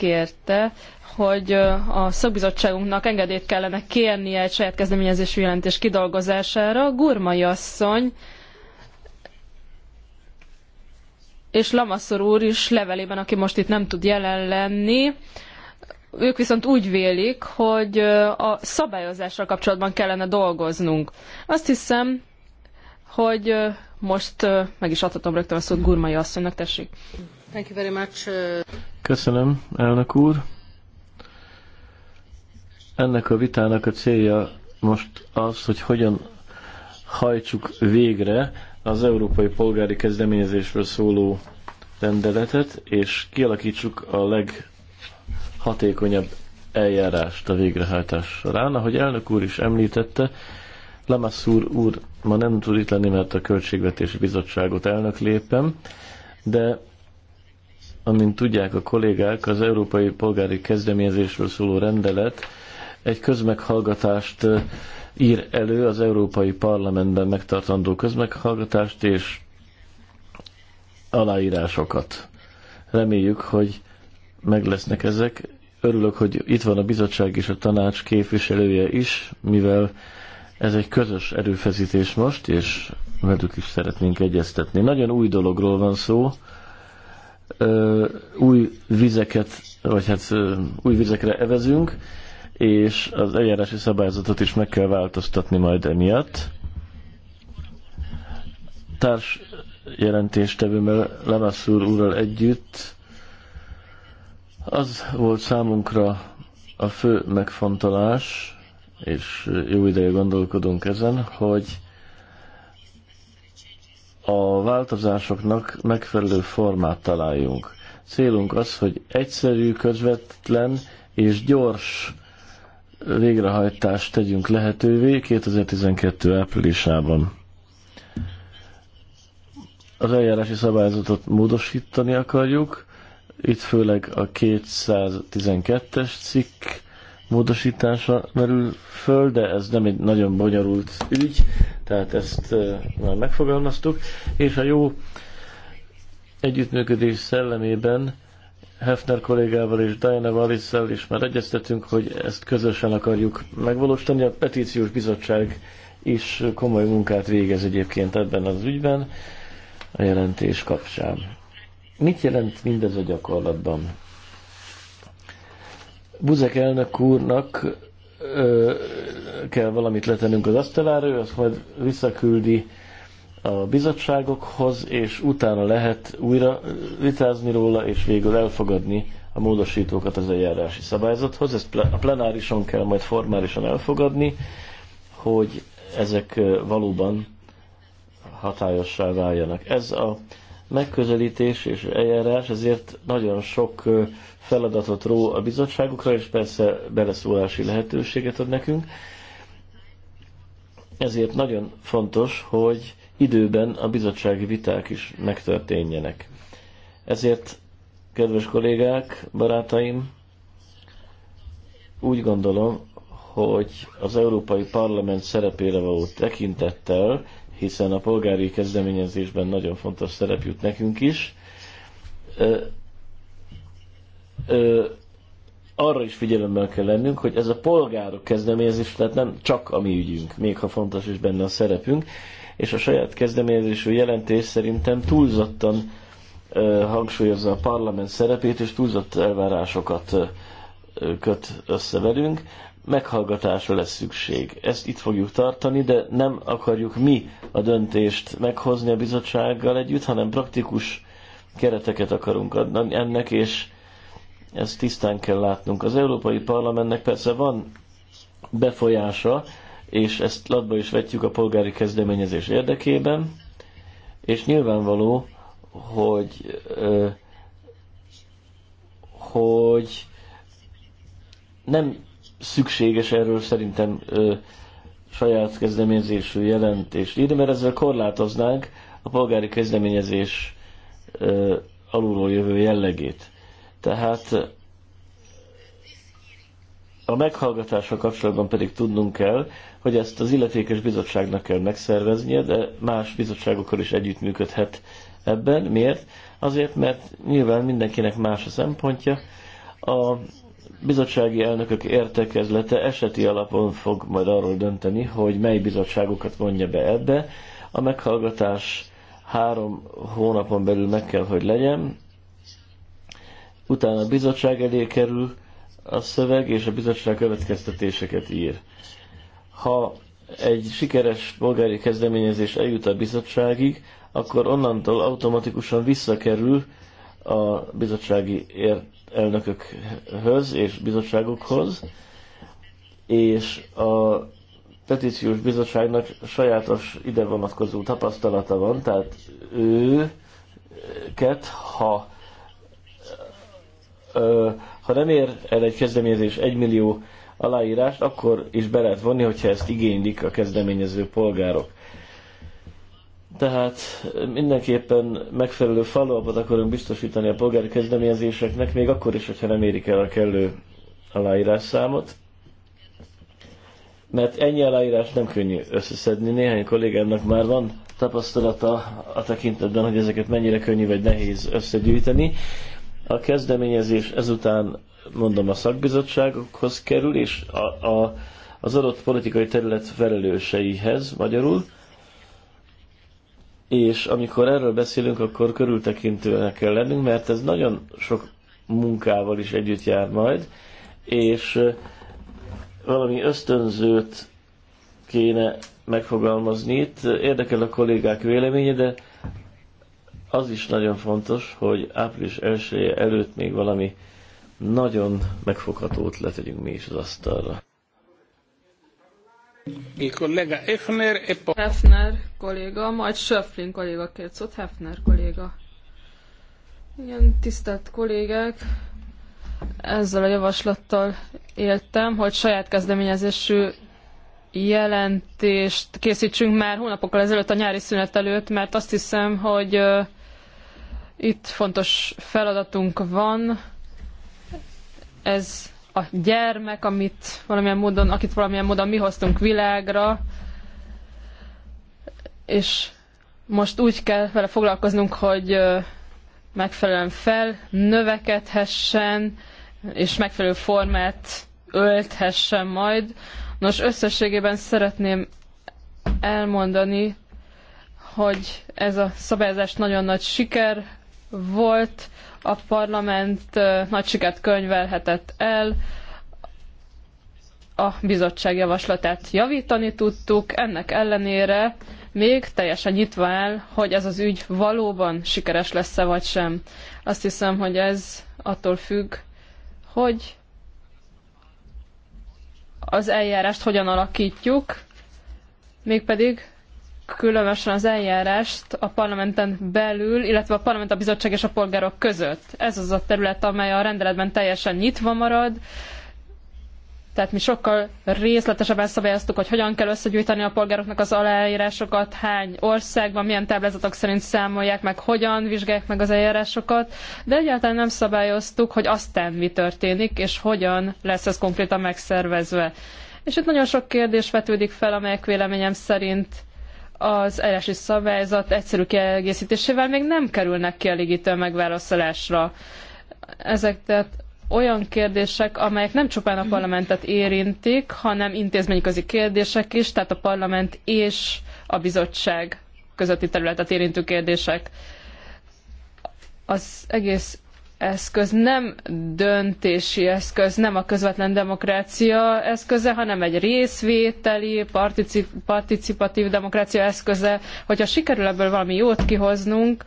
kérte, hogy a szakbizottságunknak engedélyt kellene kérnie egy saját kezdeményezésű jelentés kidolgozására. Gurmai asszony és Lamaszor úr is levelében, aki most itt nem tud jelen lenni, ők viszont úgy vélik, hogy a szabályozással kapcsolatban kellene dolgoznunk. Azt hiszem, hogy most meg is adhatom rögtön a szót Gurmai asszonynak, tessék. Thank you very much. Uh, Köszönöm, elnök úr. Ennek a vitának a célja most az, hogy hogyan hajtsuk végre az Európai Polgári Kezdeményezésről szóló rendeletet, és kialakítsuk a leghatékonyabb eljárást a végrehajtás során. Ahogy elnök úr is említette, Lamassur úr ma nem tud itt lenni, mert a Költségvetési Bizottságot elnök lépem, de Amint tudják a kollégák, az Európai Polgári Kezdeményezésről szóló rendelet egy közmeghallgatást ír elő az Európai Parlamentben megtartandó közmeghallgatást és aláírásokat. Reméljük, hogy meg lesznek ezek. Örülök, hogy itt van a bizottság és a tanács képviselője is, mivel ez egy közös erőfeszítés most, és velük is szeretnénk egyeztetni. Nagyon új dologról van szó, új vizeket, vagy hát új vizekre evezünk, és az eljárási szabályzatot is meg kell változtatni majd emiatt. Társ jelentéstevőmmel, Lemasszúr úrral együtt az volt számunkra a fő megfontolás, és jó ideje gondolkodunk ezen, hogy a változásoknak megfelelő formát találjunk. Célunk az, hogy egyszerű, közvetlen és gyors végrehajtást tegyünk lehetővé 2012. áprilisában. Az eljárási szabályzatot módosítani akarjuk, itt főleg a 212-es cikk módosítása merül föl, de ez nem egy nagyon bonyolult ügy, tehát ezt már megfogalmaztuk, és a jó együttműködés szellemében Hefner kollégával és Diana Wallis-szel is már egyeztetünk, hogy ezt közösen akarjuk megvalósítani. A petíciós bizottság is komoly munkát végez egyébként ebben az ügyben a jelentés kapcsán. Mit jelent mindez a gyakorlatban? Buzek elnök úrnak ö, kell valamit letennünk az asztalára, ő azt majd visszaküldi a bizottságokhoz, és utána lehet újra vitázni róla, és végül elfogadni a módosítókat az eljárási szabályzathoz. Ezt a plenárison kell majd formálisan elfogadni, hogy ezek valóban hatályossá váljanak. Ez a megközelítés és eljárás ezért nagyon sok feladatot ró a bizottságukra, és persze beleszólási lehetőséget ad nekünk. Ezért nagyon fontos, hogy időben a bizottsági viták is megtörténjenek. Ezért, kedves kollégák, barátaim, úgy gondolom, hogy az Európai Parlament szerepére való tekintettel hiszen a polgári kezdeményezésben nagyon fontos szerep jut nekünk is. Ö, ö, arra is figyelemmel kell lennünk, hogy ez a polgárok kezdeményezés, tehát nem csak a mi ügyünk, még ha fontos is benne a szerepünk, és a saját kezdeményezésű jelentés szerintem túlzottan ö, hangsúlyozza a parlament szerepét, és túlzott elvárásokat ö, köt össze velünk meghallgatásra lesz szükség. Ezt itt fogjuk tartani, de nem akarjuk mi a döntést meghozni a bizottsággal együtt, hanem praktikus kereteket akarunk adni ennek, és ezt tisztán kell látnunk. Az Európai Parlamentnek persze van befolyása, és ezt latba is vetjük a polgári kezdeményezés érdekében, és nyilvánvaló, hogy hogy nem szükséges erről szerintem ö, saját kezdeményezésű jelentést írni, mert ezzel korlátoznánk a polgári kezdeményezés ö, alulról jövő jellegét. Tehát a meghallgatással kapcsolatban pedig tudnunk kell, hogy ezt az illetékes bizottságnak kell megszerveznie, de más bizottságokkal is együttműködhet ebben. Miért? Azért, mert nyilván mindenkinek más a szempontja. A bizottsági elnökök értekezlete eseti alapon fog majd arról dönteni, hogy mely bizottságokat vonja be ebbe. A meghallgatás három hónapon belül meg kell, hogy legyen. Utána a bizottság elé kerül a szöveg, és a bizottság következtetéseket ír. Ha egy sikeres polgári kezdeményezés eljut a bizottságig, akkor onnantól automatikusan visszakerül a bizottsági ért elnökökhöz és bizottságokhoz, és a petíciós bizottságnak sajátos ide vonatkozó tapasztalata van, tehát őket, ha ha nem ér el egy kezdeményezés egymillió millió aláírást, akkor is be lehet vonni, hogyha ezt igénylik a kezdeményező polgárok. Tehát mindenképpen megfelelő falóabbat akarunk biztosítani a polgári kezdeményezéseknek, még akkor is, hogyha nem érik el a kellő aláírás számot. Mert ennyi aláírás nem könnyű összeszedni. Néhány kollégának már van tapasztalata a tekintetben, hogy ezeket mennyire könnyű vagy nehéz összegyűjteni. A kezdeményezés ezután, mondom, a szakbizottságokhoz kerül, és a, a, az adott politikai terület felelőseihez magyarul és amikor erről beszélünk, akkor körültekintőnek kell lennünk, mert ez nagyon sok munkával is együtt jár majd, és valami ösztönzőt kéne megfogalmazni itt. Érdekel a kollégák véleménye, de az is nagyon fontos, hogy április 1 előtt még valami nagyon megfoghatót letegyünk mi is az asztalra. Il kollega Hefner e poi... Hefner kolléga, majd Schöfflin kolléga kért szót, Hefner kolléga. Igen, tisztelt kollégák, ezzel a javaslattal éltem, hogy saját kezdeményezésű jelentést készítsünk már hónapokkal ezelőtt a nyári szünet előtt, mert azt hiszem, hogy uh, itt fontos feladatunk van. Ez a gyermek, amit valamilyen módon, akit valamilyen módon mi hoztunk világra, és most úgy kell vele foglalkoznunk, hogy megfelelően fel növekedhessen, és megfelelő formát ölthessen majd. Nos, összességében szeretném elmondani, hogy ez a szabályozás nagyon nagy siker volt, a parlament nagy sikert könyvelhetett el, a bizottság javaslatát javítani tudtuk, ennek ellenére még teljesen nyitva áll, hogy ez az ügy valóban sikeres lesz-e vagy sem. Azt hiszem, hogy ez attól függ, hogy az eljárást hogyan alakítjuk, mégpedig különösen az eljárást a parlamenten belül, illetve a parlament, a bizottság és a polgárok között. Ez az a terület, amely a rendeletben teljesen nyitva marad, tehát mi sokkal részletesebben szabályoztuk, hogy hogyan kell összegyűjteni a polgároknak az aláírásokat, hány országban, milyen táblázatok szerint számolják meg, hogyan vizsgálják meg az eljárásokat, de egyáltalán nem szabályoztuk, hogy aztán mi történik, és hogyan lesz ez konkrétan megszervezve. És itt nagyon sok kérdés vetődik fel, amelyek véleményem szerint az eljárási szabályzat egyszerű kiegészítésével még nem kerülnek kielégítő megválaszolásra. Ezek tehát olyan kérdések, amelyek nem csupán a parlamentet érintik, hanem intézményközi kérdések is, tehát a parlament és a bizottság közötti területet érintő kérdések. Az egész eszköz nem döntési eszköz, nem a közvetlen demokrácia eszköze, hanem egy részvételi, particip, participatív demokrácia eszköze. Hogyha sikerül ebből valami jót kihoznunk,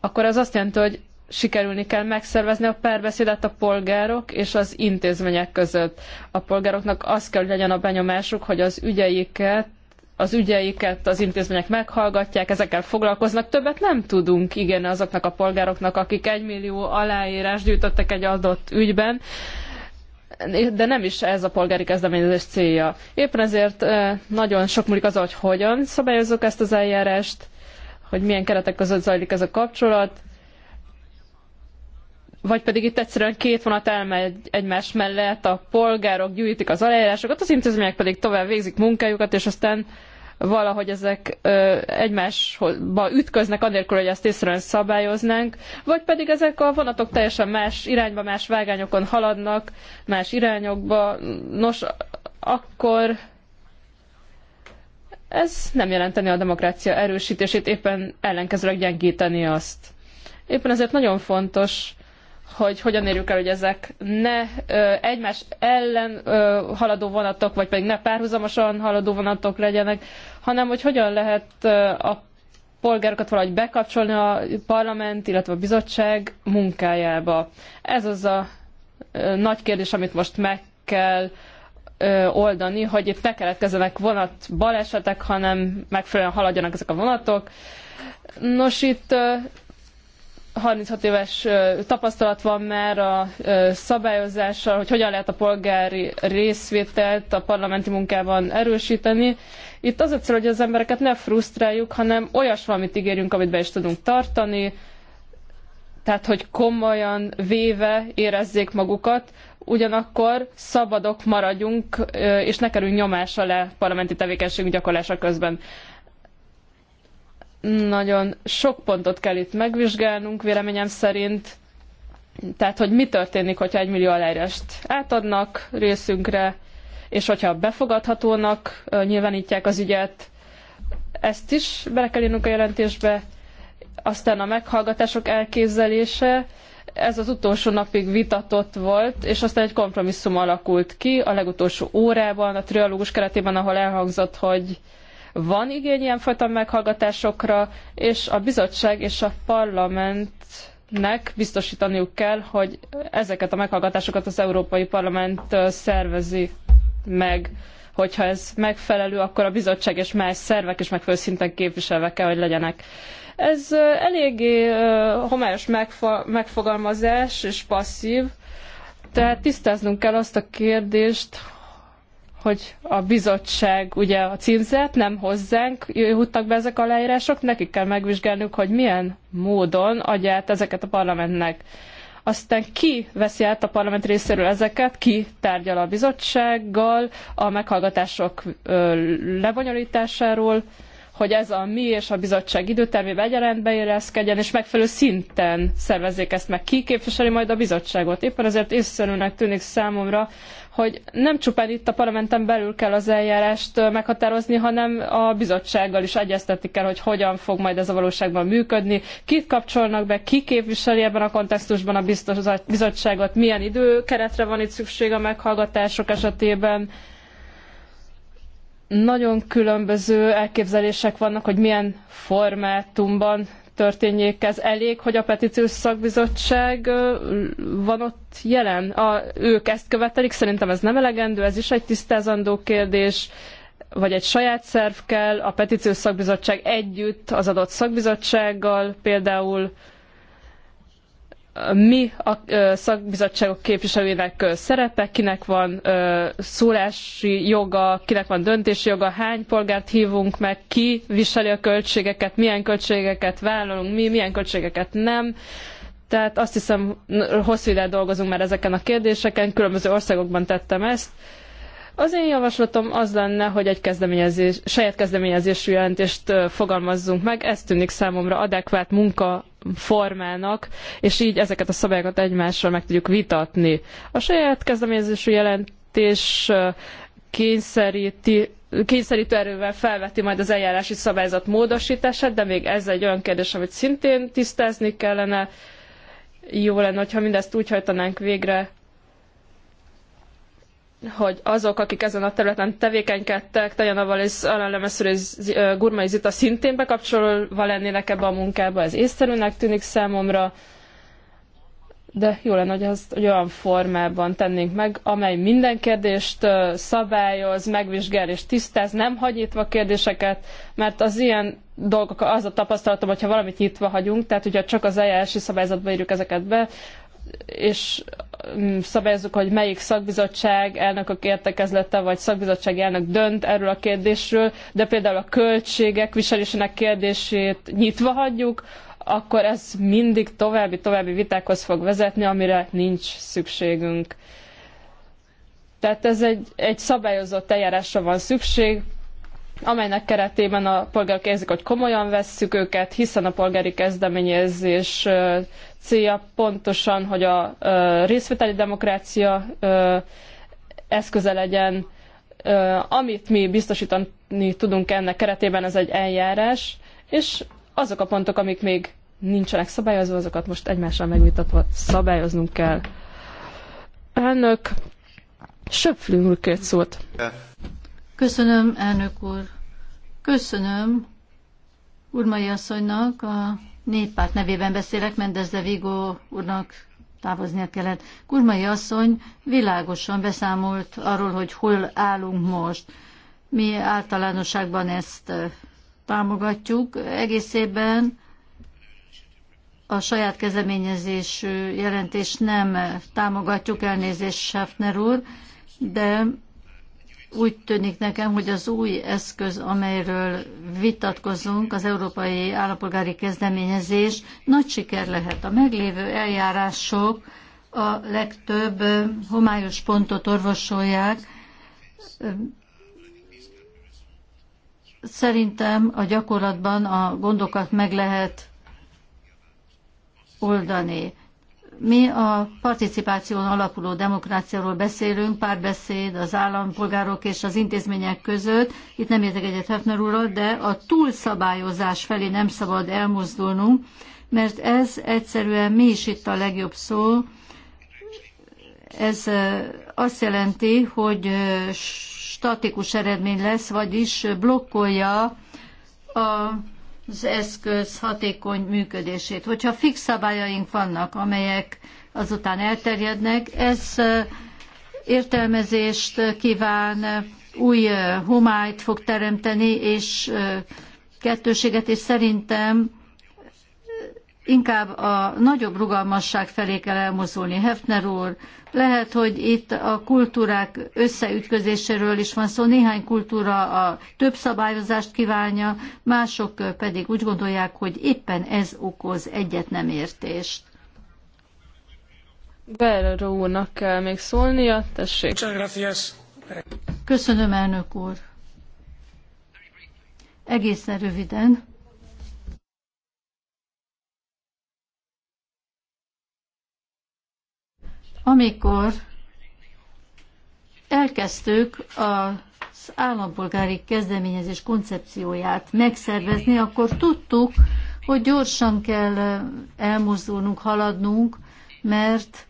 akkor az azt jelenti, hogy sikerülni kell megszervezni a párbeszédet a polgárok és az intézmények között. A polgároknak az kell, hogy legyen a benyomásuk, hogy az ügyeiket az ügyeiket az intézmények meghallgatják, ezekkel foglalkoznak. Többet nem tudunk igen azoknak a polgároknak, akik egymillió aláírás gyűjtöttek egy adott ügyben, de nem is ez a polgári kezdeményezés célja. Éppen ezért nagyon sok múlik az, hogy hogyan szabályozzuk ezt az eljárást, hogy milyen keretek között zajlik ez a kapcsolat, vagy pedig itt egyszerűen két vonat elmegy egymás mellett, a polgárok gyűjtik az aláírásokat, az intézmények pedig tovább végzik munkájukat, és aztán valahogy ezek ö, egymásba ütköznek, anélkül, hogy ezt észre szabályoznánk, vagy pedig ezek a vonatok teljesen más irányba, más vágányokon haladnak, más irányokba. Nos, akkor ez nem jelenteni a demokrácia erősítését, éppen ellenkezőleg gyengíteni azt. Éppen ezért nagyon fontos hogy hogyan érjük el, hogy ezek ne egymás ellen haladó vonatok, vagy pedig ne párhuzamosan haladó vonatok legyenek, hanem hogy hogyan lehet a polgárokat valahogy bekapcsolni a parlament, illetve a bizottság munkájába. Ez az a nagy kérdés, amit most meg kell oldani, hogy itt ne keletkezzenek vonat balesetek, hanem megfelelően haladjanak ezek a vonatok. Nos, itt 36 éves tapasztalat van már a szabályozással, hogy hogyan lehet a polgári részvételt a parlamenti munkában erősíteni. Itt az cél, hogy az embereket ne frusztráljuk, hanem olyas valamit ígérjünk, amit be is tudunk tartani, tehát hogy komolyan véve érezzék magukat, ugyanakkor szabadok maradjunk, és ne kerüljünk nyomás alá parlamenti tevékenységünk gyakorlása közben. Nagyon sok pontot kell itt megvizsgálnunk véleményem szerint. Tehát, hogy mi történik, hogyha egy millió aláírást átadnak részünkre, és hogyha befogadhatónak nyilvánítják az ügyet, ezt is bele kell a jelentésbe. Aztán a meghallgatások elképzelése, ez az utolsó napig vitatott volt, és aztán egy kompromisszum alakult ki a legutolsó órában, a trialógus keretében, ahol elhangzott, hogy van igény ilyenfajta meghallgatásokra, és a bizottság és a parlamentnek biztosítaniuk kell, hogy ezeket a meghallgatásokat az Európai Parlament szervezi meg. Hogyha ez megfelelő, akkor a bizottság és más szervek is megfelelő szinten képviselve kell, hogy legyenek. Ez eléggé homályos megfogalmazás és passzív, tehát tisztáznunk kell azt a kérdést, hogy a bizottság ugye a címzet, nem hozzánk juttak be ezek a leírások, nekik kell megvizsgálnunk, hogy milyen módon adja át ezeket a parlamentnek. Aztán ki veszi át a parlament részéről ezeket, ki tárgyal a bizottsággal, a meghallgatások lebonyolításáról, hogy ez a mi és a bizottság időtermében egyaránt érezkedjen, és megfelelő szinten szervezzék ezt meg. Ki képviseli majd a bizottságot? Éppen azért észszerűnek tűnik számomra, hogy nem csupán itt a parlamenten belül kell az eljárást meghatározni, hanem a bizottsággal is egyeztetni kell, hogy hogyan fog majd ez a valóságban működni, kit kapcsolnak be, ki képviseli ebben a kontextusban a biztos, bizottságot, milyen időkeretre van itt szükség a meghallgatások esetében, nagyon különböző elképzelések vannak, hogy milyen formátumban történjék ez. Elég, hogy a petíciós szakbizottság van ott jelen. A, ők ezt követelik, szerintem ez nem elegendő, ez is egy tisztázandó kérdés vagy egy saját szerv kell, a petíciós szakbizottság együtt az adott szakbizottsággal például mi a szakbizottságok képviselőinek szerepe, kinek van szólási joga, kinek van döntési joga, hány polgárt hívunk meg, ki viseli a költségeket, milyen költségeket vállalunk mi, milyen költségeket nem. Tehát azt hiszem, hosszú ideig dolgozunk már ezeken a kérdéseken, különböző országokban tettem ezt. Az én javaslatom az lenne, hogy egy kezdeményezés, saját kezdeményezésű jelentést fogalmazzunk meg, ez tűnik számomra adekvát munka formának, és így ezeket a szabályokat egymással meg tudjuk vitatni. A saját kezdeményezésű jelentés kényszeríti kényszerítő erővel felveti majd az eljárási szabályzat módosítását, de még ez egy olyan kérdés, amit szintén tisztázni kellene. Jó lenne, ha mindezt úgy hajtanánk végre, hogy azok, akik ezen a területen tevékenykedtek, Tajana Valész, Alan Lemeszül és Gurmai Zita szintén bekapcsolva lennének ebbe a munkába, ez észszerűnek tűnik számomra, de jó lenne, hogy ezt egy olyan formában tennénk meg, amely minden kérdést szabályoz, megvizsgál és tisztáz, nem hagy nyitva kérdéseket, mert az ilyen dolgok, az a tapasztalatom, hogyha valamit nyitva hagyunk, tehát hogyha csak az eljárási szabályzatba írjuk ezeket be, és Mm, szabályozzuk, hogy melyik szakbizottság elnökök értekezlete vagy szakbizottság elnök dönt erről a kérdésről, de például a költségek viselésének kérdését nyitva hagyjuk, akkor ez mindig további-további vitákhoz fog vezetni, amire nincs szükségünk. Tehát ez egy, egy szabályozott eljárásra van szükség, amelynek keretében a polgárok érzik, hogy komolyan vesszük őket, hiszen a polgári kezdeményezés célja pontosan, hogy a részvételi demokrácia eszköze legyen. Amit mi biztosítani tudunk ennek keretében, ez egy eljárás, és azok a pontok, amik még nincsenek szabályozva, azokat most egymással megvitatva szabályoznunk kell. Elnök, söpflünk két szót. Yeah. Köszönöm, elnök úr. Köszönöm Urmai asszonynak, a néppárt nevében beszélek, Mendez de Vigo úrnak távoznia kellett. Urmai asszony világosan beszámolt arról, hogy hol állunk most. Mi általánosságban ezt támogatjuk. Egész évben a saját kezdeményezésű jelentést nem támogatjuk, elnézést Schaffner úr, de úgy tűnik nekem, hogy az új eszköz, amelyről vitatkozunk, az európai állampolgári kezdeményezés nagy siker lehet. A meglévő eljárások a legtöbb homályos pontot orvosolják. Szerintem a gyakorlatban a gondokat meg lehet oldani. Mi a participáción alapuló demokráciáról beszélünk, párbeszéd az állampolgárok és az intézmények között. Itt nem értek egyet Hefner úrral, de a túlszabályozás felé nem szabad elmozdulnunk, mert ez egyszerűen mi is itt a legjobb szó. Ez azt jelenti, hogy statikus eredmény lesz, vagyis blokkolja a az eszköz hatékony működését. Hogyha fix szabályaink vannak, amelyek azután elterjednek, ez értelmezést kíván, új homályt fog teremteni, és kettőséget, és szerintem inkább a nagyobb rugalmasság felé kell elmozdulni. Hefner úr, lehet, hogy itt a kultúrák összeütközéséről is van szó. Néhány kultúra a több szabályozást kívánja, mások pedig úgy gondolják, hogy éppen ez okoz egyet nem értést. Berro úrnak kell még szólnia, tessék. Köszönöm, elnök úr. Egészen röviden. amikor elkezdtük az állampolgári kezdeményezés koncepcióját megszervezni, akkor tudtuk, hogy gyorsan kell elmozdulnunk, haladnunk, mert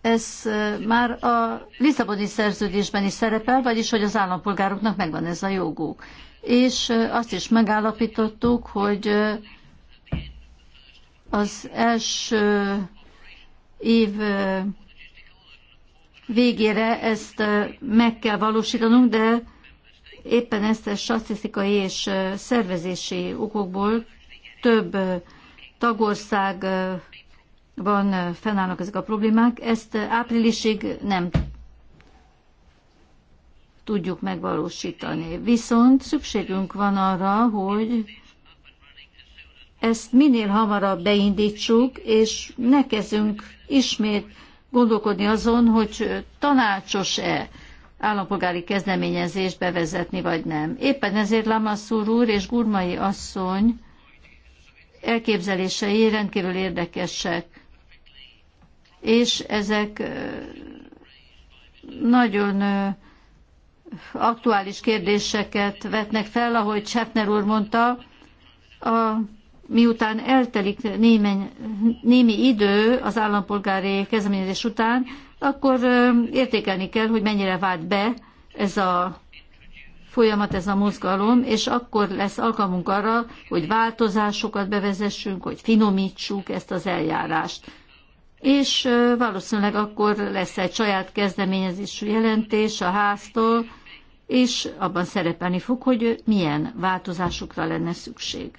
ez már a Lisszaboni szerződésben is szerepel, vagyis hogy az állampolgároknak megvan ez a joguk. És azt is megállapítottuk, hogy az első év végére ezt meg kell valósítanunk, de éppen ezt a statisztikai és szervezési okokból több tagországban fennállnak ezek a problémák. Ezt áprilisig nem tudjuk megvalósítani. Viszont szükségünk van arra, hogy ezt minél hamarabb beindítsuk, és ne kezdünk ismét gondolkodni azon, hogy tanácsos-e állampolgári kezdeményezést bevezetni, vagy nem. Éppen ezért Lamassur úr és Gurmai asszony elképzelései rendkívül érdekesek, és ezek nagyon aktuális kérdéseket vetnek fel, ahogy Sefner úr mondta, a miután eltelik némen, némi idő az állampolgári kezdeményezés után, akkor értékelni kell, hogy mennyire vált be ez a folyamat, ez a mozgalom, és akkor lesz alkalmunk arra, hogy változásokat bevezessünk, hogy finomítsuk ezt az eljárást. És valószínűleg akkor lesz egy saját kezdeményezésű jelentés a háztól, és abban szerepelni fog, hogy milyen változásokra lenne szükség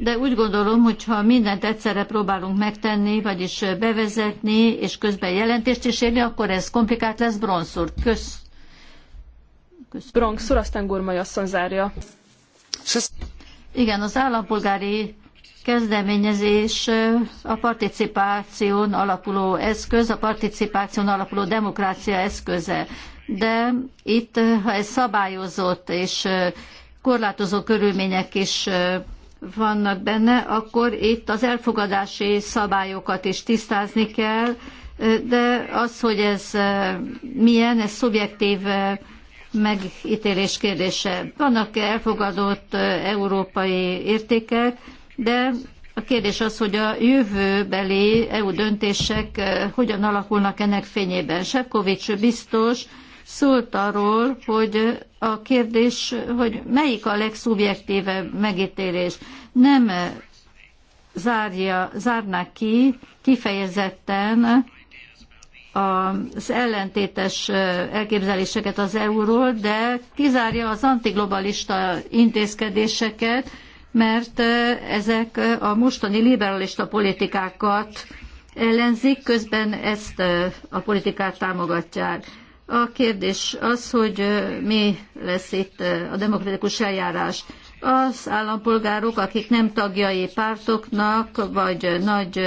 de úgy gondolom, hogy ha mindent egyszerre próbálunk megtenni, vagyis bevezetni, és közben jelentést is érni, akkor ez komplikált lesz, bronzúr. Kösz. Kösz. Bronx aztán Gurmai asszony zárja. Igen, az állampolgári kezdeményezés a participáción alapuló eszköz, a participáción alapuló demokrácia eszköze. De itt, ha ez szabályozott és korlátozó körülmények is vannak benne, akkor itt az elfogadási szabályokat is tisztázni kell, de az, hogy ez eh, milyen, ez szubjektív eh, megítélés kérdése. Vannak elfogadott eh, európai értékek, de a kérdés az, hogy a jövőbeli EU döntések hogyan alakulnak ennek fényében. Sefkovics biztos, szólt arról, hogy a kérdés, hogy melyik a legszubjektívebb megítélés. Nem zárja, zárná ki kifejezetten az ellentétes elképzeléseket az EU-ról, de kizárja az antiglobalista intézkedéseket, mert ezek a mostani liberalista politikákat ellenzik, közben ezt a politikát támogatják. A kérdés az, hogy mi lesz itt a demokratikus eljárás. Az állampolgárok, akik nem tagjai pártoknak, vagy nagy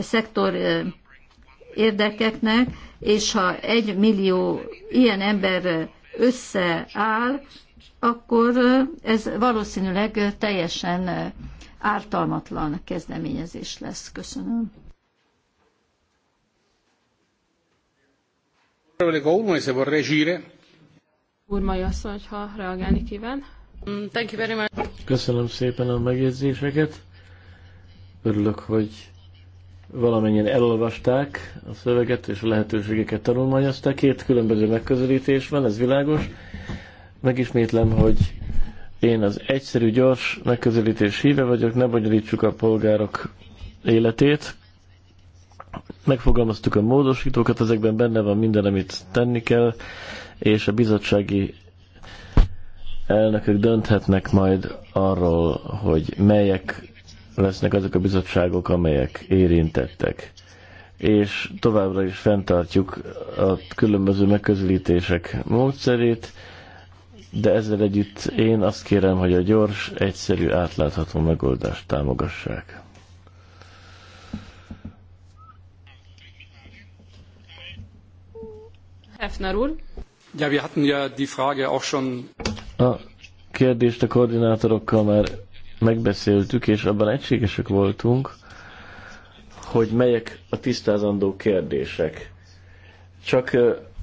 szektor érdekeknek, és ha egy millió ilyen ember összeáll, akkor ez valószínűleg teljesen ártalmatlan kezdeményezés lesz. Köszönöm. asszony, reagálni kíván. Mm, thank you very much. Köszönöm szépen a megjegyzéseket. Örülök, hogy valamennyien elolvasták a szöveget és a lehetőségeket tanulmányozták. Két különböző megközelítés van, ez világos. Megismétlem, hogy én az egyszerű, gyors megközelítés híve vagyok, ne bonyolítsuk a polgárok életét. Megfogalmaztuk a módosítókat, ezekben benne van minden, amit tenni kell, és a bizottsági elnökök dönthetnek majd arról, hogy melyek lesznek azok a bizottságok, amelyek érintettek. És továbbra is fenntartjuk a különböző megközelítések módszerét, de ezzel együtt én azt kérem, hogy a gyors, egyszerű, átlátható megoldást támogassák. Hefner úr. Ja, wir hatten ja die Frage auch schon... A kérdést a koordinátorokkal már megbeszéltük, és abban egységesek voltunk, hogy melyek a tisztázandó kérdések. Csak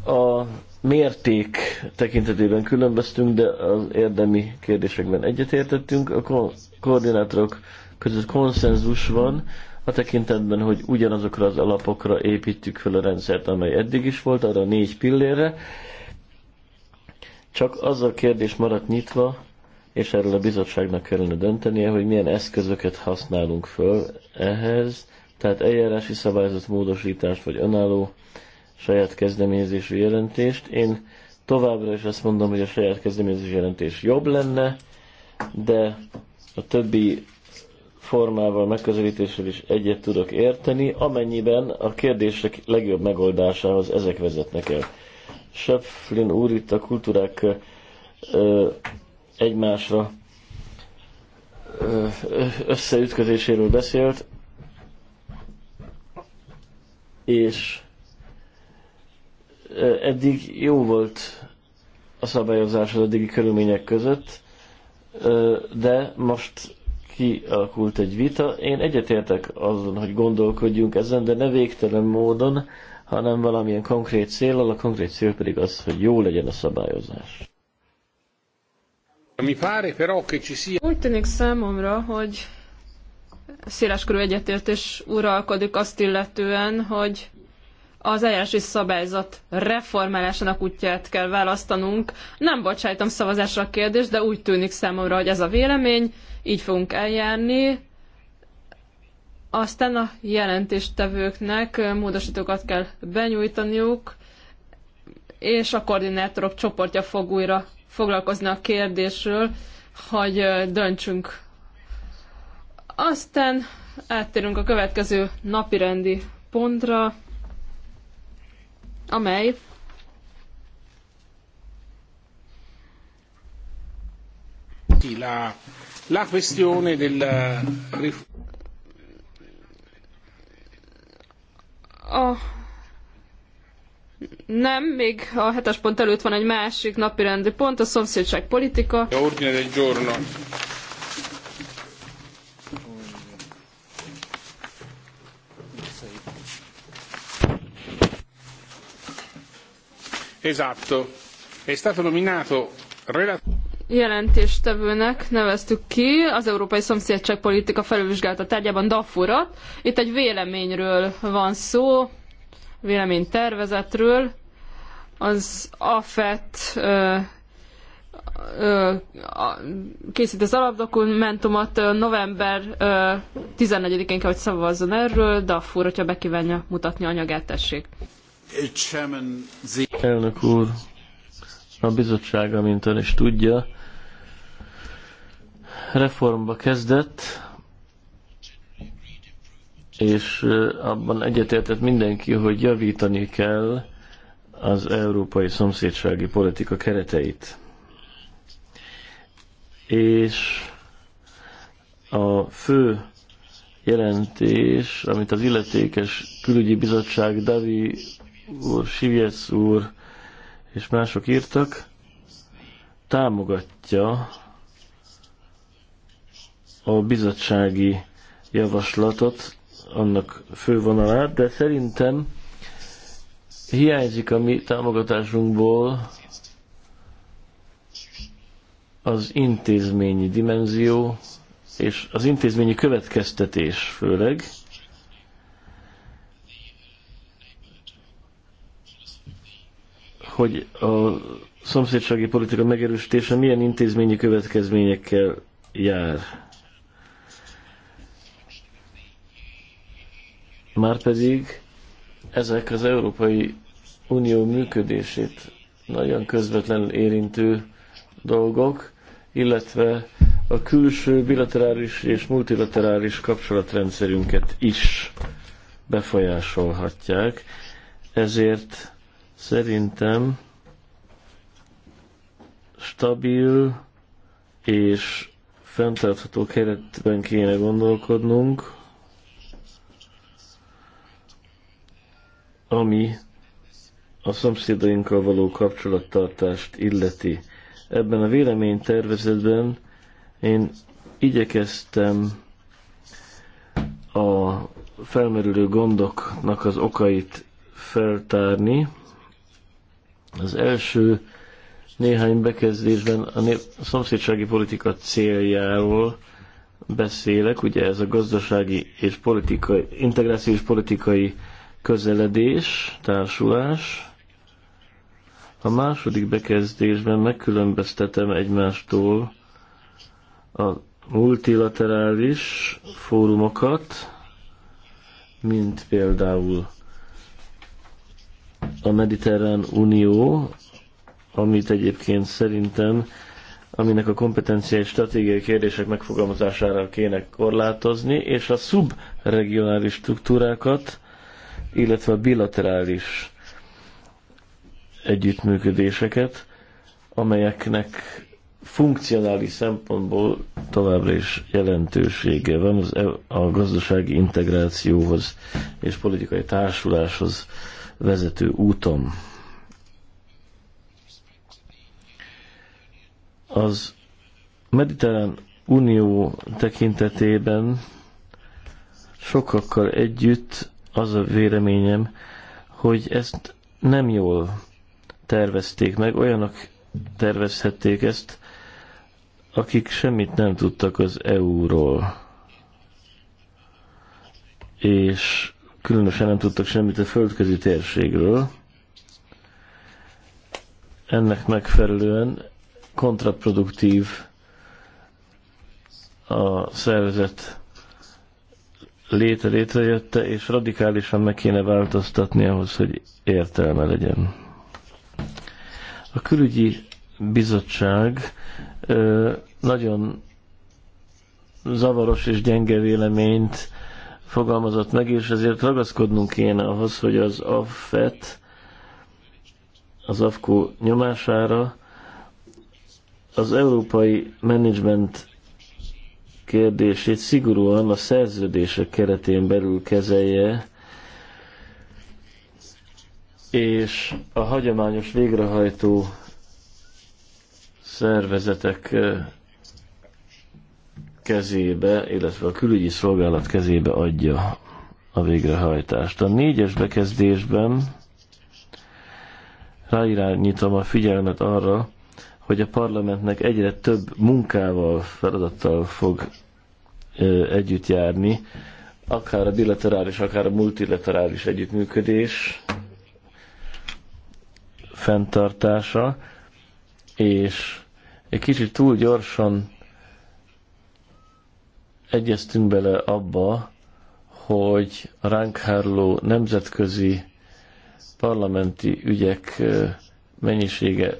a mérték tekintetében különböztünk, de az érdemi kérdésekben egyetértettünk. A ko- koordinátorok között konszenzus van, a tekintetben, hogy ugyanazokra az alapokra építjük fel a rendszert, amely eddig is volt, arra a négy pillérre. Csak az a kérdés maradt nyitva, és erről a bizottságnak kellene döntenie, hogy milyen eszközöket használunk föl ehhez, tehát eljárási szabályzat módosítást, vagy önálló saját kezdeményezésű jelentést. Én továbbra is azt mondom, hogy a saját kezdeményezés jelentés jobb lenne, de a többi formával, megközelítéssel is egyet tudok érteni, amennyiben a kérdések legjobb megoldásához ezek vezetnek el. Schöpflin úr itt a kultúrák ö, egymásra ö, összeütközéséről beszélt, és eddig jó volt a szabályozás az eddigi körülmények között, de most kialakult egy vita. Én egyetértek azon, hogy gondolkodjunk ezen, de ne végtelen módon, hanem valamilyen konkrét célral, a konkrét cél pedig az, hogy jó legyen a szabályozás. Mi sia... Úgy tűnik számomra, hogy széleskörű egyetértés uralkodik azt illetően, hogy az eljárási szabályzat reformálásának útját kell választanunk. Nem bocsájtom szavazásra a kérdést, de úgy tűnik számomra, hogy ez a vélemény így fogunk eljárni. Aztán a jelentéstevőknek módosítókat kell benyújtaniuk, és a koordinátorok csoportja fog újra foglalkozni a kérdésről, hogy döntsünk. Aztán áttérünk a következő napirendi pontra, amely la La questione della eh, Nem, még a hetes pont előtt van egy másik napirendi pont, a szomszédság politika. Ordine del giorno. Esatto. È stato nominato relatore jelentéstevőnek neveztük ki az Európai Szomszédság Politika felülvizsgálata tárgyában Dafurat. Itt egy véleményről van szó, véleménytervezetről. Az AFET ö, ö, készít az alapdokumentumot november 14-én kell, hogy szavazzon erről. Dafur, hogyha bekívánja mutatni anyagát, tessék. Elnök úr, a bizottság, amint ön is tudja, reformba kezdett, és abban egyetértett mindenki, hogy javítani kell az európai szomszédsági politika kereteit. És a fő jelentés, amit az illetékes külügyi bizottság Davi úr, Sivjec úr és mások írtak, támogatja a bizottsági javaslatot, annak fővonalát, de szerintem hiányzik a mi támogatásunkból az intézményi dimenzió, és az intézményi következtetés főleg, hogy a szomszédsági politika megerősítése milyen intézményi következményekkel jár. Márpedig ezek az Európai Unió működését nagyon közvetlenül érintő dolgok, illetve a külső bilaterális és multilaterális kapcsolatrendszerünket is befolyásolhatják, ezért Szerintem stabil és fenntartható keretben kéne gondolkodnunk, ami a szomszédainkkal való kapcsolattartást illeti. Ebben a véleménytervezetben én igyekeztem a felmerülő gondoknak az okait feltárni, az első néhány bekezdésben a szomszédsági politika céljáról beszélek, ugye ez a gazdasági és politikai, integrációs politikai közeledés, társulás. A második bekezdésben megkülönböztetem egymástól a multilaterális fórumokat, mint például a Mediterrán Unió, amit egyébként szerintem, aminek a kompetenciai stratégiai kérdések megfogalmazására kéne korlátozni, és a szubregionális struktúrákat, illetve a bilaterális együttműködéseket, amelyeknek funkcionális szempontból továbbra is jelentősége van az, e- a gazdasági integrációhoz és politikai társuláshoz vezető úton. Az Mediterrán Unió tekintetében sokakkal együtt az a véleményem, hogy ezt nem jól tervezték meg, olyanok tervezhették ezt, akik semmit nem tudtak az EU-ról. És különösen nem tudtak semmit a földközi térségről. Ennek megfelelően kontraproduktív a szervezet léte létrejötte, és radikálisan meg kéne változtatni ahhoz, hogy értelme legyen. A külügyi bizottság nagyon zavaros és gyenge véleményt fogalmazott meg, és ezért ragaszkodnunk kéne ahhoz, hogy az affet az AFKO nyomására az európai menedzsment kérdését szigorúan a szerződések keretén belül kezelje, és a hagyományos végrehajtó szervezetek kezébe, illetve a külügyi szolgálat kezébe adja a végrehajtást. A négyes bekezdésben ráirányítom a figyelmet arra, hogy a parlamentnek egyre több munkával, feladattal fog ö, együtt járni, akár a bilaterális, akár a multilaterális együttműködés fenntartása, és egy kicsit túl gyorsan egyeztünk bele abba, hogy a ránk nemzetközi parlamenti ügyek mennyisége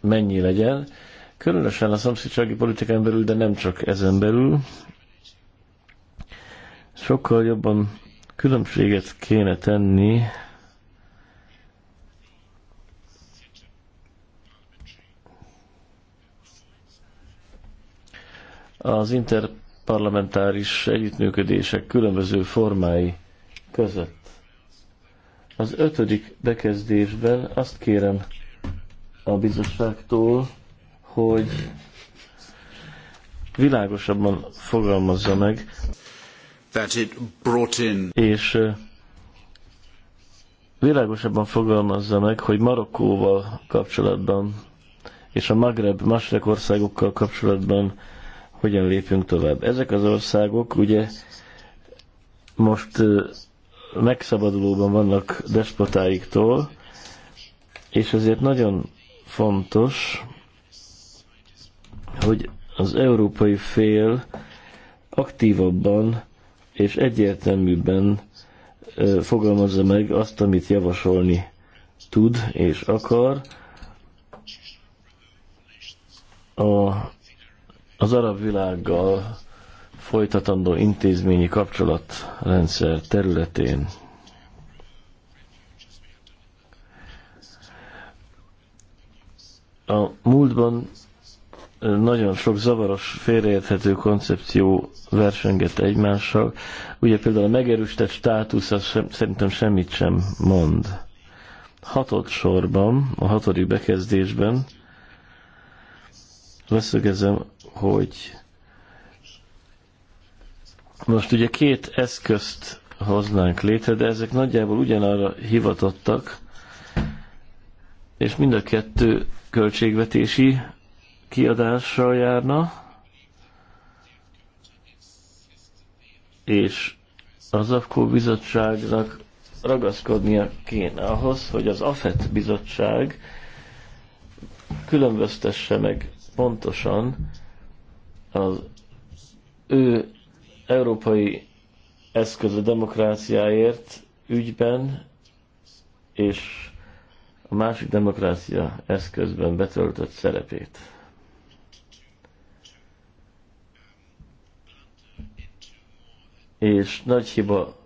mennyi legyen, különösen a szomszédsági politikán belül, de nem csak ezen belül. Sokkal jobban különbséget kéne tenni az inter parlamentáris együttműködések különböző formái között. Az ötödik bekezdésben azt kérem a bizottságtól, hogy világosabban fogalmazza meg, that it brought in. és világosabban fogalmazza meg, hogy Marokkóval kapcsolatban és a Magreb, más országokkal kapcsolatban hogyan lépjünk tovább. Ezek az országok ugye most megszabadulóban vannak despotáiktól, és ezért nagyon fontos, hogy az európai fél aktívabban és egyértelműbben fogalmazza meg azt, amit javasolni tud és akar. A az arab világgal folytatandó intézményi kapcsolatrendszer területén a múltban nagyon sok zavaros, félreérthető koncepció versengett egymással. Ugye például a megerősített státusz az sem, szerintem semmit sem mond. Hatod sorban, a hatodik bekezdésben leszögezem, hogy most ugye két eszközt hoznánk létre, de ezek nagyjából ugyanarra hivatottak, és mind a kettő költségvetési kiadással járna, és az AFKO bizottságnak ragaszkodnia kéne ahhoz, hogy az AFET bizottság különböztesse meg pontosan az ő európai eszköz a demokráciáért ügyben és a másik demokrácia eszközben betöltött szerepét. És nagy hiba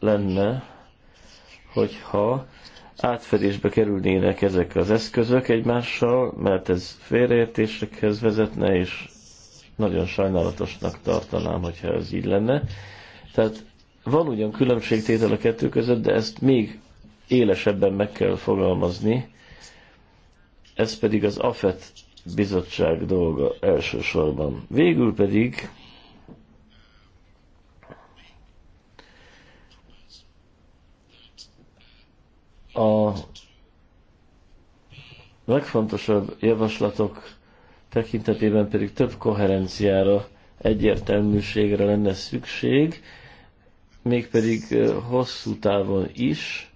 lenne, hogyha átfedésbe kerülnének ezek az eszközök egymással, mert ez félreértésekhez vezetne, és nagyon sajnálatosnak tartanám, hogyha ez így lenne. Tehát van ugyan különbségtétel a kettő között, de ezt még élesebben meg kell fogalmazni. Ez pedig az AFET bizottság dolga elsősorban. Végül pedig A legfontosabb javaslatok tekintetében pedig több koherenciára, egyértelműségre lenne szükség, mégpedig hosszú távon is,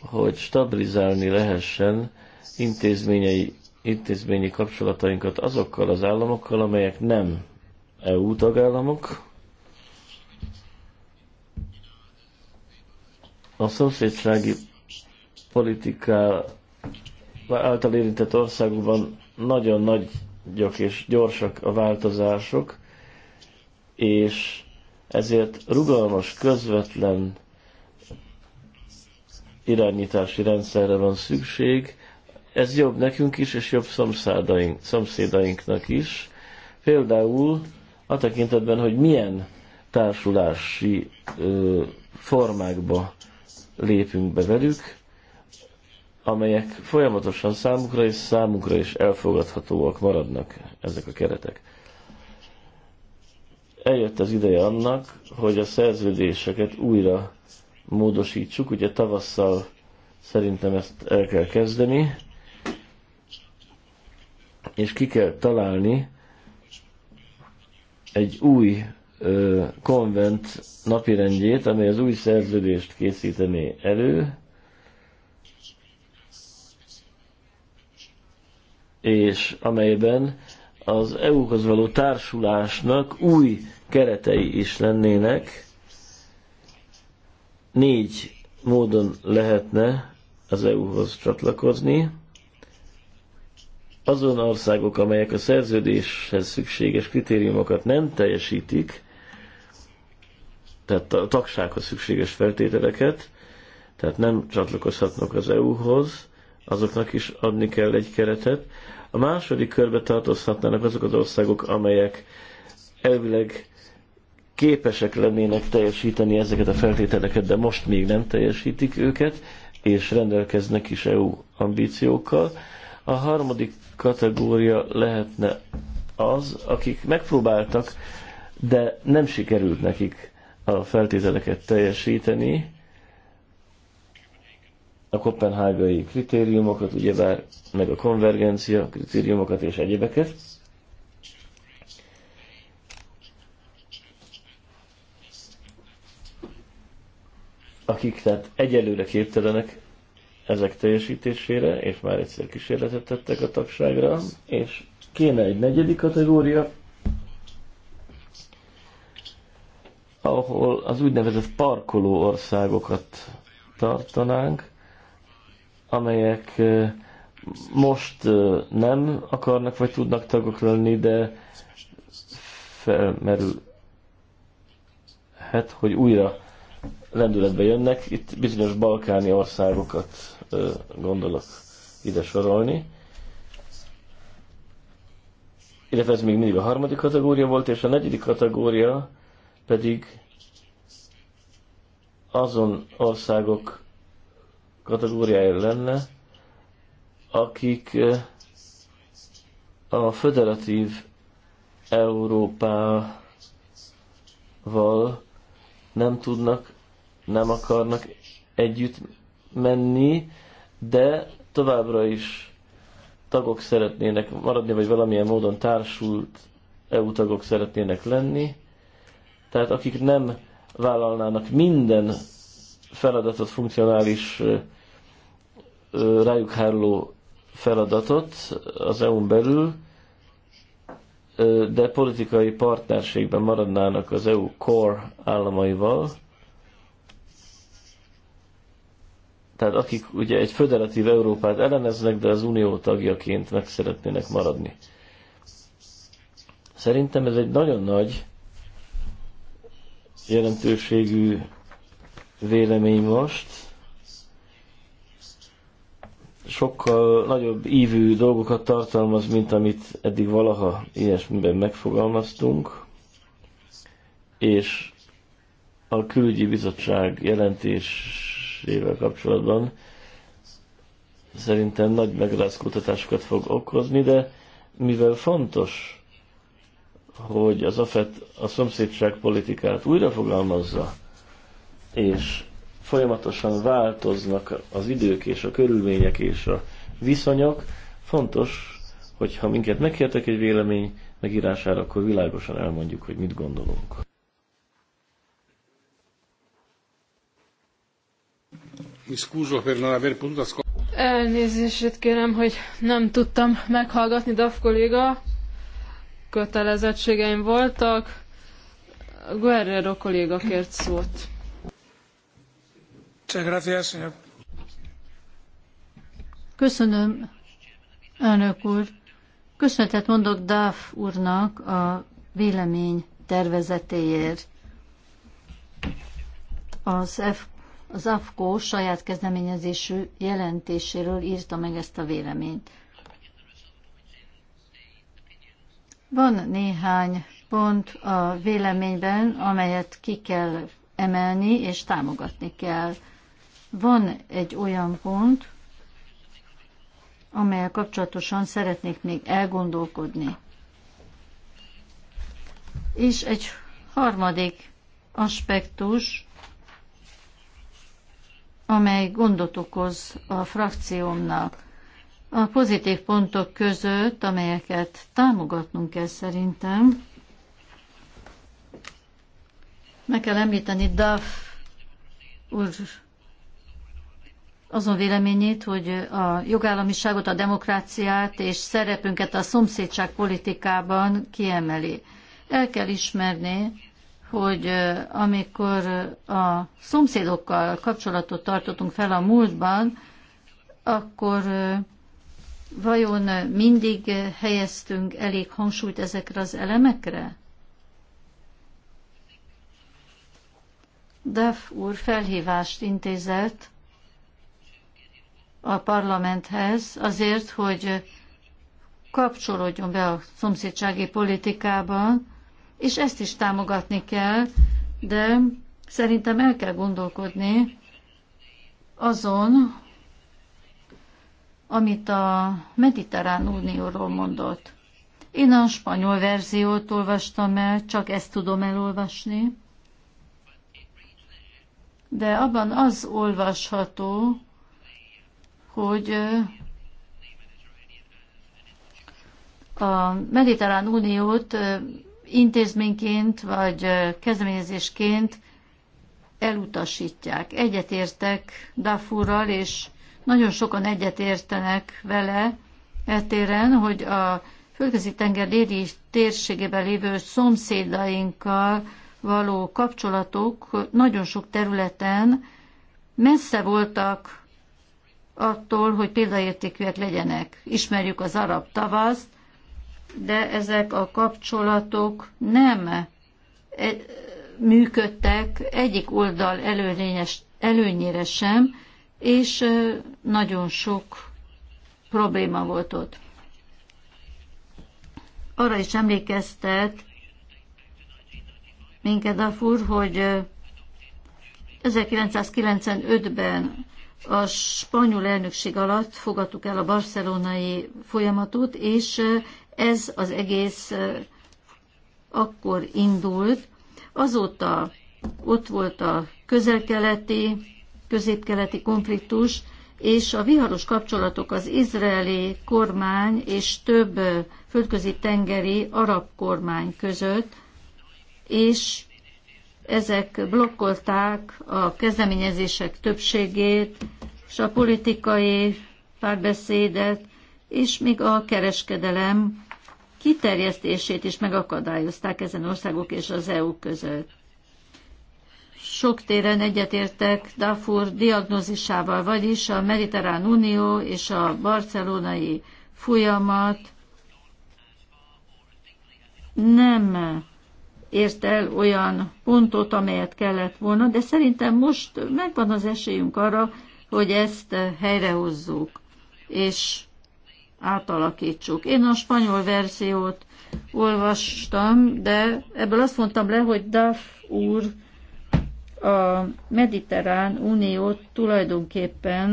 hogy stabilizálni lehessen intézményei, intézményi kapcsolatainkat azokkal az államokkal, amelyek nem EU tagállamok, a szomszédsági politika által érintett országokban nagyon nagyok és gyorsak a változások, és ezért rugalmas, közvetlen irányítási rendszerre van szükség. Ez jobb nekünk is, és jobb szomszédaink, szomszédainknak is. Például a tekintetben, hogy milyen társulási ö, formákba lépünk be velük, amelyek folyamatosan számukra és számukra is elfogadhatóak maradnak ezek a keretek. Eljött az ideje annak, hogy a szerződéseket újra módosítsuk. Ugye tavasszal szerintem ezt el kell kezdeni, és ki kell találni egy új ö, konvent napirendjét, amely az új szerződést készítené elő, és amelyben az EU-hoz való társulásnak új keretei is lennének. Négy módon lehetne az EU-hoz csatlakozni. Azon országok, amelyek a szerződéshez szükséges kritériumokat nem teljesítik, tehát a tagsághoz szükséges feltételeket, tehát nem csatlakozhatnak az EU-hoz, azoknak is adni kell egy keretet. A második körbe tartozhatnának azok az országok, amelyek elvileg képesek lennének teljesíteni ezeket a feltételeket, de most még nem teljesítik őket, és rendelkeznek is EU ambíciókkal. A harmadik kategória lehetne az, akik megpróbáltak, de nem sikerült nekik a feltételeket teljesíteni, a kopenhágai kritériumokat, ugyebár meg a konvergencia kritériumokat és egyébeket, Akik tehát egyelőre képtelenek ezek teljesítésére, és már egyszer kísérletet tettek a tagságra, és kéne egy negyedik kategória, ahol az úgynevezett parkoló országokat tartanánk, amelyek most nem akarnak vagy tudnak tagok lenni, de felmerülhet, hogy újra lendületbe jönnek. Itt bizonyos balkáni országokat gondolok ide sorolni. Illetve ez még mindig a harmadik kategória volt, és a negyedik kategória pedig azon országok kategóriája lenne, akik a föderatív Európával nem tudnak, nem akarnak együtt menni, de továbbra is tagok szeretnének maradni, vagy valamilyen módon társult EU tagok szeretnének lenni. Tehát akik nem vállalnának minden feladatot, funkcionális rájuk hárló feladatot az EU-n belül, de politikai partnerségben maradnának az EU core államaival, tehát akik ugye egy föderatív Európát elleneznek, de az unió tagjaként meg szeretnének maradni. Szerintem ez egy nagyon nagy jelentőségű vélemény most. Sokkal nagyobb ívű dolgokat tartalmaz, mint amit eddig valaha ilyesmiben megfogalmaztunk, és a külügyi bizottság jelentésével kapcsolatban szerintem nagy megrázkutatásokat fog okozni, de mivel fontos, hogy az AFET a szomszédság politikát újra fogalmazza, és folyamatosan változnak az idők és a körülmények és a viszonyok, fontos, hogyha minket megkértek egy vélemény megírására, akkor világosan elmondjuk, hogy mit gondolunk. Elnézését kérem, hogy nem tudtam meghallgatni DAF kolléga. Kötelezettségeim voltak. Guerrero kolléga kért szót. Köszönöm, elnök úr. Köszönetet mondok Duff úrnak a vélemény tervezetéért. Az, F, az AFKO saját kezdeményezésű jelentéséről írta meg ezt a véleményt. Van néhány pont a véleményben, amelyet ki kell emelni és támogatni kell. Van egy olyan pont, amelyel kapcsolatosan szeretnék még elgondolkodni. És egy harmadik aspektus, amely gondot okoz a frakciómnak. A pozitív pontok között, amelyeket támogatnunk kell szerintem, meg kell említeni Duff úr azon véleményét, hogy a jogállamiságot, a demokráciát és szerepünket a szomszédság politikában kiemeli. El kell ismerni, hogy amikor a szomszédokkal kapcsolatot tartottunk fel a múltban, akkor vajon mindig helyeztünk elég hangsúlyt ezekre az elemekre? Duff úr felhívást intézett a parlamenthez azért, hogy kapcsolódjon be a szomszédsági politikába, és ezt is támogatni kell, de szerintem el kell gondolkodni azon, amit a Mediterrán Unióról mondott. Én a spanyol verziót olvastam el, csak ezt tudom elolvasni, de abban az olvasható, hogy a Mediterrán Uniót intézményként vagy kezdeményezésként elutasítják. Egyetértek Dafurral, és nagyon sokan egyetértenek vele eltéren, hogy a földközi tenger déli térségében lévő szomszédainkkal való kapcsolatok nagyon sok területen messze voltak attól, hogy példaértékűek legyenek. Ismerjük az arab tavaszt, de ezek a kapcsolatok nem e, működtek egyik oldal előnyes, előnyére sem, és e, nagyon sok probléma volt ott. Arra is emlékeztet minket a fur, hogy 1995-ben e, a spanyol elnökség alatt fogadtuk el a barcelonai folyamatot, és ez az egész akkor indult. Azóta ott volt a közelkeleti, középkeleti konfliktus, és a viharos kapcsolatok az izraeli kormány és több földközi tengeri arab kormány között, és ezek blokkolták a kezdeményezések többségét, és a politikai párbeszédet, és még a kereskedelem kiterjesztését is megakadályozták ezen országok és az EU között. Sok téren egyetértek Dafur diagnózisával, vagyis a Mediterrán Unió és a barcelonai folyamat nem ért el olyan pontot, amelyet kellett volna, de szerintem most megvan az esélyünk arra, hogy ezt helyrehozzuk, és átalakítsuk. Én a spanyol verziót olvastam, de ebből azt mondtam le, hogy Duff úr a Mediterrán Uniót tulajdonképpen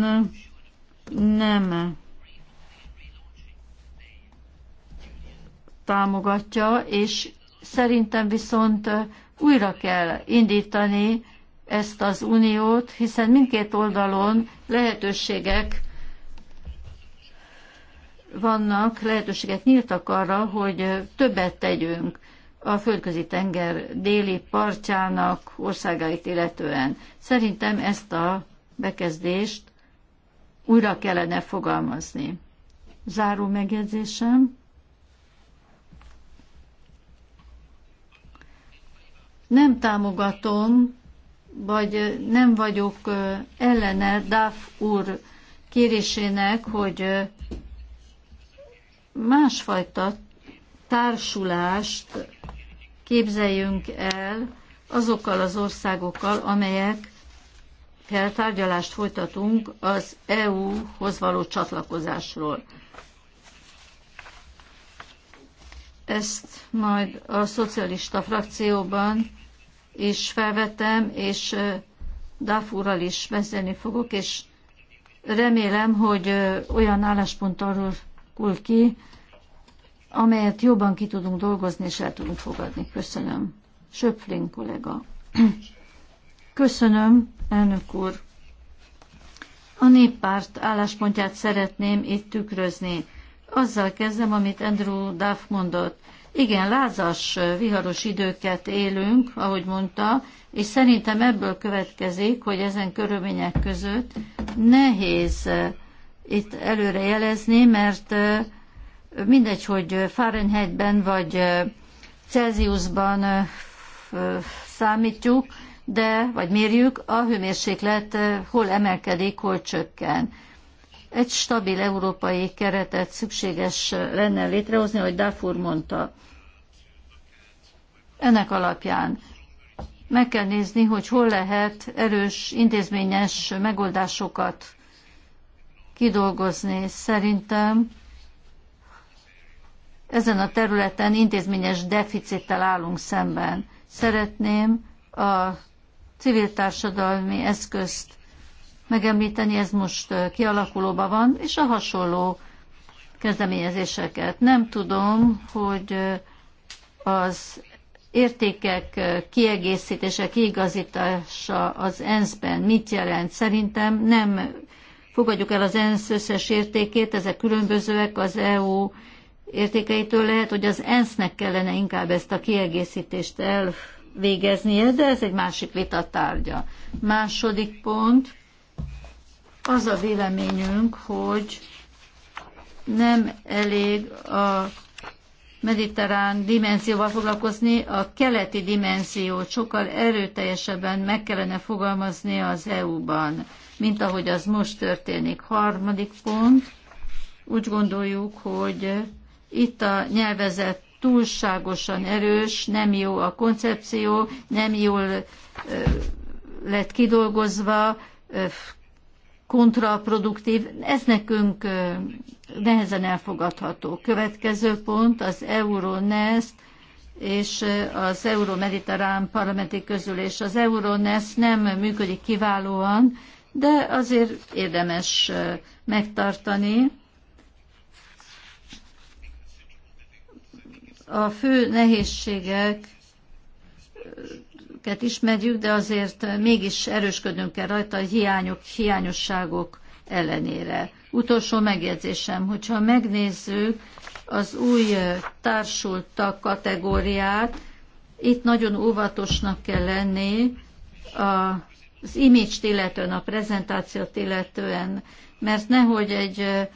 nem támogatja, és Szerintem viszont újra kell indítani ezt az uniót, hiszen mindkét oldalon lehetőségek vannak, lehetőséget nyíltak arra, hogy többet tegyünk a földközi tenger déli partjának országait illetően. Szerintem ezt a bekezdést újra kellene fogalmazni. Záró megjegyzésem. Nem támogatom, vagy nem vagyok ellene Dáv úr kérésének, hogy másfajta társulást képzeljünk el azokkal az országokkal, amelyek tárgyalást folytatunk az EU-hoz való csatlakozásról. Ezt majd a szocialista frakcióban is felvetem és Dáfúrral is beszélni fogok, és remélem, hogy olyan álláspont alakul ki, amelyet jobban ki tudunk dolgozni, és el tudunk fogadni. Köszönöm. Söpflin kollega. Köszönöm, elnök úr. A néppárt álláspontját szeretném itt tükrözni. Azzal kezdem, amit Andrew Duff mondott. Igen, lázas, viharos időket élünk, ahogy mondta, és szerintem ebből következik, hogy ezen körülmények között nehéz eh, itt előre jelezni, mert eh, mindegy, hogy Fahrenheitben vagy eh, Celsiusban számítjuk, de, vagy mérjük, a hőmérséklet hol emelkedik, hol csökken. Egy stabil európai keretet szükséges lenne létrehozni, ahogy Dafur mondta. Ennek alapján meg kell nézni, hogy hol lehet erős intézményes megoldásokat kidolgozni. Szerintem ezen a területen intézményes deficittel állunk szemben. Szeretném a civil társadalmi eszközt megemlíteni, ez most kialakulóban van, és a hasonló kezdeményezéseket. Nem tudom, hogy az értékek kiegészítése, kiigazítása az ENSZ-ben mit jelent. Szerintem nem fogadjuk el az ENSZ összes értékét, ezek különbözőek az EU értékeitől lehet, hogy az ENSZ-nek kellene inkább ezt a kiegészítést elvégeznie, de ez egy másik vitatárgya. Második pont, az a véleményünk, hogy nem elég a mediterrán dimenzióval foglalkozni, a keleti dimenziót sokkal erőteljesebben meg kellene fogalmazni az EU-ban, mint ahogy az most történik. Harmadik pont, úgy gondoljuk, hogy itt a nyelvezet túlságosan erős, nem jó a koncepció, nem jól lett kidolgozva, kontraproduktív, ez nekünk nehezen elfogadható. Következő pont az Euronest és az Euromediterrán parlamenti közülés. Az Euronest nem működik kiválóan, de azért érdemes megtartani. A fő nehézségek őket ismerjük, de azért mégis erősködünk kell rajta a hiányok, hiányosságok ellenére. Utolsó megjegyzésem, hogyha megnézzük az új társultak kategóriát, itt nagyon óvatosnak kell lenni az image-t illetően, a prezentációt illetően, mert nehogy egy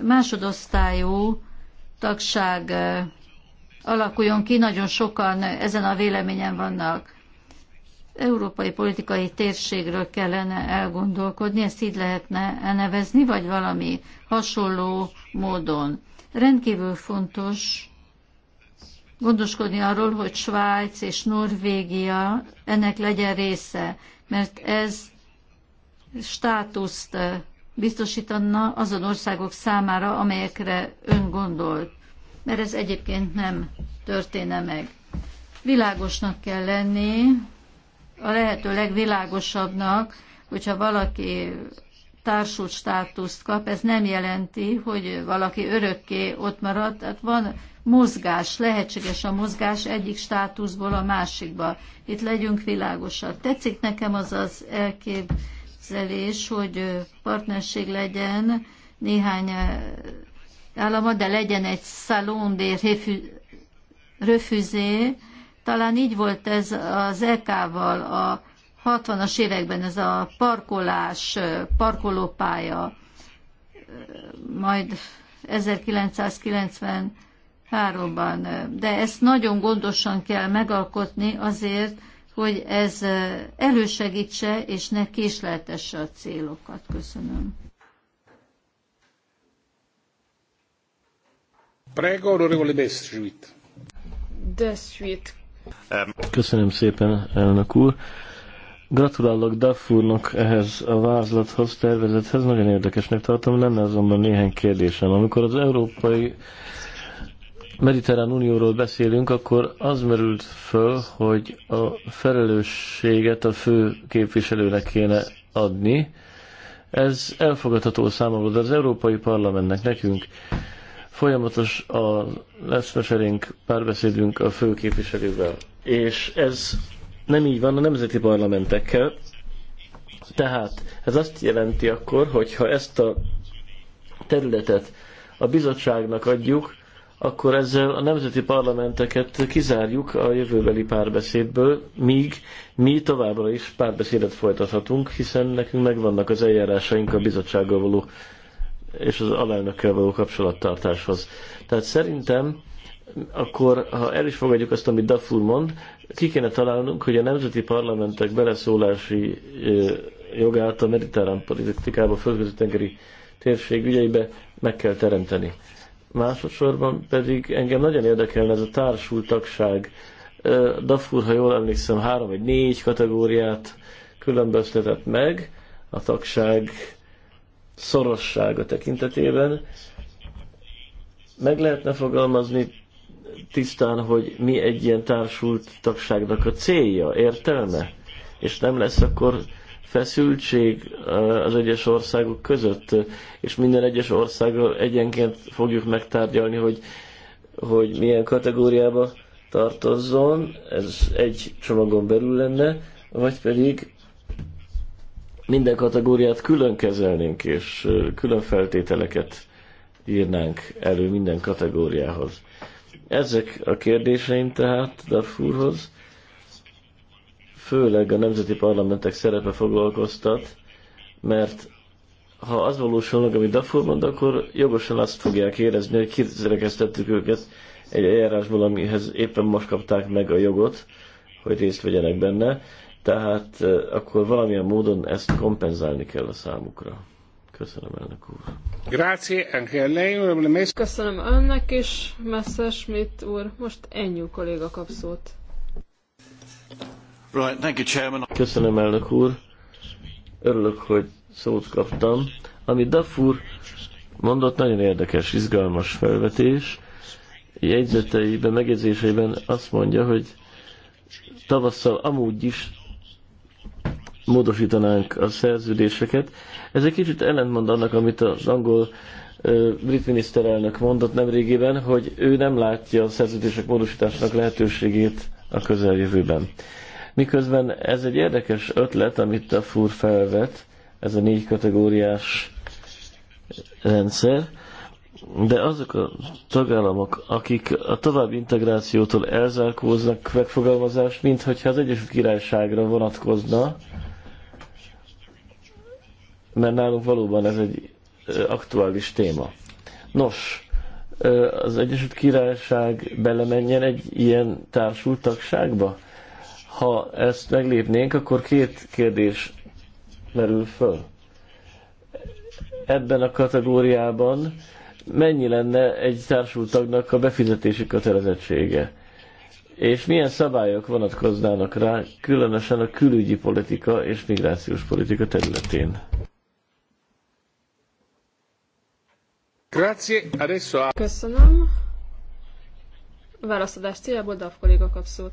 másodosztályú tagság alakuljon ki, nagyon sokan ezen a véleményen vannak európai politikai térségről kellene elgondolkodni, ezt így lehetne elnevezni, vagy valami hasonló módon. Rendkívül fontos gondoskodni arról, hogy Svájc és Norvégia ennek legyen része, mert ez státuszt biztosítana azon országok számára, amelyekre ön gondolt, mert ez egyébként nem történne meg. Világosnak kell lenni, a lehető legvilágosabbnak, hogyha valaki társult státuszt kap, ez nem jelenti, hogy valaki örökké ott marad, tehát van mozgás, lehetséges a mozgás egyik státuszból a másikba. Itt legyünk világosak. Tetszik nekem az az elképzelés, hogy partnerség legyen néhány eh, állama, de legyen egy salon de refusés, talán így volt ez az EK-val a 60-as években, ez a parkolás, parkolópálya, majd 1993-ban. De ezt nagyon gondosan kell megalkotni azért, hogy ez elősegítse és ne késleltesse a célokat. Köszönöm. Prego, onorevole De suite, Köszönöm szépen, elnök úr. Gratulálok Duffurnak ehhez a vázlathoz, tervezethez, nagyon érdekesnek tartom, lenne azonban néhány kérdésem. Amikor az Európai Mediterrán Unióról beszélünk, akkor az merült föl, hogy a felelősséget a fő képviselőnek kéne adni. Ez elfogadható számomra, de az Európai Parlamentnek, nekünk Folyamatos a leszmeserénk, párbeszédünk a főképviselővel. És ez nem így van a nemzeti parlamentekkel. Tehát ez azt jelenti akkor, hogy ha ezt a területet a bizottságnak adjuk, akkor ezzel a nemzeti parlamenteket kizárjuk a jövőbeli párbeszédből, míg mi továbbra is párbeszédet folytathatunk, hiszen nekünk megvannak az eljárásaink a bizottsággal való és az alelnökkel való kapcsolattartáshoz. Tehát szerintem akkor, ha el is fogadjuk azt, amit Dafur mond, ki kéne találnunk, hogy a nemzeti parlamentek beleszólási jogát a mediterrán politikába, földközi tengeri térség ügyeibe meg kell teremteni. Másodszorban pedig engem nagyon érdekelne ez a társultagság. Dafur, ha jól emlékszem, három vagy négy kategóriát különböztetett meg a tagság szorossága tekintetében. Meg lehetne fogalmazni tisztán, hogy mi egy ilyen társult tagságnak a célja, értelme, és nem lesz akkor feszültség az egyes országok között, és minden egyes országgal egyenként fogjuk megtárgyalni, hogy, hogy milyen kategóriába tartozzon, ez egy csomagon belül lenne, vagy pedig minden kategóriát külön kezelnénk, és külön feltételeket írnánk elő minden kategóriához. Ezek a kérdéseim tehát Darfurhoz, főleg a nemzeti parlamentek szerepe foglalkoztat, mert ha az valósul meg, amit Darfur mond, akkor jogosan azt fogják érezni, hogy kirekesztettük őket egy eljárásból, amihez éppen most kapták meg a jogot, hogy részt vegyenek benne, tehát akkor valamilyen módon ezt kompenzálni kell a számukra. Köszönöm, elnök úr. Köszönöm önnek is, Schmidt úr. Most ennyi kolléga kap szót. Right, thank you, Chairman. Köszönöm, elnök úr. Örülök, hogy szót kaptam. Ami Dafur mondott, nagyon érdekes, izgalmas felvetés. Jegyzeteiben, megjegyzéseiben azt mondja, hogy tavasszal amúgy is módosítanánk a szerződéseket. Ez egy kicsit ellentmond annak, amit az angol brit miniszterelnök mondott nemrégiben, hogy ő nem látja a szerződések módosításnak lehetőségét a közeljövőben. Miközben ez egy érdekes ötlet, amit a FUR felvet, ez a négy kategóriás rendszer, de azok a tagállamok, akik a további integrációtól elzárkóznak megfogalmazás, mintha az Egyesült Királyságra vonatkozna, mert nálunk valóban ez egy aktuális téma. Nos, az Egyesült Királyság belemenjen egy ilyen társultagságba? Ha ezt meglépnénk, akkor két kérdés merül föl. Ebben a kategóriában mennyi lenne egy társultagnak a befizetési kötelezettsége? És milyen szabályok vonatkoznának rá, különösen a külügyi politika és migrációs politika területén? Grazie, adesso a... Köszönöm. Válaszadás céljából DAF kolléga kap szót.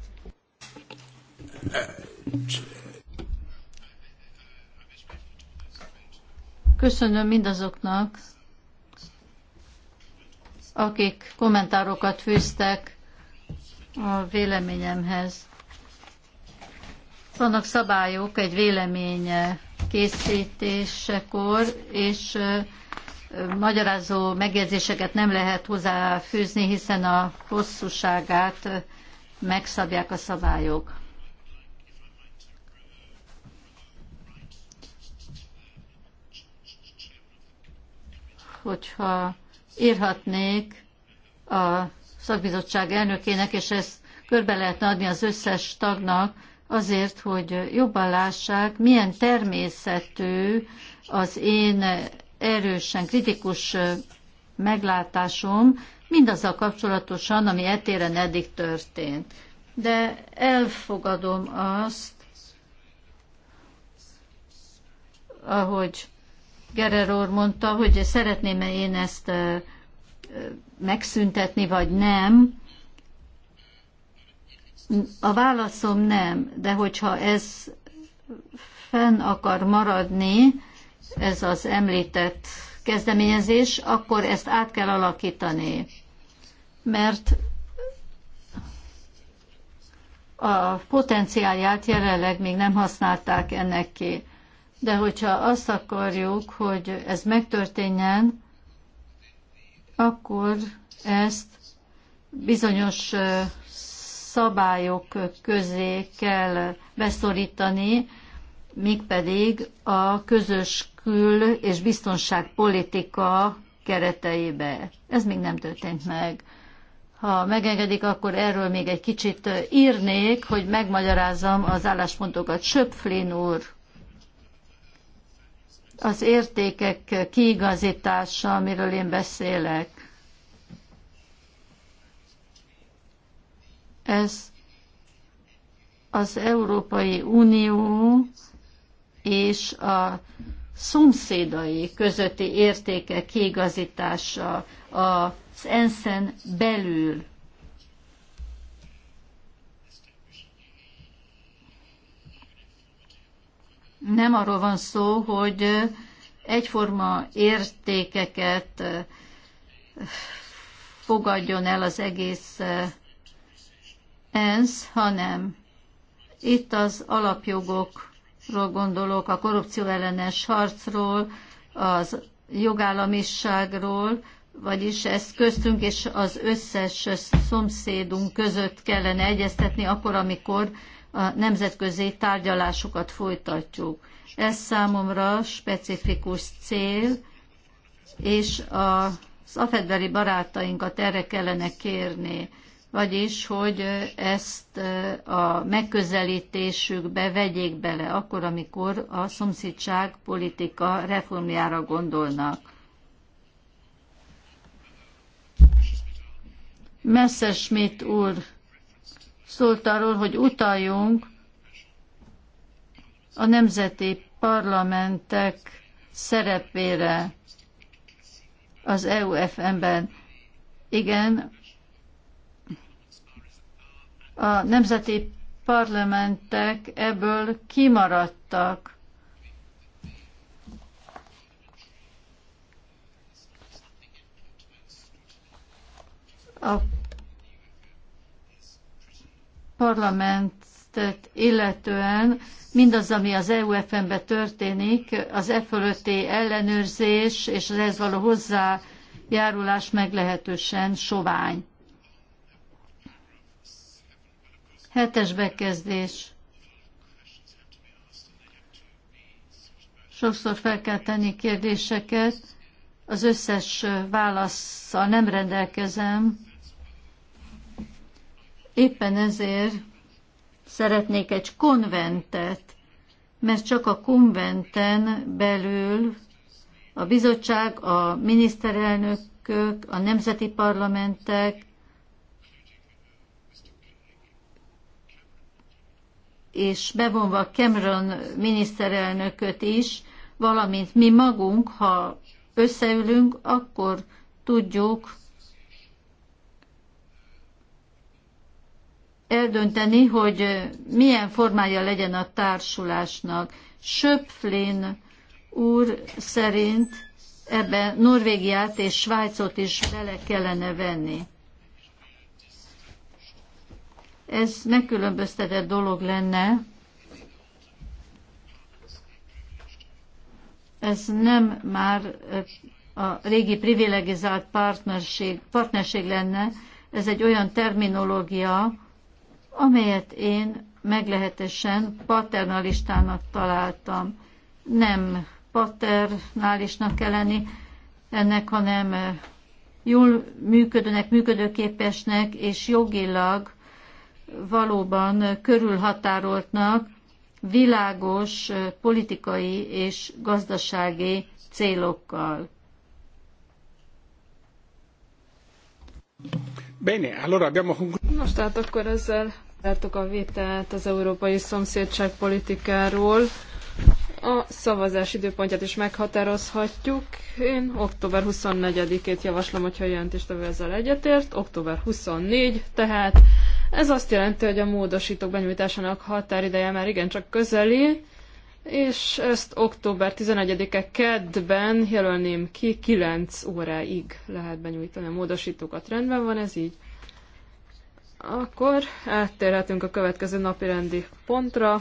Köszönöm mindazoknak, akik kommentárokat fűztek a véleményemhez. Vannak szabályok egy vélemény készítésekor, és magyarázó megjegyzéseket nem lehet hozzáfűzni, hiszen a hosszúságát megszabják a szabályok. Hogyha írhatnék a szakbizottság elnökének, és ezt körbe lehetne adni az összes tagnak, azért, hogy jobban lássák, milyen természetű az én erősen kritikus meglátásom mindazzal kapcsolatosan, ami etéren eddig történt. De elfogadom azt, ahogy Gerer úr mondta, hogy szeretném-e én ezt megszüntetni, vagy nem. A válaszom nem, de hogyha ez fenn akar maradni, ez az említett kezdeményezés, akkor ezt át kell alakítani. Mert a potenciálját jelenleg még nem használták ennek ki. De hogyha azt akarjuk, hogy ez megtörténjen, akkor ezt bizonyos szabályok közé kell beszorítani, mégpedig a közös kül- és biztonságpolitika kereteibe. Ez még nem történt meg. Ha megengedik, akkor erről még egy kicsit írnék, hogy megmagyarázzam az álláspontokat. Söpflin úr az értékek kiigazítása, amiről én beszélek, ez az Európai Unió és a szomszédai közötti értékek kiigazítása az enszen belül. Nem arról van szó, hogy egyforma értékeket fogadjon el az egész eh, ENSZ, hanem itt az alapjogok harcról gondolok, a korrupció ellenes harcról, az jogállamiságról, vagyis ezt köztünk és az összes szomszédunk között kellene egyeztetni akkor, amikor a nemzetközi tárgyalásokat folytatjuk. Ez számomra specifikus cél, és az afedbeli barátainkat erre kellene kérni vagyis hogy ezt a megközelítésükbe vegyék bele, akkor, amikor a szomszédság politika reformjára gondolnak. Messerschmidt úr szólt arról, hogy utaljunk a nemzeti parlamentek szerepére az EUFM-ben. Igen, a nemzeti parlamentek ebből kimaradtak. A parlamentet illetően mindaz, ami az EUFM-be történik, az e fölötti ellenőrzés és az ehhez való hozzájárulás meglehetősen sovány. Hetes bekezdés. Sokszor fel kell tenni kérdéseket. Az összes válaszsal nem rendelkezem. Éppen ezért szeretnék egy konventet, mert csak a konventen belül a bizottság, a miniszterelnökök, a nemzeti parlamentek, és bevonva Cameron miniszterelnököt is, valamint mi magunk, ha összeülünk, akkor tudjuk eldönteni, hogy milyen formája legyen a társulásnak. Söpflin úr szerint ebbe Norvégiát és Svájcot is bele kellene venni. Ez megkülönböztetett dolog lenne. Ez nem már eh, a régi privilegizált partnerség, partnerség lenne, ez egy olyan terminológia, amelyet én meglehetősen paternalistának találtam. Nem paternálisnak kell lenni ennek, hanem eh, jól működőnek, működőképesnek és jogilag valóban körülhatároltnak világos politikai és gazdasági célokkal. Bene, allora abbiamo Nos, tehát akkor ezzel zártuk a vitát az európai szomszédság politikáról. A szavazás időpontját is meghatározhatjuk. Én október 24-ét javaslom, hogyha jelentéstevő ezzel egyetért. Október 24, tehát ez azt jelenti, hogy a módosítók benyújtásának határideje már igencsak közeli, és ezt október 11-e kedden jelölném ki, 9 óráig lehet benyújtani a módosítókat. Rendben van ez így? Akkor áttérhetünk a következő napi rendi pontra.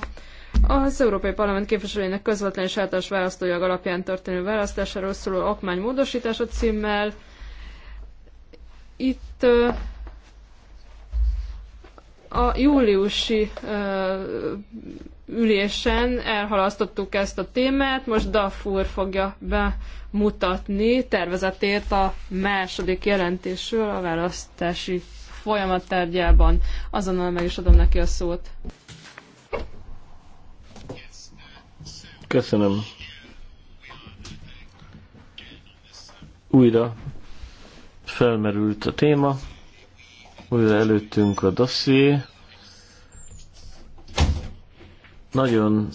Az Európai Parlament képviselőinek közvetlen és általános választójog alapján történő választásáról szóló okmány módosítása címmel. Itt a júliusi ülésen elhalasztottuk ezt a témát, most Dafur fogja bemutatni tervezetét a második jelentésről a választási folyamat tárgyában. Azonnal meg is adom neki a szót. Köszönöm. Újra felmerült a téma. Újra előttünk a dosszié. Nagyon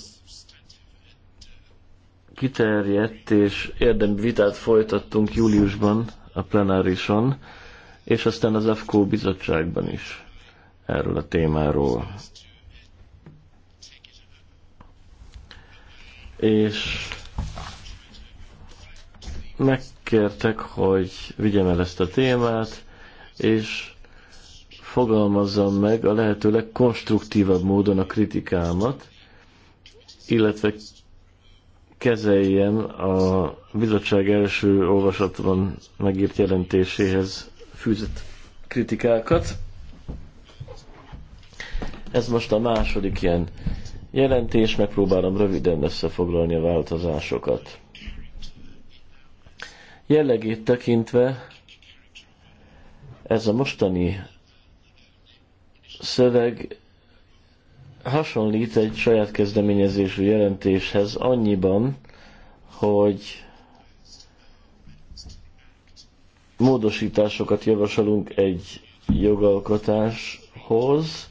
kiterjedt és érdemi vitát folytattunk júliusban a plenárison, és aztán az AFKO bizottságban is erről a témáról. És megkértek, hogy vigyem el ezt a témát, és fogalmazzam meg a lehető legkonstruktívabb módon a kritikámat, illetve kezeljem a bizottság első olvasatban megírt jelentéséhez fűzött kritikákat. Ez most a második ilyen jelentés, megpróbálom röviden összefoglalni a változásokat. Jellegét tekintve ez a mostani szöveg hasonlít egy saját kezdeményezésű jelentéshez annyiban, hogy módosításokat javasolunk egy jogalkotáshoz,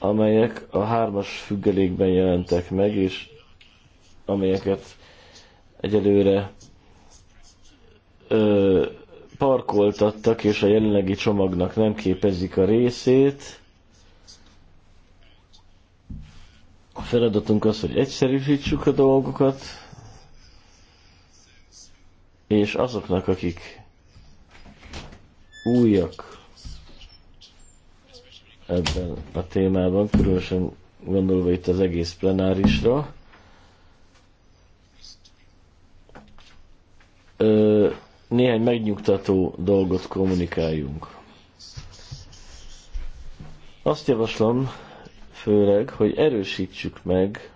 amelyek a hármas függelékben jelentek meg, és amelyeket egyelőre ö, parkoltattak, és a jelenlegi csomagnak nem képezik a részét. A feladatunk az, hogy egyszerűsítsük a dolgokat, és azoknak, akik újak ebben a témában, különösen gondolva itt az egész plenárisra, néhány megnyugtató dolgot kommunikáljunk. Azt javaslom, főleg, hogy erősítsük meg,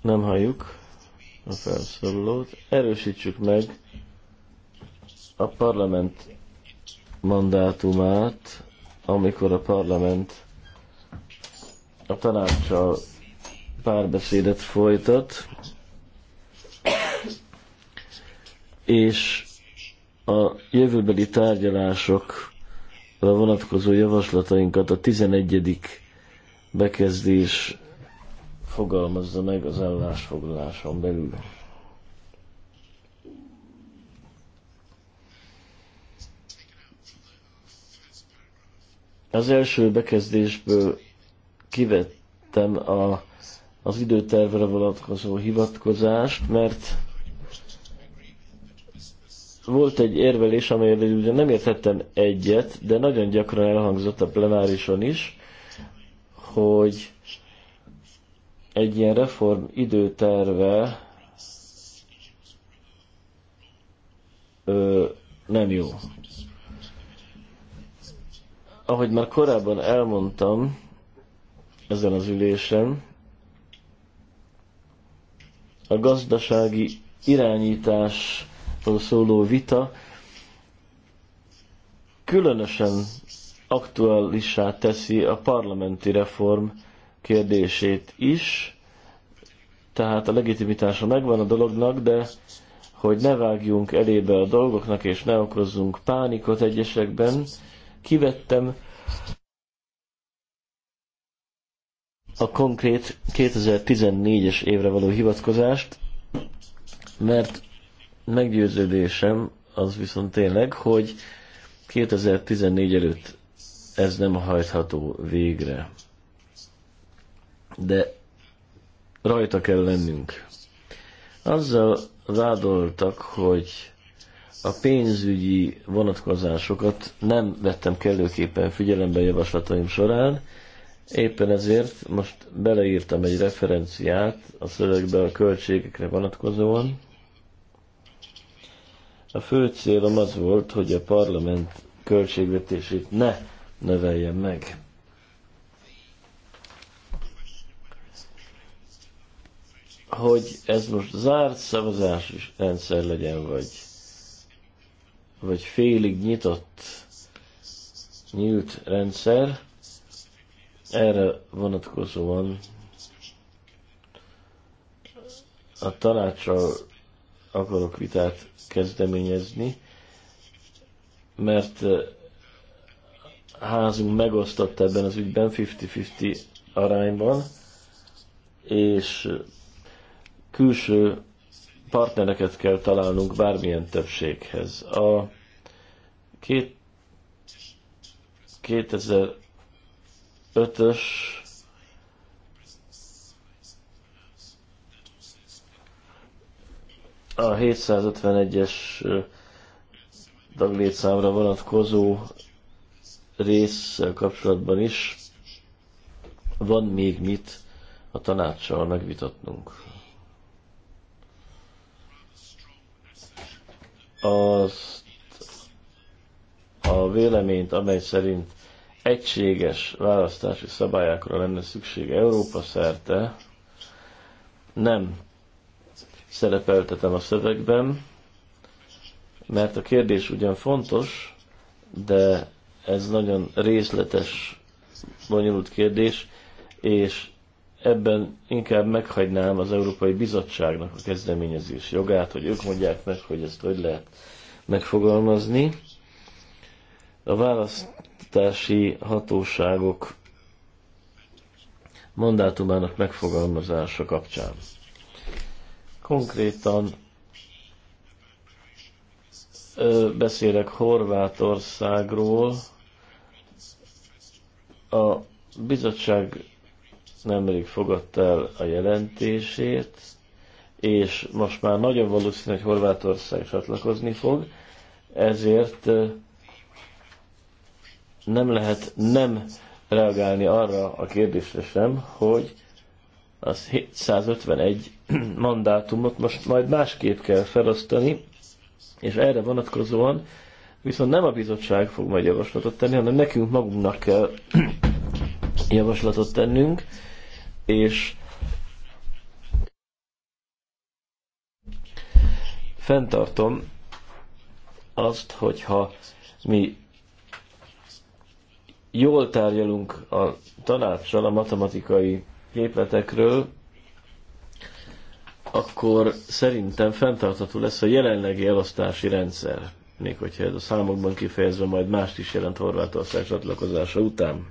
nem halljuk a felszólalót, erősítsük meg a parlament mandátumát, amikor a parlament a tanácssal párbeszédet folytat, és a jövőbeli tárgyalások vonatkozó javaslatainkat a 11. bekezdés fogalmazza meg az állásfoglaláson belül. Az első bekezdésből kivettem a, az időtervre vonatkozó hivatkozást, mert volt egy érvelés, amelyel ugye nem értettem egyet, de nagyon gyakran elhangzott a plenárison is, hogy egy ilyen reform időterve ö, nem jó. Ahogy már korábban elmondtam ezen az ülésen, a gazdasági irányítás szóló vita különösen aktuálissá teszi a parlamenti reform kérdését is, tehát a legitimitása megvan a dolognak, de hogy ne vágjunk elébe a dolgoknak, és ne okozzunk pánikot egyesekben, kivettem a konkrét 2014-es évre való hivatkozást, mert meggyőződésem az viszont tényleg, hogy 2014 előtt ez nem hajtható végre. De rajta kell lennünk. Azzal vádoltak, hogy a pénzügyi vonatkozásokat nem vettem kellőképpen figyelembe javaslataim során, éppen ezért most beleírtam egy referenciát a szövegbe a költségekre vonatkozóan, a fő célom az volt, hogy a parlament költségvetését ne növelje meg. Hogy ez most zárt szavazás rendszer legyen, vagy, vagy félig nyitott, nyílt rendszer, erre vonatkozóan a tanácssal akarok vitát kezdeményezni, mert házunk megosztott ebben az ügyben 50-50 arányban, és külső partnereket kell találnunk bármilyen többséghez. A két 2005-ös a 751-es taglétszámra vonatkozó résszel kapcsolatban is van még mit a tanácssal megvitatnunk. Azt a véleményt, amely szerint egységes választási szabályokra lenne szükség Európa szerte, nem szerepeltetem a szövegben, mert a kérdés ugyan fontos, de ez nagyon részletes, bonyolult kérdés, és ebben inkább meghagynám az Európai Bizottságnak a kezdeményezés jogát, hogy ők mondják meg, hogy ezt hogy lehet megfogalmazni. A választási hatóságok mandátumának megfogalmazása kapcsán. Konkrétan beszélek Horvátországról. A bizottság nemrég fogadta el a jelentését, és most már nagyon valószínű, hogy Horvátország csatlakozni fog, ezért nem lehet nem reagálni arra a kérdésre sem, hogy az 751 mandátumot most majd másképp kell felosztani, és erre vonatkozóan viszont nem a bizottság fog majd javaslatot tenni, hanem nekünk magunknak kell javaslatot tennünk, és fenntartom azt, hogyha mi jól tárgyalunk a tanácssal a matematikai képletekről, akkor szerintem fenntartható lesz a jelenlegi elosztási rendszer, még hogyha ez a számokban kifejezve majd mást is jelent Horvátország csatlakozása után.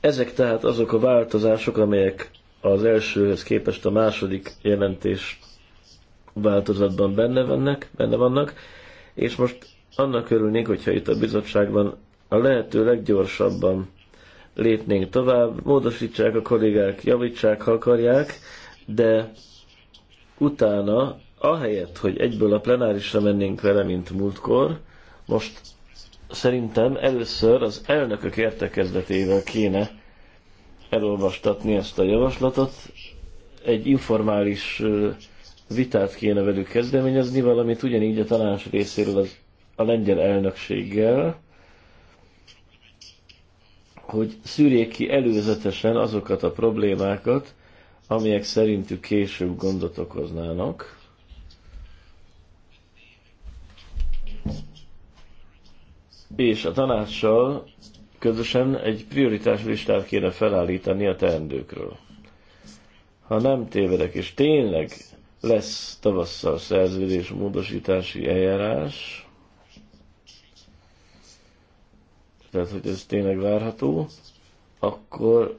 Ezek tehát azok a változások, amelyek az elsőhöz képest a második jelentés változatban benne vannak, benne vannak és most annak örülnék, hogyha itt a bizottságban a lehető leggyorsabban lépnénk tovább, módosítsák a kollégák, javítsák, ha akarják, de utána, ahelyett, hogy egyből a plenárisra mennénk vele, mint múltkor, most szerintem először az elnökök értekezletével kéne elolvastatni ezt a javaslatot, egy informális vitát kéne velük kezdeményezni, valamit ugyanígy a tanács részéről az, a lengyel elnökséggel, hogy szűrjék ki előzetesen azokat a problémákat, amelyek szerintük később gondot okoznának. És a tanácssal közösen egy prioritás listát kéne felállítani a teendőkről. Ha nem tévedek, és tényleg lesz tavasszal szerződés módosítási eljárás, tehát hogy ez tényleg várható, akkor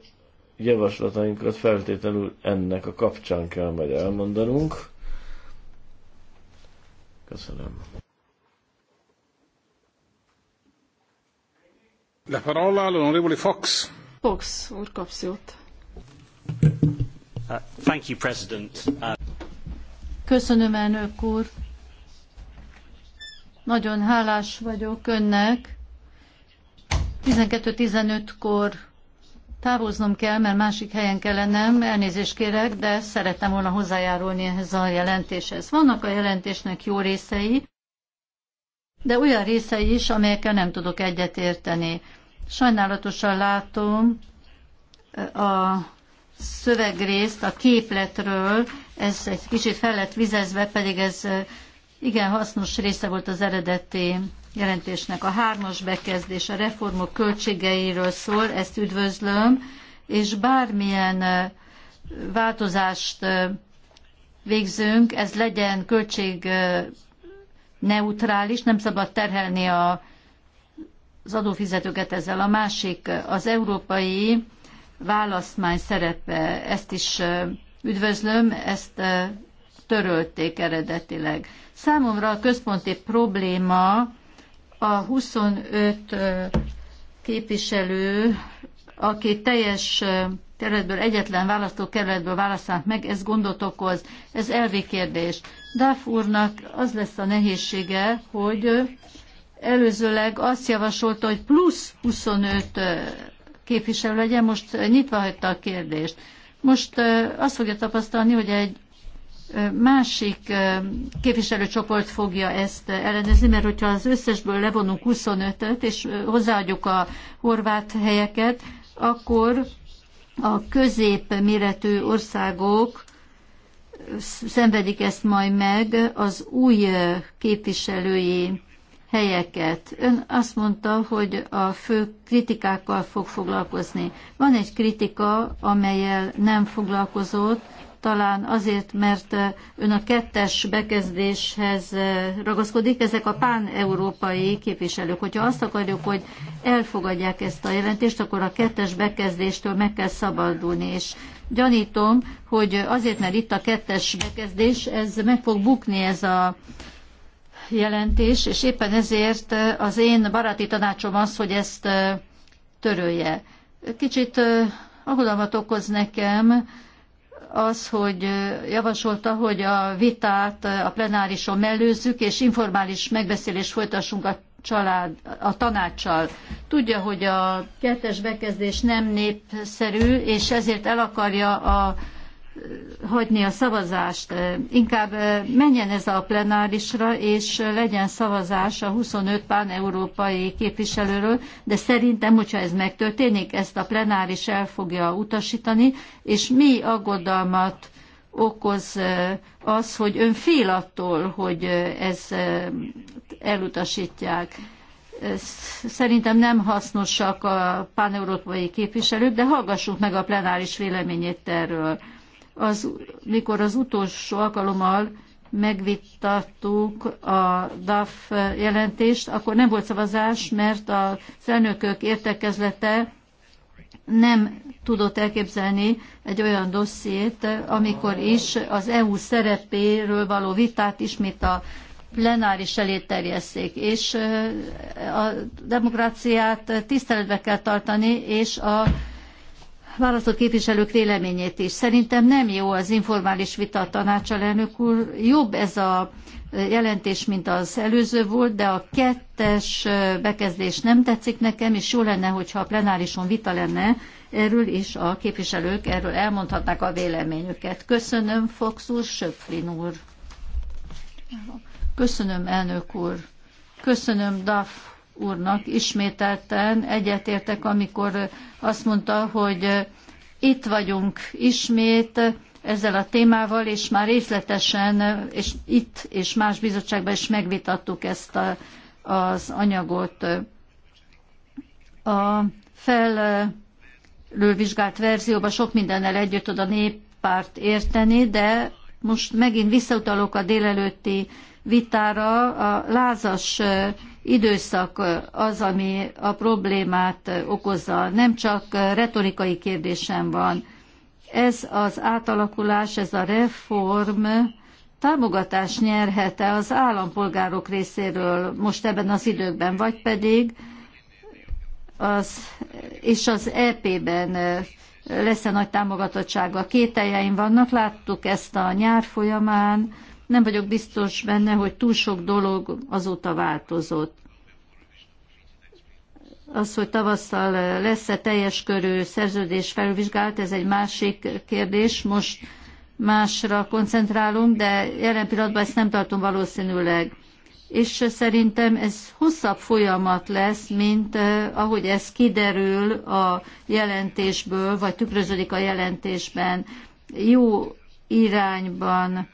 javaslatainkat feltétlenül ennek a kapcsán kell majd elmondanunk. Köszönöm. La parola all'onorevole Fox. Fox, úr kapszót. Uh, thank you, President. Uh... Köszönöm, elnök úr. Nagyon hálás vagyok önnek, 12-15-kor távoznom kell, mert másik helyen kell lennem, elnézést kérek, de szerettem volna hozzájárulni ehhez a jelentéshez. Vannak a jelentésnek jó részei, de olyan részei is, amelyekkel nem tudok egyetérteni. Sajnálatosan látom eh, a szövegrészt a képletről, ez egy kicsit fel lett vizezve, pedig ez eh, igen hasznos része volt az eredeti jelentésnek. A hármas bekezdés a reformok költségeiről szól, ezt üdvözlöm, és bármilyen változást végzünk, ez legyen költség neutrális, nem szabad terhelni a, az adófizetőket ezzel. A másik az európai választmány szerepe, ezt is üdvözlöm, ezt törölték eredetileg. Számomra a központi probléma a 25 képviselő, aki teljes kerületből, egyetlen választókerületből választanak meg, ez gondot okoz. Ez elvi kérdés. Duff úrnak az lesz a nehézsége, hogy előzőleg azt javasolta, hogy plusz 25 képviselő legyen, most nyitva hagyta a kérdést. Most azt fogja tapasztalni, hogy egy másik képviselőcsoport fogja ezt ellenezni, mert hogyha az összesből levonunk 25-öt, és hozzáadjuk a horvát helyeket, akkor a középméretű országok szenvedik ezt majd meg az új képviselői helyeket. Ön azt mondta, hogy a fő kritikákkal fog foglalkozni. Van egy kritika, amelyel nem foglalkozott, talán azért, mert ön a kettes bekezdéshez ragaszkodik, ezek a pán-európai képviselők. Hogyha azt akarjuk, hogy elfogadják ezt a jelentést, akkor a kettes bekezdéstől meg kell szabadulni, és gyanítom, hogy azért, mert itt a kettes bekezdés, ez meg fog bukni ez a jelentés, és éppen ezért az én baráti tanácsom az, hogy ezt törölje. Kicsit aggodalmat okoz nekem, az, hogy javasolta, hogy a vitát a plenárison mellőzzük, és informális megbeszélést folytassunk a család, a tanácssal. Tudja, hogy a kettes bekezdés nem népszerű, és ezért el akarja a hagyni a szavazást. Inkább menjen ez a plenárisra, és legyen szavazás a 25 pán-európai képviselőről, de szerintem, hogyha ez megtörténik, ezt a plenáris el fogja utasítani, és mi aggodalmat okoz az, hogy ön fél attól, hogy ez elutasítják. Szerintem nem hasznosak a páneurópai képviselők, de hallgassuk meg a plenáris véleményét erről az, mikor az utolsó alkalommal megvitattuk a DAF jelentést, akkor nem volt szavazás, mert a elnökök értekezlete nem tudott elképzelni egy olyan dossziét, amikor is az EU szerepéről való vitát ismét a plenáris elé terjesszék, és a demokráciát tiszteletbe kell tartani, és a választott képviselők véleményét is. Szerintem nem jó az informális vita a tanácsal, elnök úr. Jobb ez a jelentés, mint az előző volt, de a kettes bekezdés nem tetszik nekem, és jó lenne, hogyha a plenárison vita lenne erről, és a képviselők erről elmondhatnák a véleményüket. Köszönöm, Fox úr, Söpflin úr. Köszönöm, elnök úr. Köszönöm, Duff úrnak ismételten egyetértek, amikor azt mondta, hogy itt vagyunk ismét ezzel a témával, és már részletesen és itt és más bizottságban is megvitattuk ezt a, az anyagot. A felülvizsgált verzióban sok mindennel együtt tud a néppárt érteni, de most megint visszautalok a délelőtti vitára a lázas időszak az, ami a problémát okozza. Nem csak retorikai kérdésem van. Ez az átalakulás, ez a reform támogatást nyerhet-e az állampolgárok részéről most ebben az időkben, vagy pedig az, és az EP-ben lesz-e nagy támogatottsága. Kételjeim vannak, láttuk ezt a nyár folyamán, nem vagyok biztos benne, hogy túl sok dolog azóta változott. Az, hogy tavasszal lesz-e teljes körű szerződés felvizsgált, ez egy másik kérdés. Most másra koncentrálunk, de jelen pillanatban ezt nem tartom valószínűleg. És szerintem ez hosszabb folyamat lesz, mint eh, ahogy ez kiderül a jelentésből, vagy tükröződik a jelentésben. Jó irányban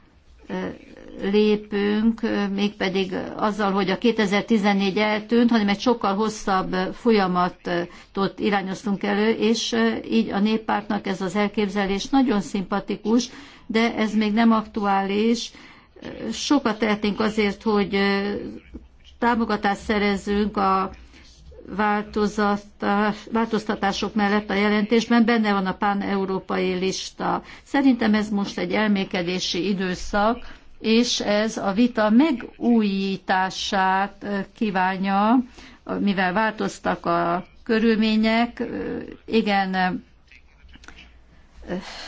lépünk, mégpedig azzal, hogy a 2014 eltűnt, hanem egy sokkal hosszabb folyamatot irányoztunk elő, és így a néppártnak ez az elképzelés nagyon szimpatikus, de ez még nem aktuális. Sokat tehetünk azért, hogy támogatást szerezzünk a változtatások mellett a jelentésben benne van a pán-európai lista. Szerintem ez most egy elmékedési időszak, és ez a vita megújítását kívánja, mivel változtak a körülmények, igen,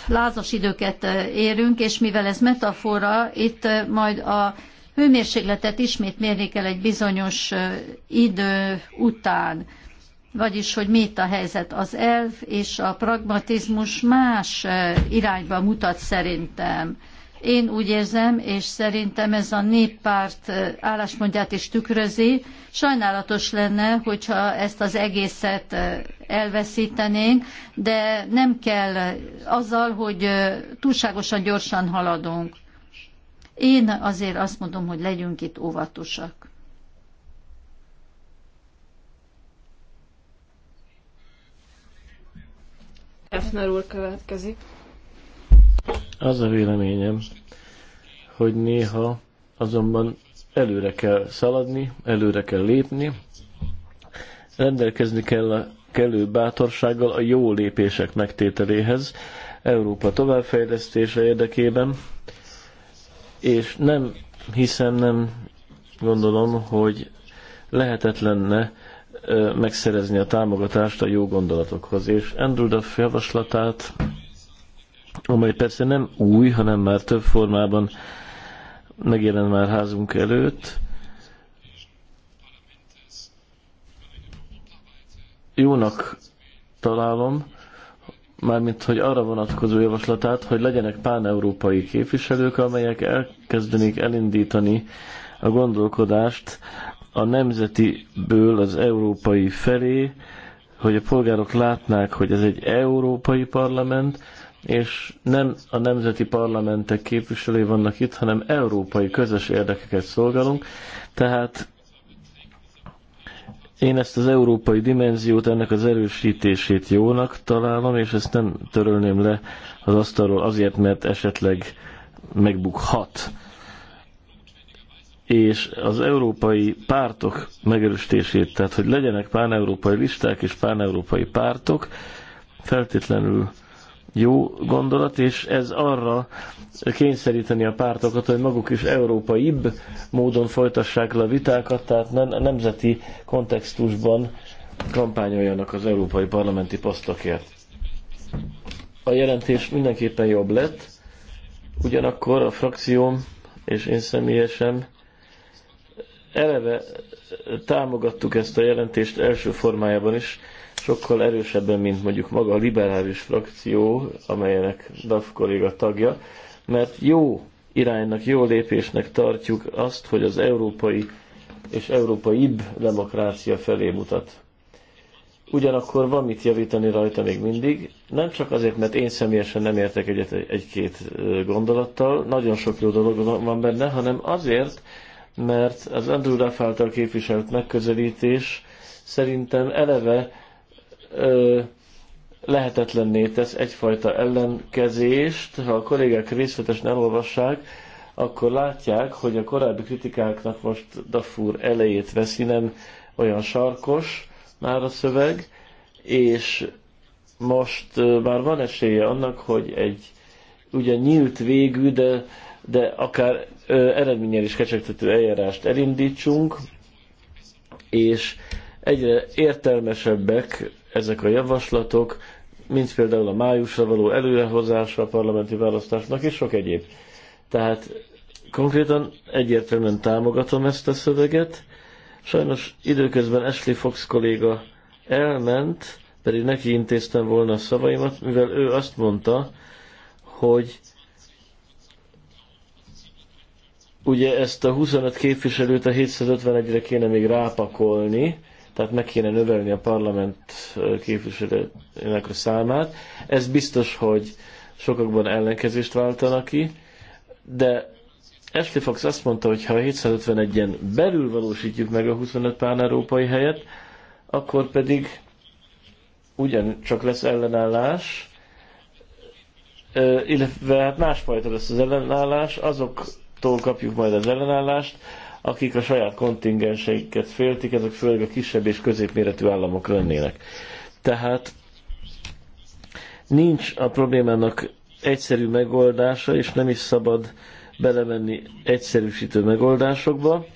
lázas időket érünk, és mivel ez metafora, itt majd a hőmérsékletet ismét mérni kell egy bizonyos idő után. Vagyis, hogy mit a helyzet. Az elv és a pragmatizmus más irányba mutat szerintem. Én úgy érzem, és szerintem ez a néppárt álláspontját is tükrözi. Sajnálatos lenne, hogyha ezt az egészet elveszítenénk, de nem kell azzal, hogy túlságosan gyorsan haladunk. Én azért azt mondom, hogy legyünk itt óvatosak. Efner úr következik. Az a véleményem, hogy néha azonban előre kell szaladni, előre kell lépni, rendelkezni kell a kellő bátorsággal a jó lépések megtételéhez, Európa továbbfejlesztése érdekében, és nem hiszem, nem gondolom, hogy lehetetlenne megszerezni a támogatást a jó gondolatokhoz. És Andrew Duff javaslatát, amely persze nem új, hanem már több formában megjelen már házunk előtt, jónak találom, mármint hogy arra vonatkozó javaslatát, hogy legyenek pán-európai képviselők, amelyek elkezdenék elindítani a gondolkodást a nemzetiből az európai felé, hogy a polgárok látnák, hogy ez egy európai parlament, és nem a nemzeti parlamentek képviselői vannak itt, hanem európai közös érdekeket szolgálunk, tehát én ezt az európai dimenziót, ennek az erősítését jónak találom, és ezt nem törölném le az asztalról azért, mert esetleg megbukhat. És az európai pártok megerősítését, tehát hogy legyenek páneurópai listák és páneurópai pártok, feltétlenül jó gondolat, és ez arra kényszeríteni a pártokat, hogy maguk is európaibb módon folytassák le a vitákat, tehát nem, nemzeti kontextusban kampányoljanak az európai parlamenti posztokért. A jelentés mindenképpen jobb lett, ugyanakkor a frakcióm és én személyesen eleve támogattuk ezt a jelentést első formájában is, sokkal erősebben, mint mondjuk maga a liberális frakció, amelynek DAF kolléga tagja, mert jó iránynak, jó lépésnek tartjuk azt, hogy az európai és európaibb demokrácia felé mutat. Ugyanakkor van mit javítani rajta még mindig, nem csak azért, mert én személyesen nem értek egyet egy-két gondolattal, nagyon sok jó dolog van benne, hanem azért, mert az Andrew Duff által képviselt megközelítés szerintem eleve ö, lehetetlenné tesz egyfajta ellenkezést. Ha a kollégák részletesen elolvassák, akkor látják, hogy a korábbi kritikáknak most Dafur elejét veszi, nem olyan sarkos már a szöveg, és most már van esélye annak, hogy egy ugye nyílt végű, de, de akár ö, eredménnyel is kecsegtető eljárást elindítsunk, és egyre értelmesebbek ezek a javaslatok, mint például a májusra való előrehozása a parlamenti választásnak, és sok egyéb. Tehát konkrétan egyértelműen támogatom ezt a szöveget. Sajnos időközben Ashley Fox kolléga elment, pedig neki intéztem volna a szavaimat, mivel ő azt mondta, hogy ugye ezt a 25 képviselőt a 751-re kéne még rápakolni, tehát meg kéne növelni a parlament képviselőinek a számát. Ez biztos, hogy sokakban ellenkezést váltanak ki, de Ashley Fox azt mondta, hogy ha 751-en belül valósítjuk meg a 25 pán-európai helyet, akkor pedig ugyancsak lesz ellenállás, illetve hát másfajta lesz az ellenállás, azoktól kapjuk majd az ellenállást, akik a saját kontingenseiket féltik, ezek főleg a kisebb és középméretű államok lennének. Tehát nincs a problémának egyszerű megoldása, és nem is szabad belemenni egyszerűsítő megoldásokba.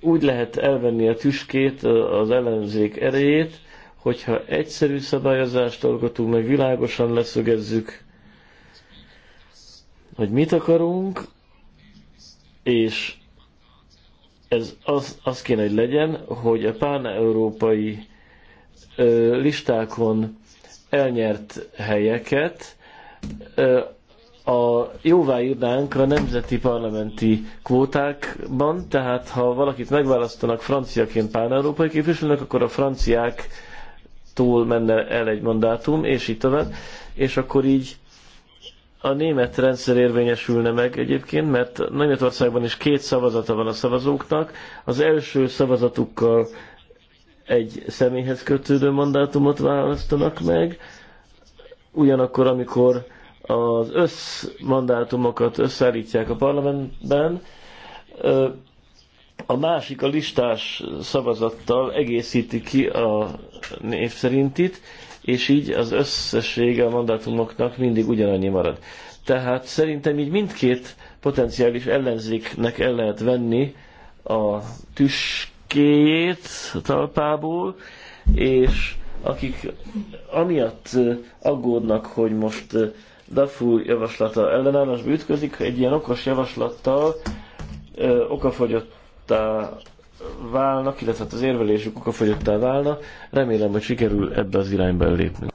Úgy lehet elvenni a tüskét, az ellenzék erejét, hogyha egyszerű szabályozást alkotunk, meg világosan leszögezzük, hogy mit akarunk, és ez az, az kéne, hogy legyen, hogy a pán-európai listákon elnyert helyeket ö, a jóváírnánk a nemzeti parlamenti kvótákban, tehát ha valakit megválasztanak franciaként pán-európai képviselőnek, akkor a franciák túl menne el egy mandátum, és így tovább, és akkor így a német rendszer érvényesülne meg egyébként, mert Németországban is két szavazata van a szavazóknak. Az első szavazatukkal egy személyhez kötődő mandátumot választanak meg, ugyanakkor, amikor az összmandátumokat összeállítják a parlamentben, a másik a listás szavazattal egészíti ki a név szerintit, és így az összessége a mandátumoknak mindig ugyanannyi marad. Tehát szerintem így mindkét potenciális ellenzéknek el lehet venni a tüskéjét a talpából, és akik amiatt aggódnak, hogy most Dafu javaslata ellenállásba ütközik, egy ilyen okos javaslattal ö, okafogyottá válnak, illetve hát az érvelésük okafogyottá válna. Remélem, hogy sikerül ebbe az irányba lépni.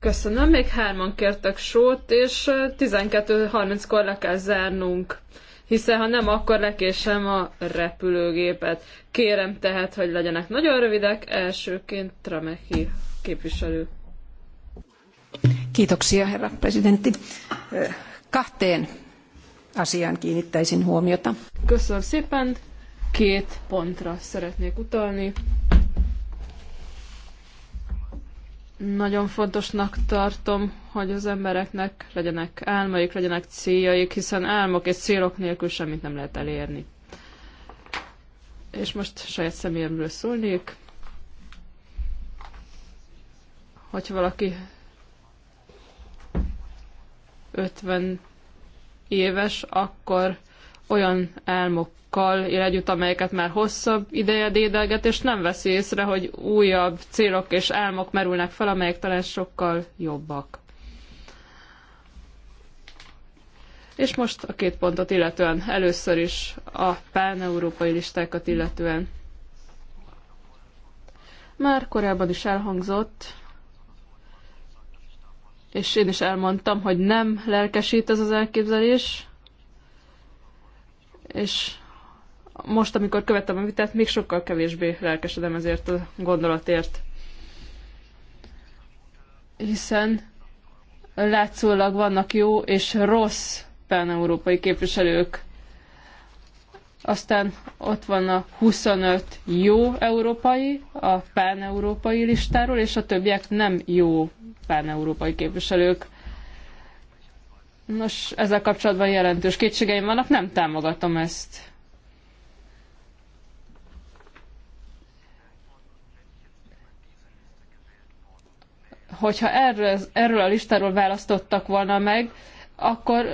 Köszönöm, még hárman kértek sót, és 12.30-kor le kell zárnunk, hiszen ha nem, akkor lekésem a repülőgépet. Kérem tehát, hogy legyenek nagyon rövidek, elsőként Trameki képviselő. Kiitoksia, herra presidentti. Kahteen asiaan kiinnittäisin huomiota. Köszönöm szépen. Két pontra szeretnék utalni. Nagyon fontosnak tartom, hogy az embereknek legyenek álmaik, legyenek céljaik, hiszen álmok és célok nélkül semmit nem lehet elérni. És most saját személyemről szólnék. Hogyha valaki 50 éves, akkor olyan álmokkal él együtt, amelyeket már hosszabb ideje dédelget, és nem veszi észre, hogy újabb célok és álmok merülnek fel, amelyek talán sokkal jobbak. És most a két pontot illetően először is a pán-európai listákat illetően. Már korábban is elhangzott, és én is elmondtam, hogy nem lelkesít ez az elképzelés, és most, amikor követtem a vitát, még sokkal kevésbé lelkesedem ezért a gondolatért. Hiszen látszólag vannak jó és rossz pán-európai képviselők. Aztán ott van a 25 jó európai, a pán-európai listáról, és a többiek nem jó pán-európai képviselők. Nos, ezzel kapcsolatban jelentős kétségeim vannak, nem támogatom ezt. Hogyha erről, erről a listáról választottak volna meg, akkor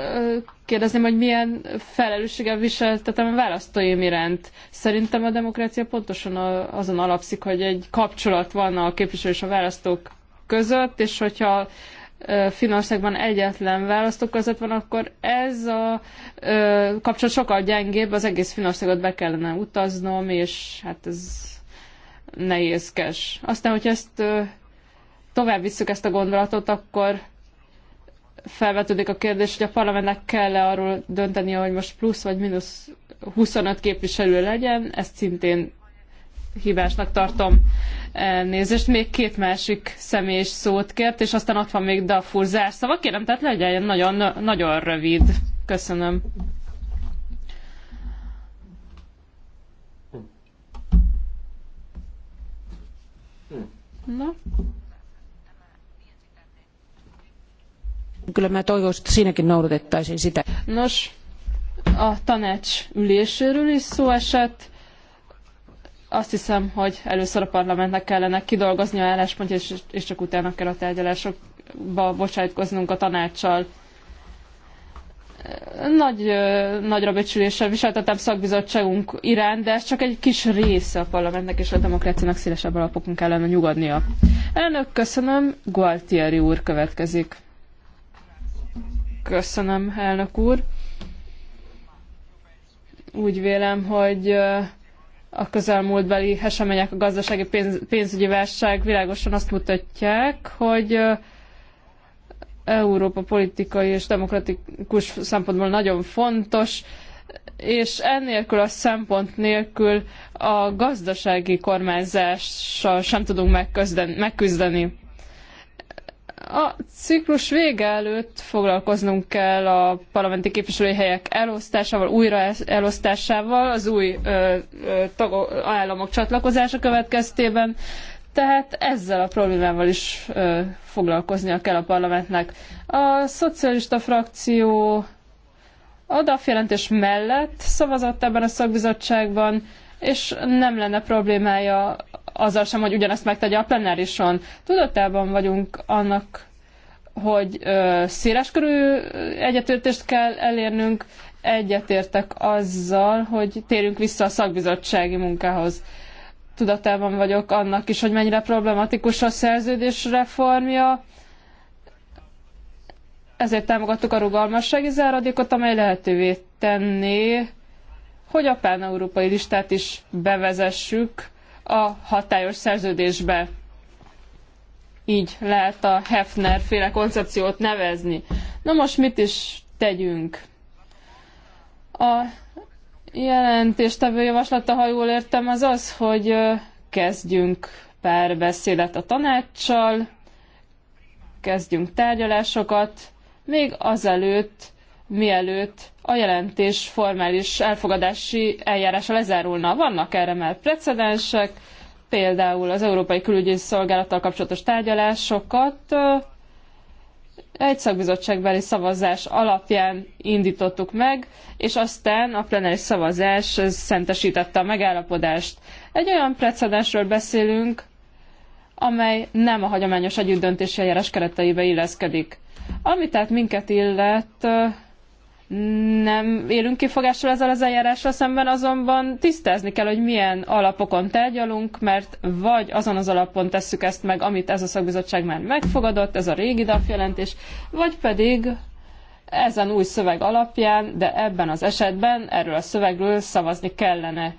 kérdezném, hogy milyen felelősséggel viseltetem a választóim iránt. Szerintem a demokrácia pontosan azon alapszik, hogy egy kapcsolat van a képviselő és a választók között, és hogyha Finországban egyetlen választó között van, akkor ez a kapcsolat sokkal gyengébb, az egész Finországot be kellene utaznom, és hát ez nehézkes. Aztán, hogy ezt tovább visszük ezt a gondolatot, akkor felvetődik a kérdés, hogy a parlamentnek kell-e arról dönteni, hogy most plusz vagy mínusz 25 képviselő legyen, ezt szintén hibásnak tartom nézést. Még két másik személy is szót kért, és aztán ott van még Dafur zárszava. Kérem, tehát legyen nagyon, nagyon rövid. Köszönöm. Na. Kyllä mä toivoisin, että siinäkin noudatettaisiin sitä. Nos, a tanács üléséről is szó esett. Azt hiszem, hogy először a parlamentnek kellene kidolgozni a álláspontját, és, és csak utána kell a tárgyalásokba bocsájtkoznunk a tanácssal nagy, nagyra becsüléssel viseltetem szakbizottságunk iránt, de ez csak egy kis része a parlamentnek és a demokráciának szélesebb alapokon kellene nyugodnia. Elnök, köszönöm. Gualtieri úr következik. Köszönöm, elnök úr. Úgy vélem, hogy a közelmúltbeli események a gazdasági pénz, pénzügyi válság világosan azt mutatják, hogy Európa politikai és demokratikus szempontból nagyon fontos, és ennélkül a szempont nélkül a gazdasági kormányzással sem tudunk megküzdeni. A ciklus vége előtt foglalkoznunk kell a parlamenti képviselői helyek elosztásával, újra elosztásával, az új ö, ö, tagok, államok csatlakozása következtében. Tehát ezzel a problémával is ö, foglalkoznia kell a parlamentnek. A szocialista frakció a DAF jelentés mellett szavazott ebben a szakbizottságban, és nem lenne problémája azzal sem, hogy ugyanezt megtegye a plenárison. Tudatában vagyunk annak, hogy széleskörű egyetértést kell elérnünk, egyetértek azzal, hogy térjünk vissza a szakbizottsági munkához. Tudatában vagyok annak is, hogy mennyire problematikus a szerződés reformja, ezért támogattuk a rugalmassági záradékot, amely lehetővé tenné, hogy a pán-európai listát is bevezessük a hatályos szerződésbe. Így lehet a Hefner féle koncepciót nevezni. Na most mit is tegyünk? A jelentéstevő javaslata, ha jól értem, az az, hogy kezdjünk párbeszédet a tanácssal, kezdjünk tárgyalásokat, még azelőtt, mielőtt a jelentés formális elfogadási eljárása lezárulna. Vannak erre már precedensek, például az Európai Külügyi Szolgálattal kapcsolatos tárgyalásokat egy szakbizottságbeli szavazás alapján indítottuk meg, és aztán a plenáris szavazás szentesítette a megállapodást. Egy olyan precedensről beszélünk, amely nem a hagyományos együttdöntési eljárás kereteibe illeszkedik. Ami tehát minket illet, nem élünk kifogással ezzel az eljárással szemben, azonban tisztázni kell, hogy milyen alapokon tárgyalunk, mert vagy azon az alapon tesszük ezt meg, amit ez a szakbizottság már megfogadott, ez a régi DAF jelentés, vagy pedig ezen új szöveg alapján, de ebben az esetben erről a szövegről szavazni kellene.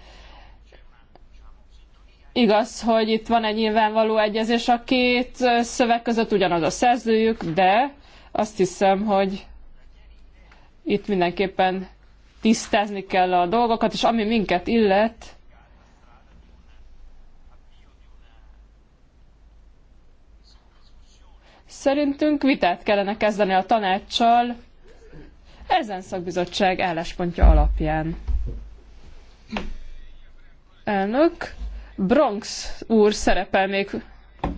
Igaz, hogy itt van egy nyilvánvaló egyezés a két szöveg között, ugyanaz a szerzőjük, de azt hiszem, hogy itt mindenképpen tisztázni kell a dolgokat, és ami minket illet, Szerintünk vitát kellene kezdeni a tanácssal ezen szakbizottság álláspontja alapján. Elnök, Bronx úr szerepel még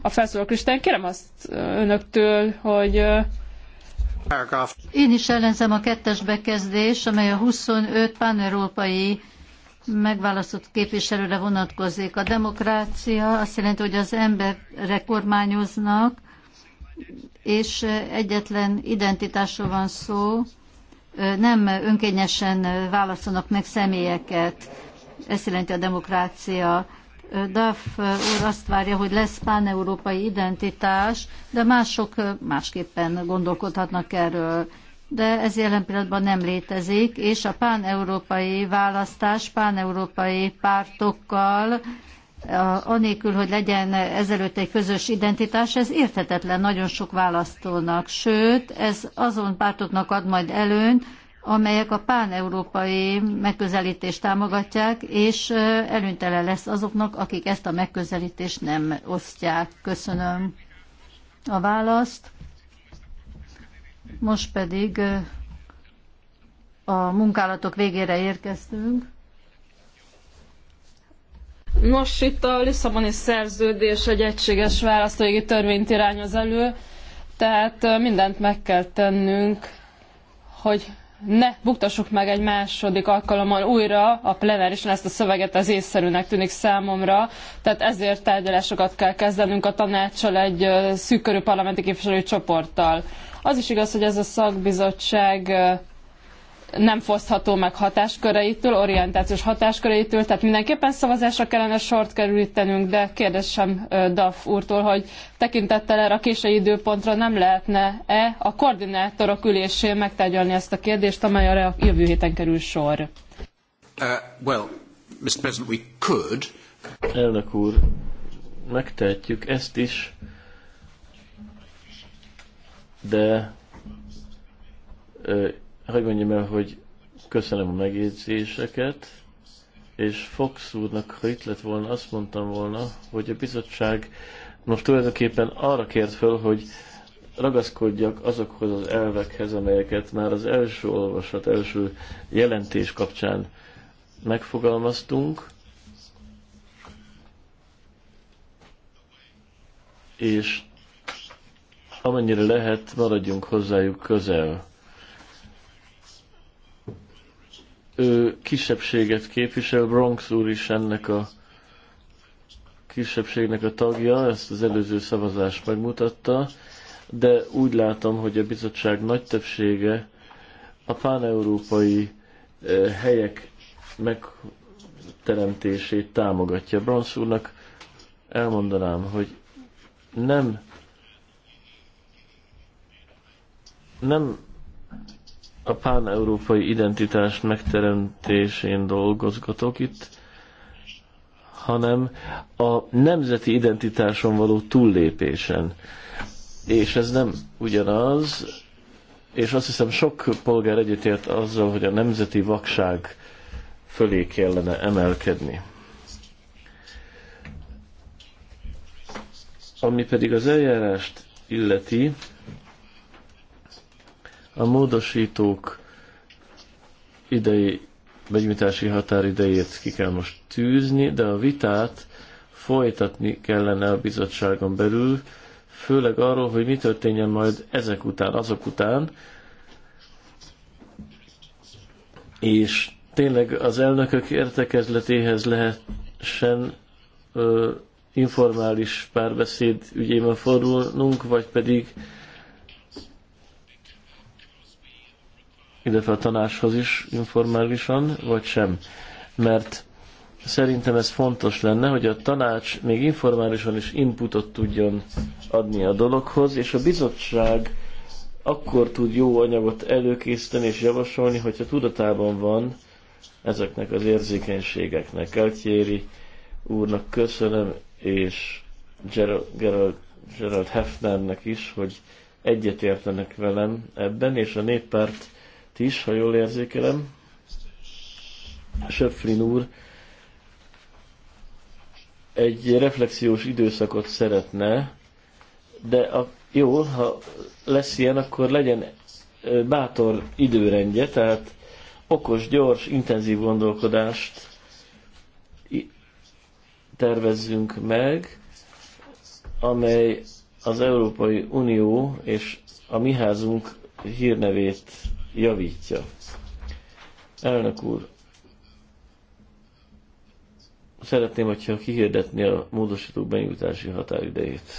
a felszólaló listán. Kérem azt önöktől, hogy én is ellenzem a kettes bekezdés, amely a 25 páneurópai megválasztott képviselőre vonatkozik. A demokrácia azt jelenti, hogy az emberek kormányoznak, és egyetlen identitásról van szó, nem önkényesen válaszolnak meg személyeket. Ezt jelenti a demokrácia. Duff úr azt várja, hogy lesz páneurópai identitás, de mások másképpen gondolkodhatnak erről. De ez jelen pillanatban nem létezik, és a páneurópai választás páneurópai pártokkal anélkül, hogy legyen ezelőtt egy közös identitás, ez érthetetlen nagyon sok választónak. Sőt, ez azon pártoknak ad majd előnyt, amelyek a pán-európai megközelítést támogatják, és előnytelen lesz azoknak, akik ezt a megközelítést nem osztják. Köszönöm a választ. Most pedig a munkálatok végére érkeztünk. Nos, itt a Lisszaboni szerződés egy egységes választójogi törvényt irányoz elő, tehát mindent meg kell tennünk, hogy ne buktassuk meg egy második alkalommal újra a plenárisan ezt a szöveget, az észszerűnek tűnik számomra. Tehát ezért tárgyalásokat kell kezdenünk a tanácssal egy szűkörű parlamenti képviselői csoporttal. Az is igaz, hogy ez a szakbizottság nem fosztható meg hatásköreitől, orientációs hatásköreitől, tehát mindenképpen szavazásra kellene sort kerülítenünk, de kérdezem Daf úrtól, hogy tekintettel erre a késői időpontra nem lehetne-e a koordinátorok ülésén megtárgyalni ezt a kérdést, amelyre a jövő héten kerül sor? Uh, well, Mr. President, we could. Elnök úr, megtehetjük ezt is, de uh, hogy mondjam el, hogy köszönöm a megjegyzéseket, és Fox úrnak, ha itt lett volna, azt mondtam volna, hogy a bizottság most tulajdonképpen arra kért föl, hogy ragaszkodjak azokhoz az elvekhez, amelyeket már az első olvasat, első jelentés kapcsán megfogalmaztunk, és amennyire lehet, maradjunk hozzájuk közel. ő kisebbséget képvisel, Bronx úr is ennek a kisebbségnek a tagja, ezt az előző szavazás megmutatta, de úgy látom, hogy a bizottság nagy többsége a páneurópai helyek megteremtését támogatja. Bronx úrnak elmondanám, hogy nem nem a pán-európai identitás megteremtésén dolgozgatok itt, hanem a nemzeti identitáson való túllépésen. És ez nem ugyanaz, és azt hiszem sok polgár egyetért azzal, hogy a nemzeti vakság fölé kellene emelkedni. Ami pedig az eljárást illeti, a módosítók idei begyújtási határidejét ki kell most tűzni, de a vitát folytatni kellene a bizottságon belül, főleg arról, hogy mi történjen majd ezek után, azok után, és tényleg az elnökök értekezletéhez lehessen ö, informális párbeszéd ügyében fordulnunk, vagy pedig illetve a tanáshoz is informálisan, vagy sem. Mert szerintem ez fontos lenne, hogy a tanács még informálisan is inputot tudjon adni a dologhoz, és a bizottság akkor tud jó anyagot előkészíteni és javasolni, hogyha tudatában van ezeknek az érzékenységeknek. Eltjéri úrnak köszönöm, és Gerald, Gerald Hefnernek is, hogy egyetértenek velem ebben, és a néppárt is, ha jól érzékelem. Söpflin úr egy reflexiós időszakot szeretne, de a, jó, ha lesz ilyen, akkor legyen bátor időrendje, tehát okos, gyors, intenzív gondolkodást tervezzünk meg, amely az Európai Unió és a mi házunk hírnevét javítja. Elnök úr, szeretném, hogyha kihirdetné a módosító benyújtási határidejét.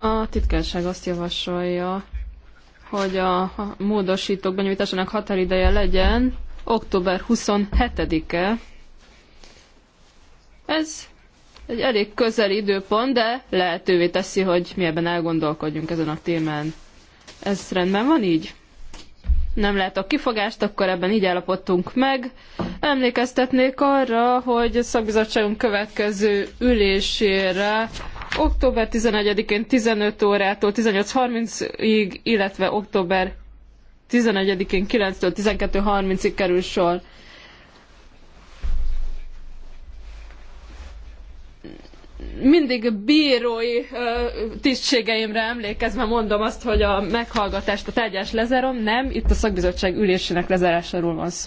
A titkárság azt javasolja, hogy a módosítók benyújtásának határideje legyen október 27-e, ez egy elég közeli időpont, de lehetővé teszi, hogy mi ebben elgondolkodjunk ezen a témán. Ez rendben van így? nem lehet a kifogást, akkor ebben így állapodtunk meg. Emlékeztetnék arra, hogy a szakbizottságunk következő ülésére október 11-én 15 órától 18.30-ig, illetve október 11-én 9-től 12.30-ig kerül sor. mindig bírói tisztségeimre emlékezve mondom azt, hogy a meghallgatást, a tárgyást lezárom. Nem, itt a szakbizottság ülésének lezárásáról van szó.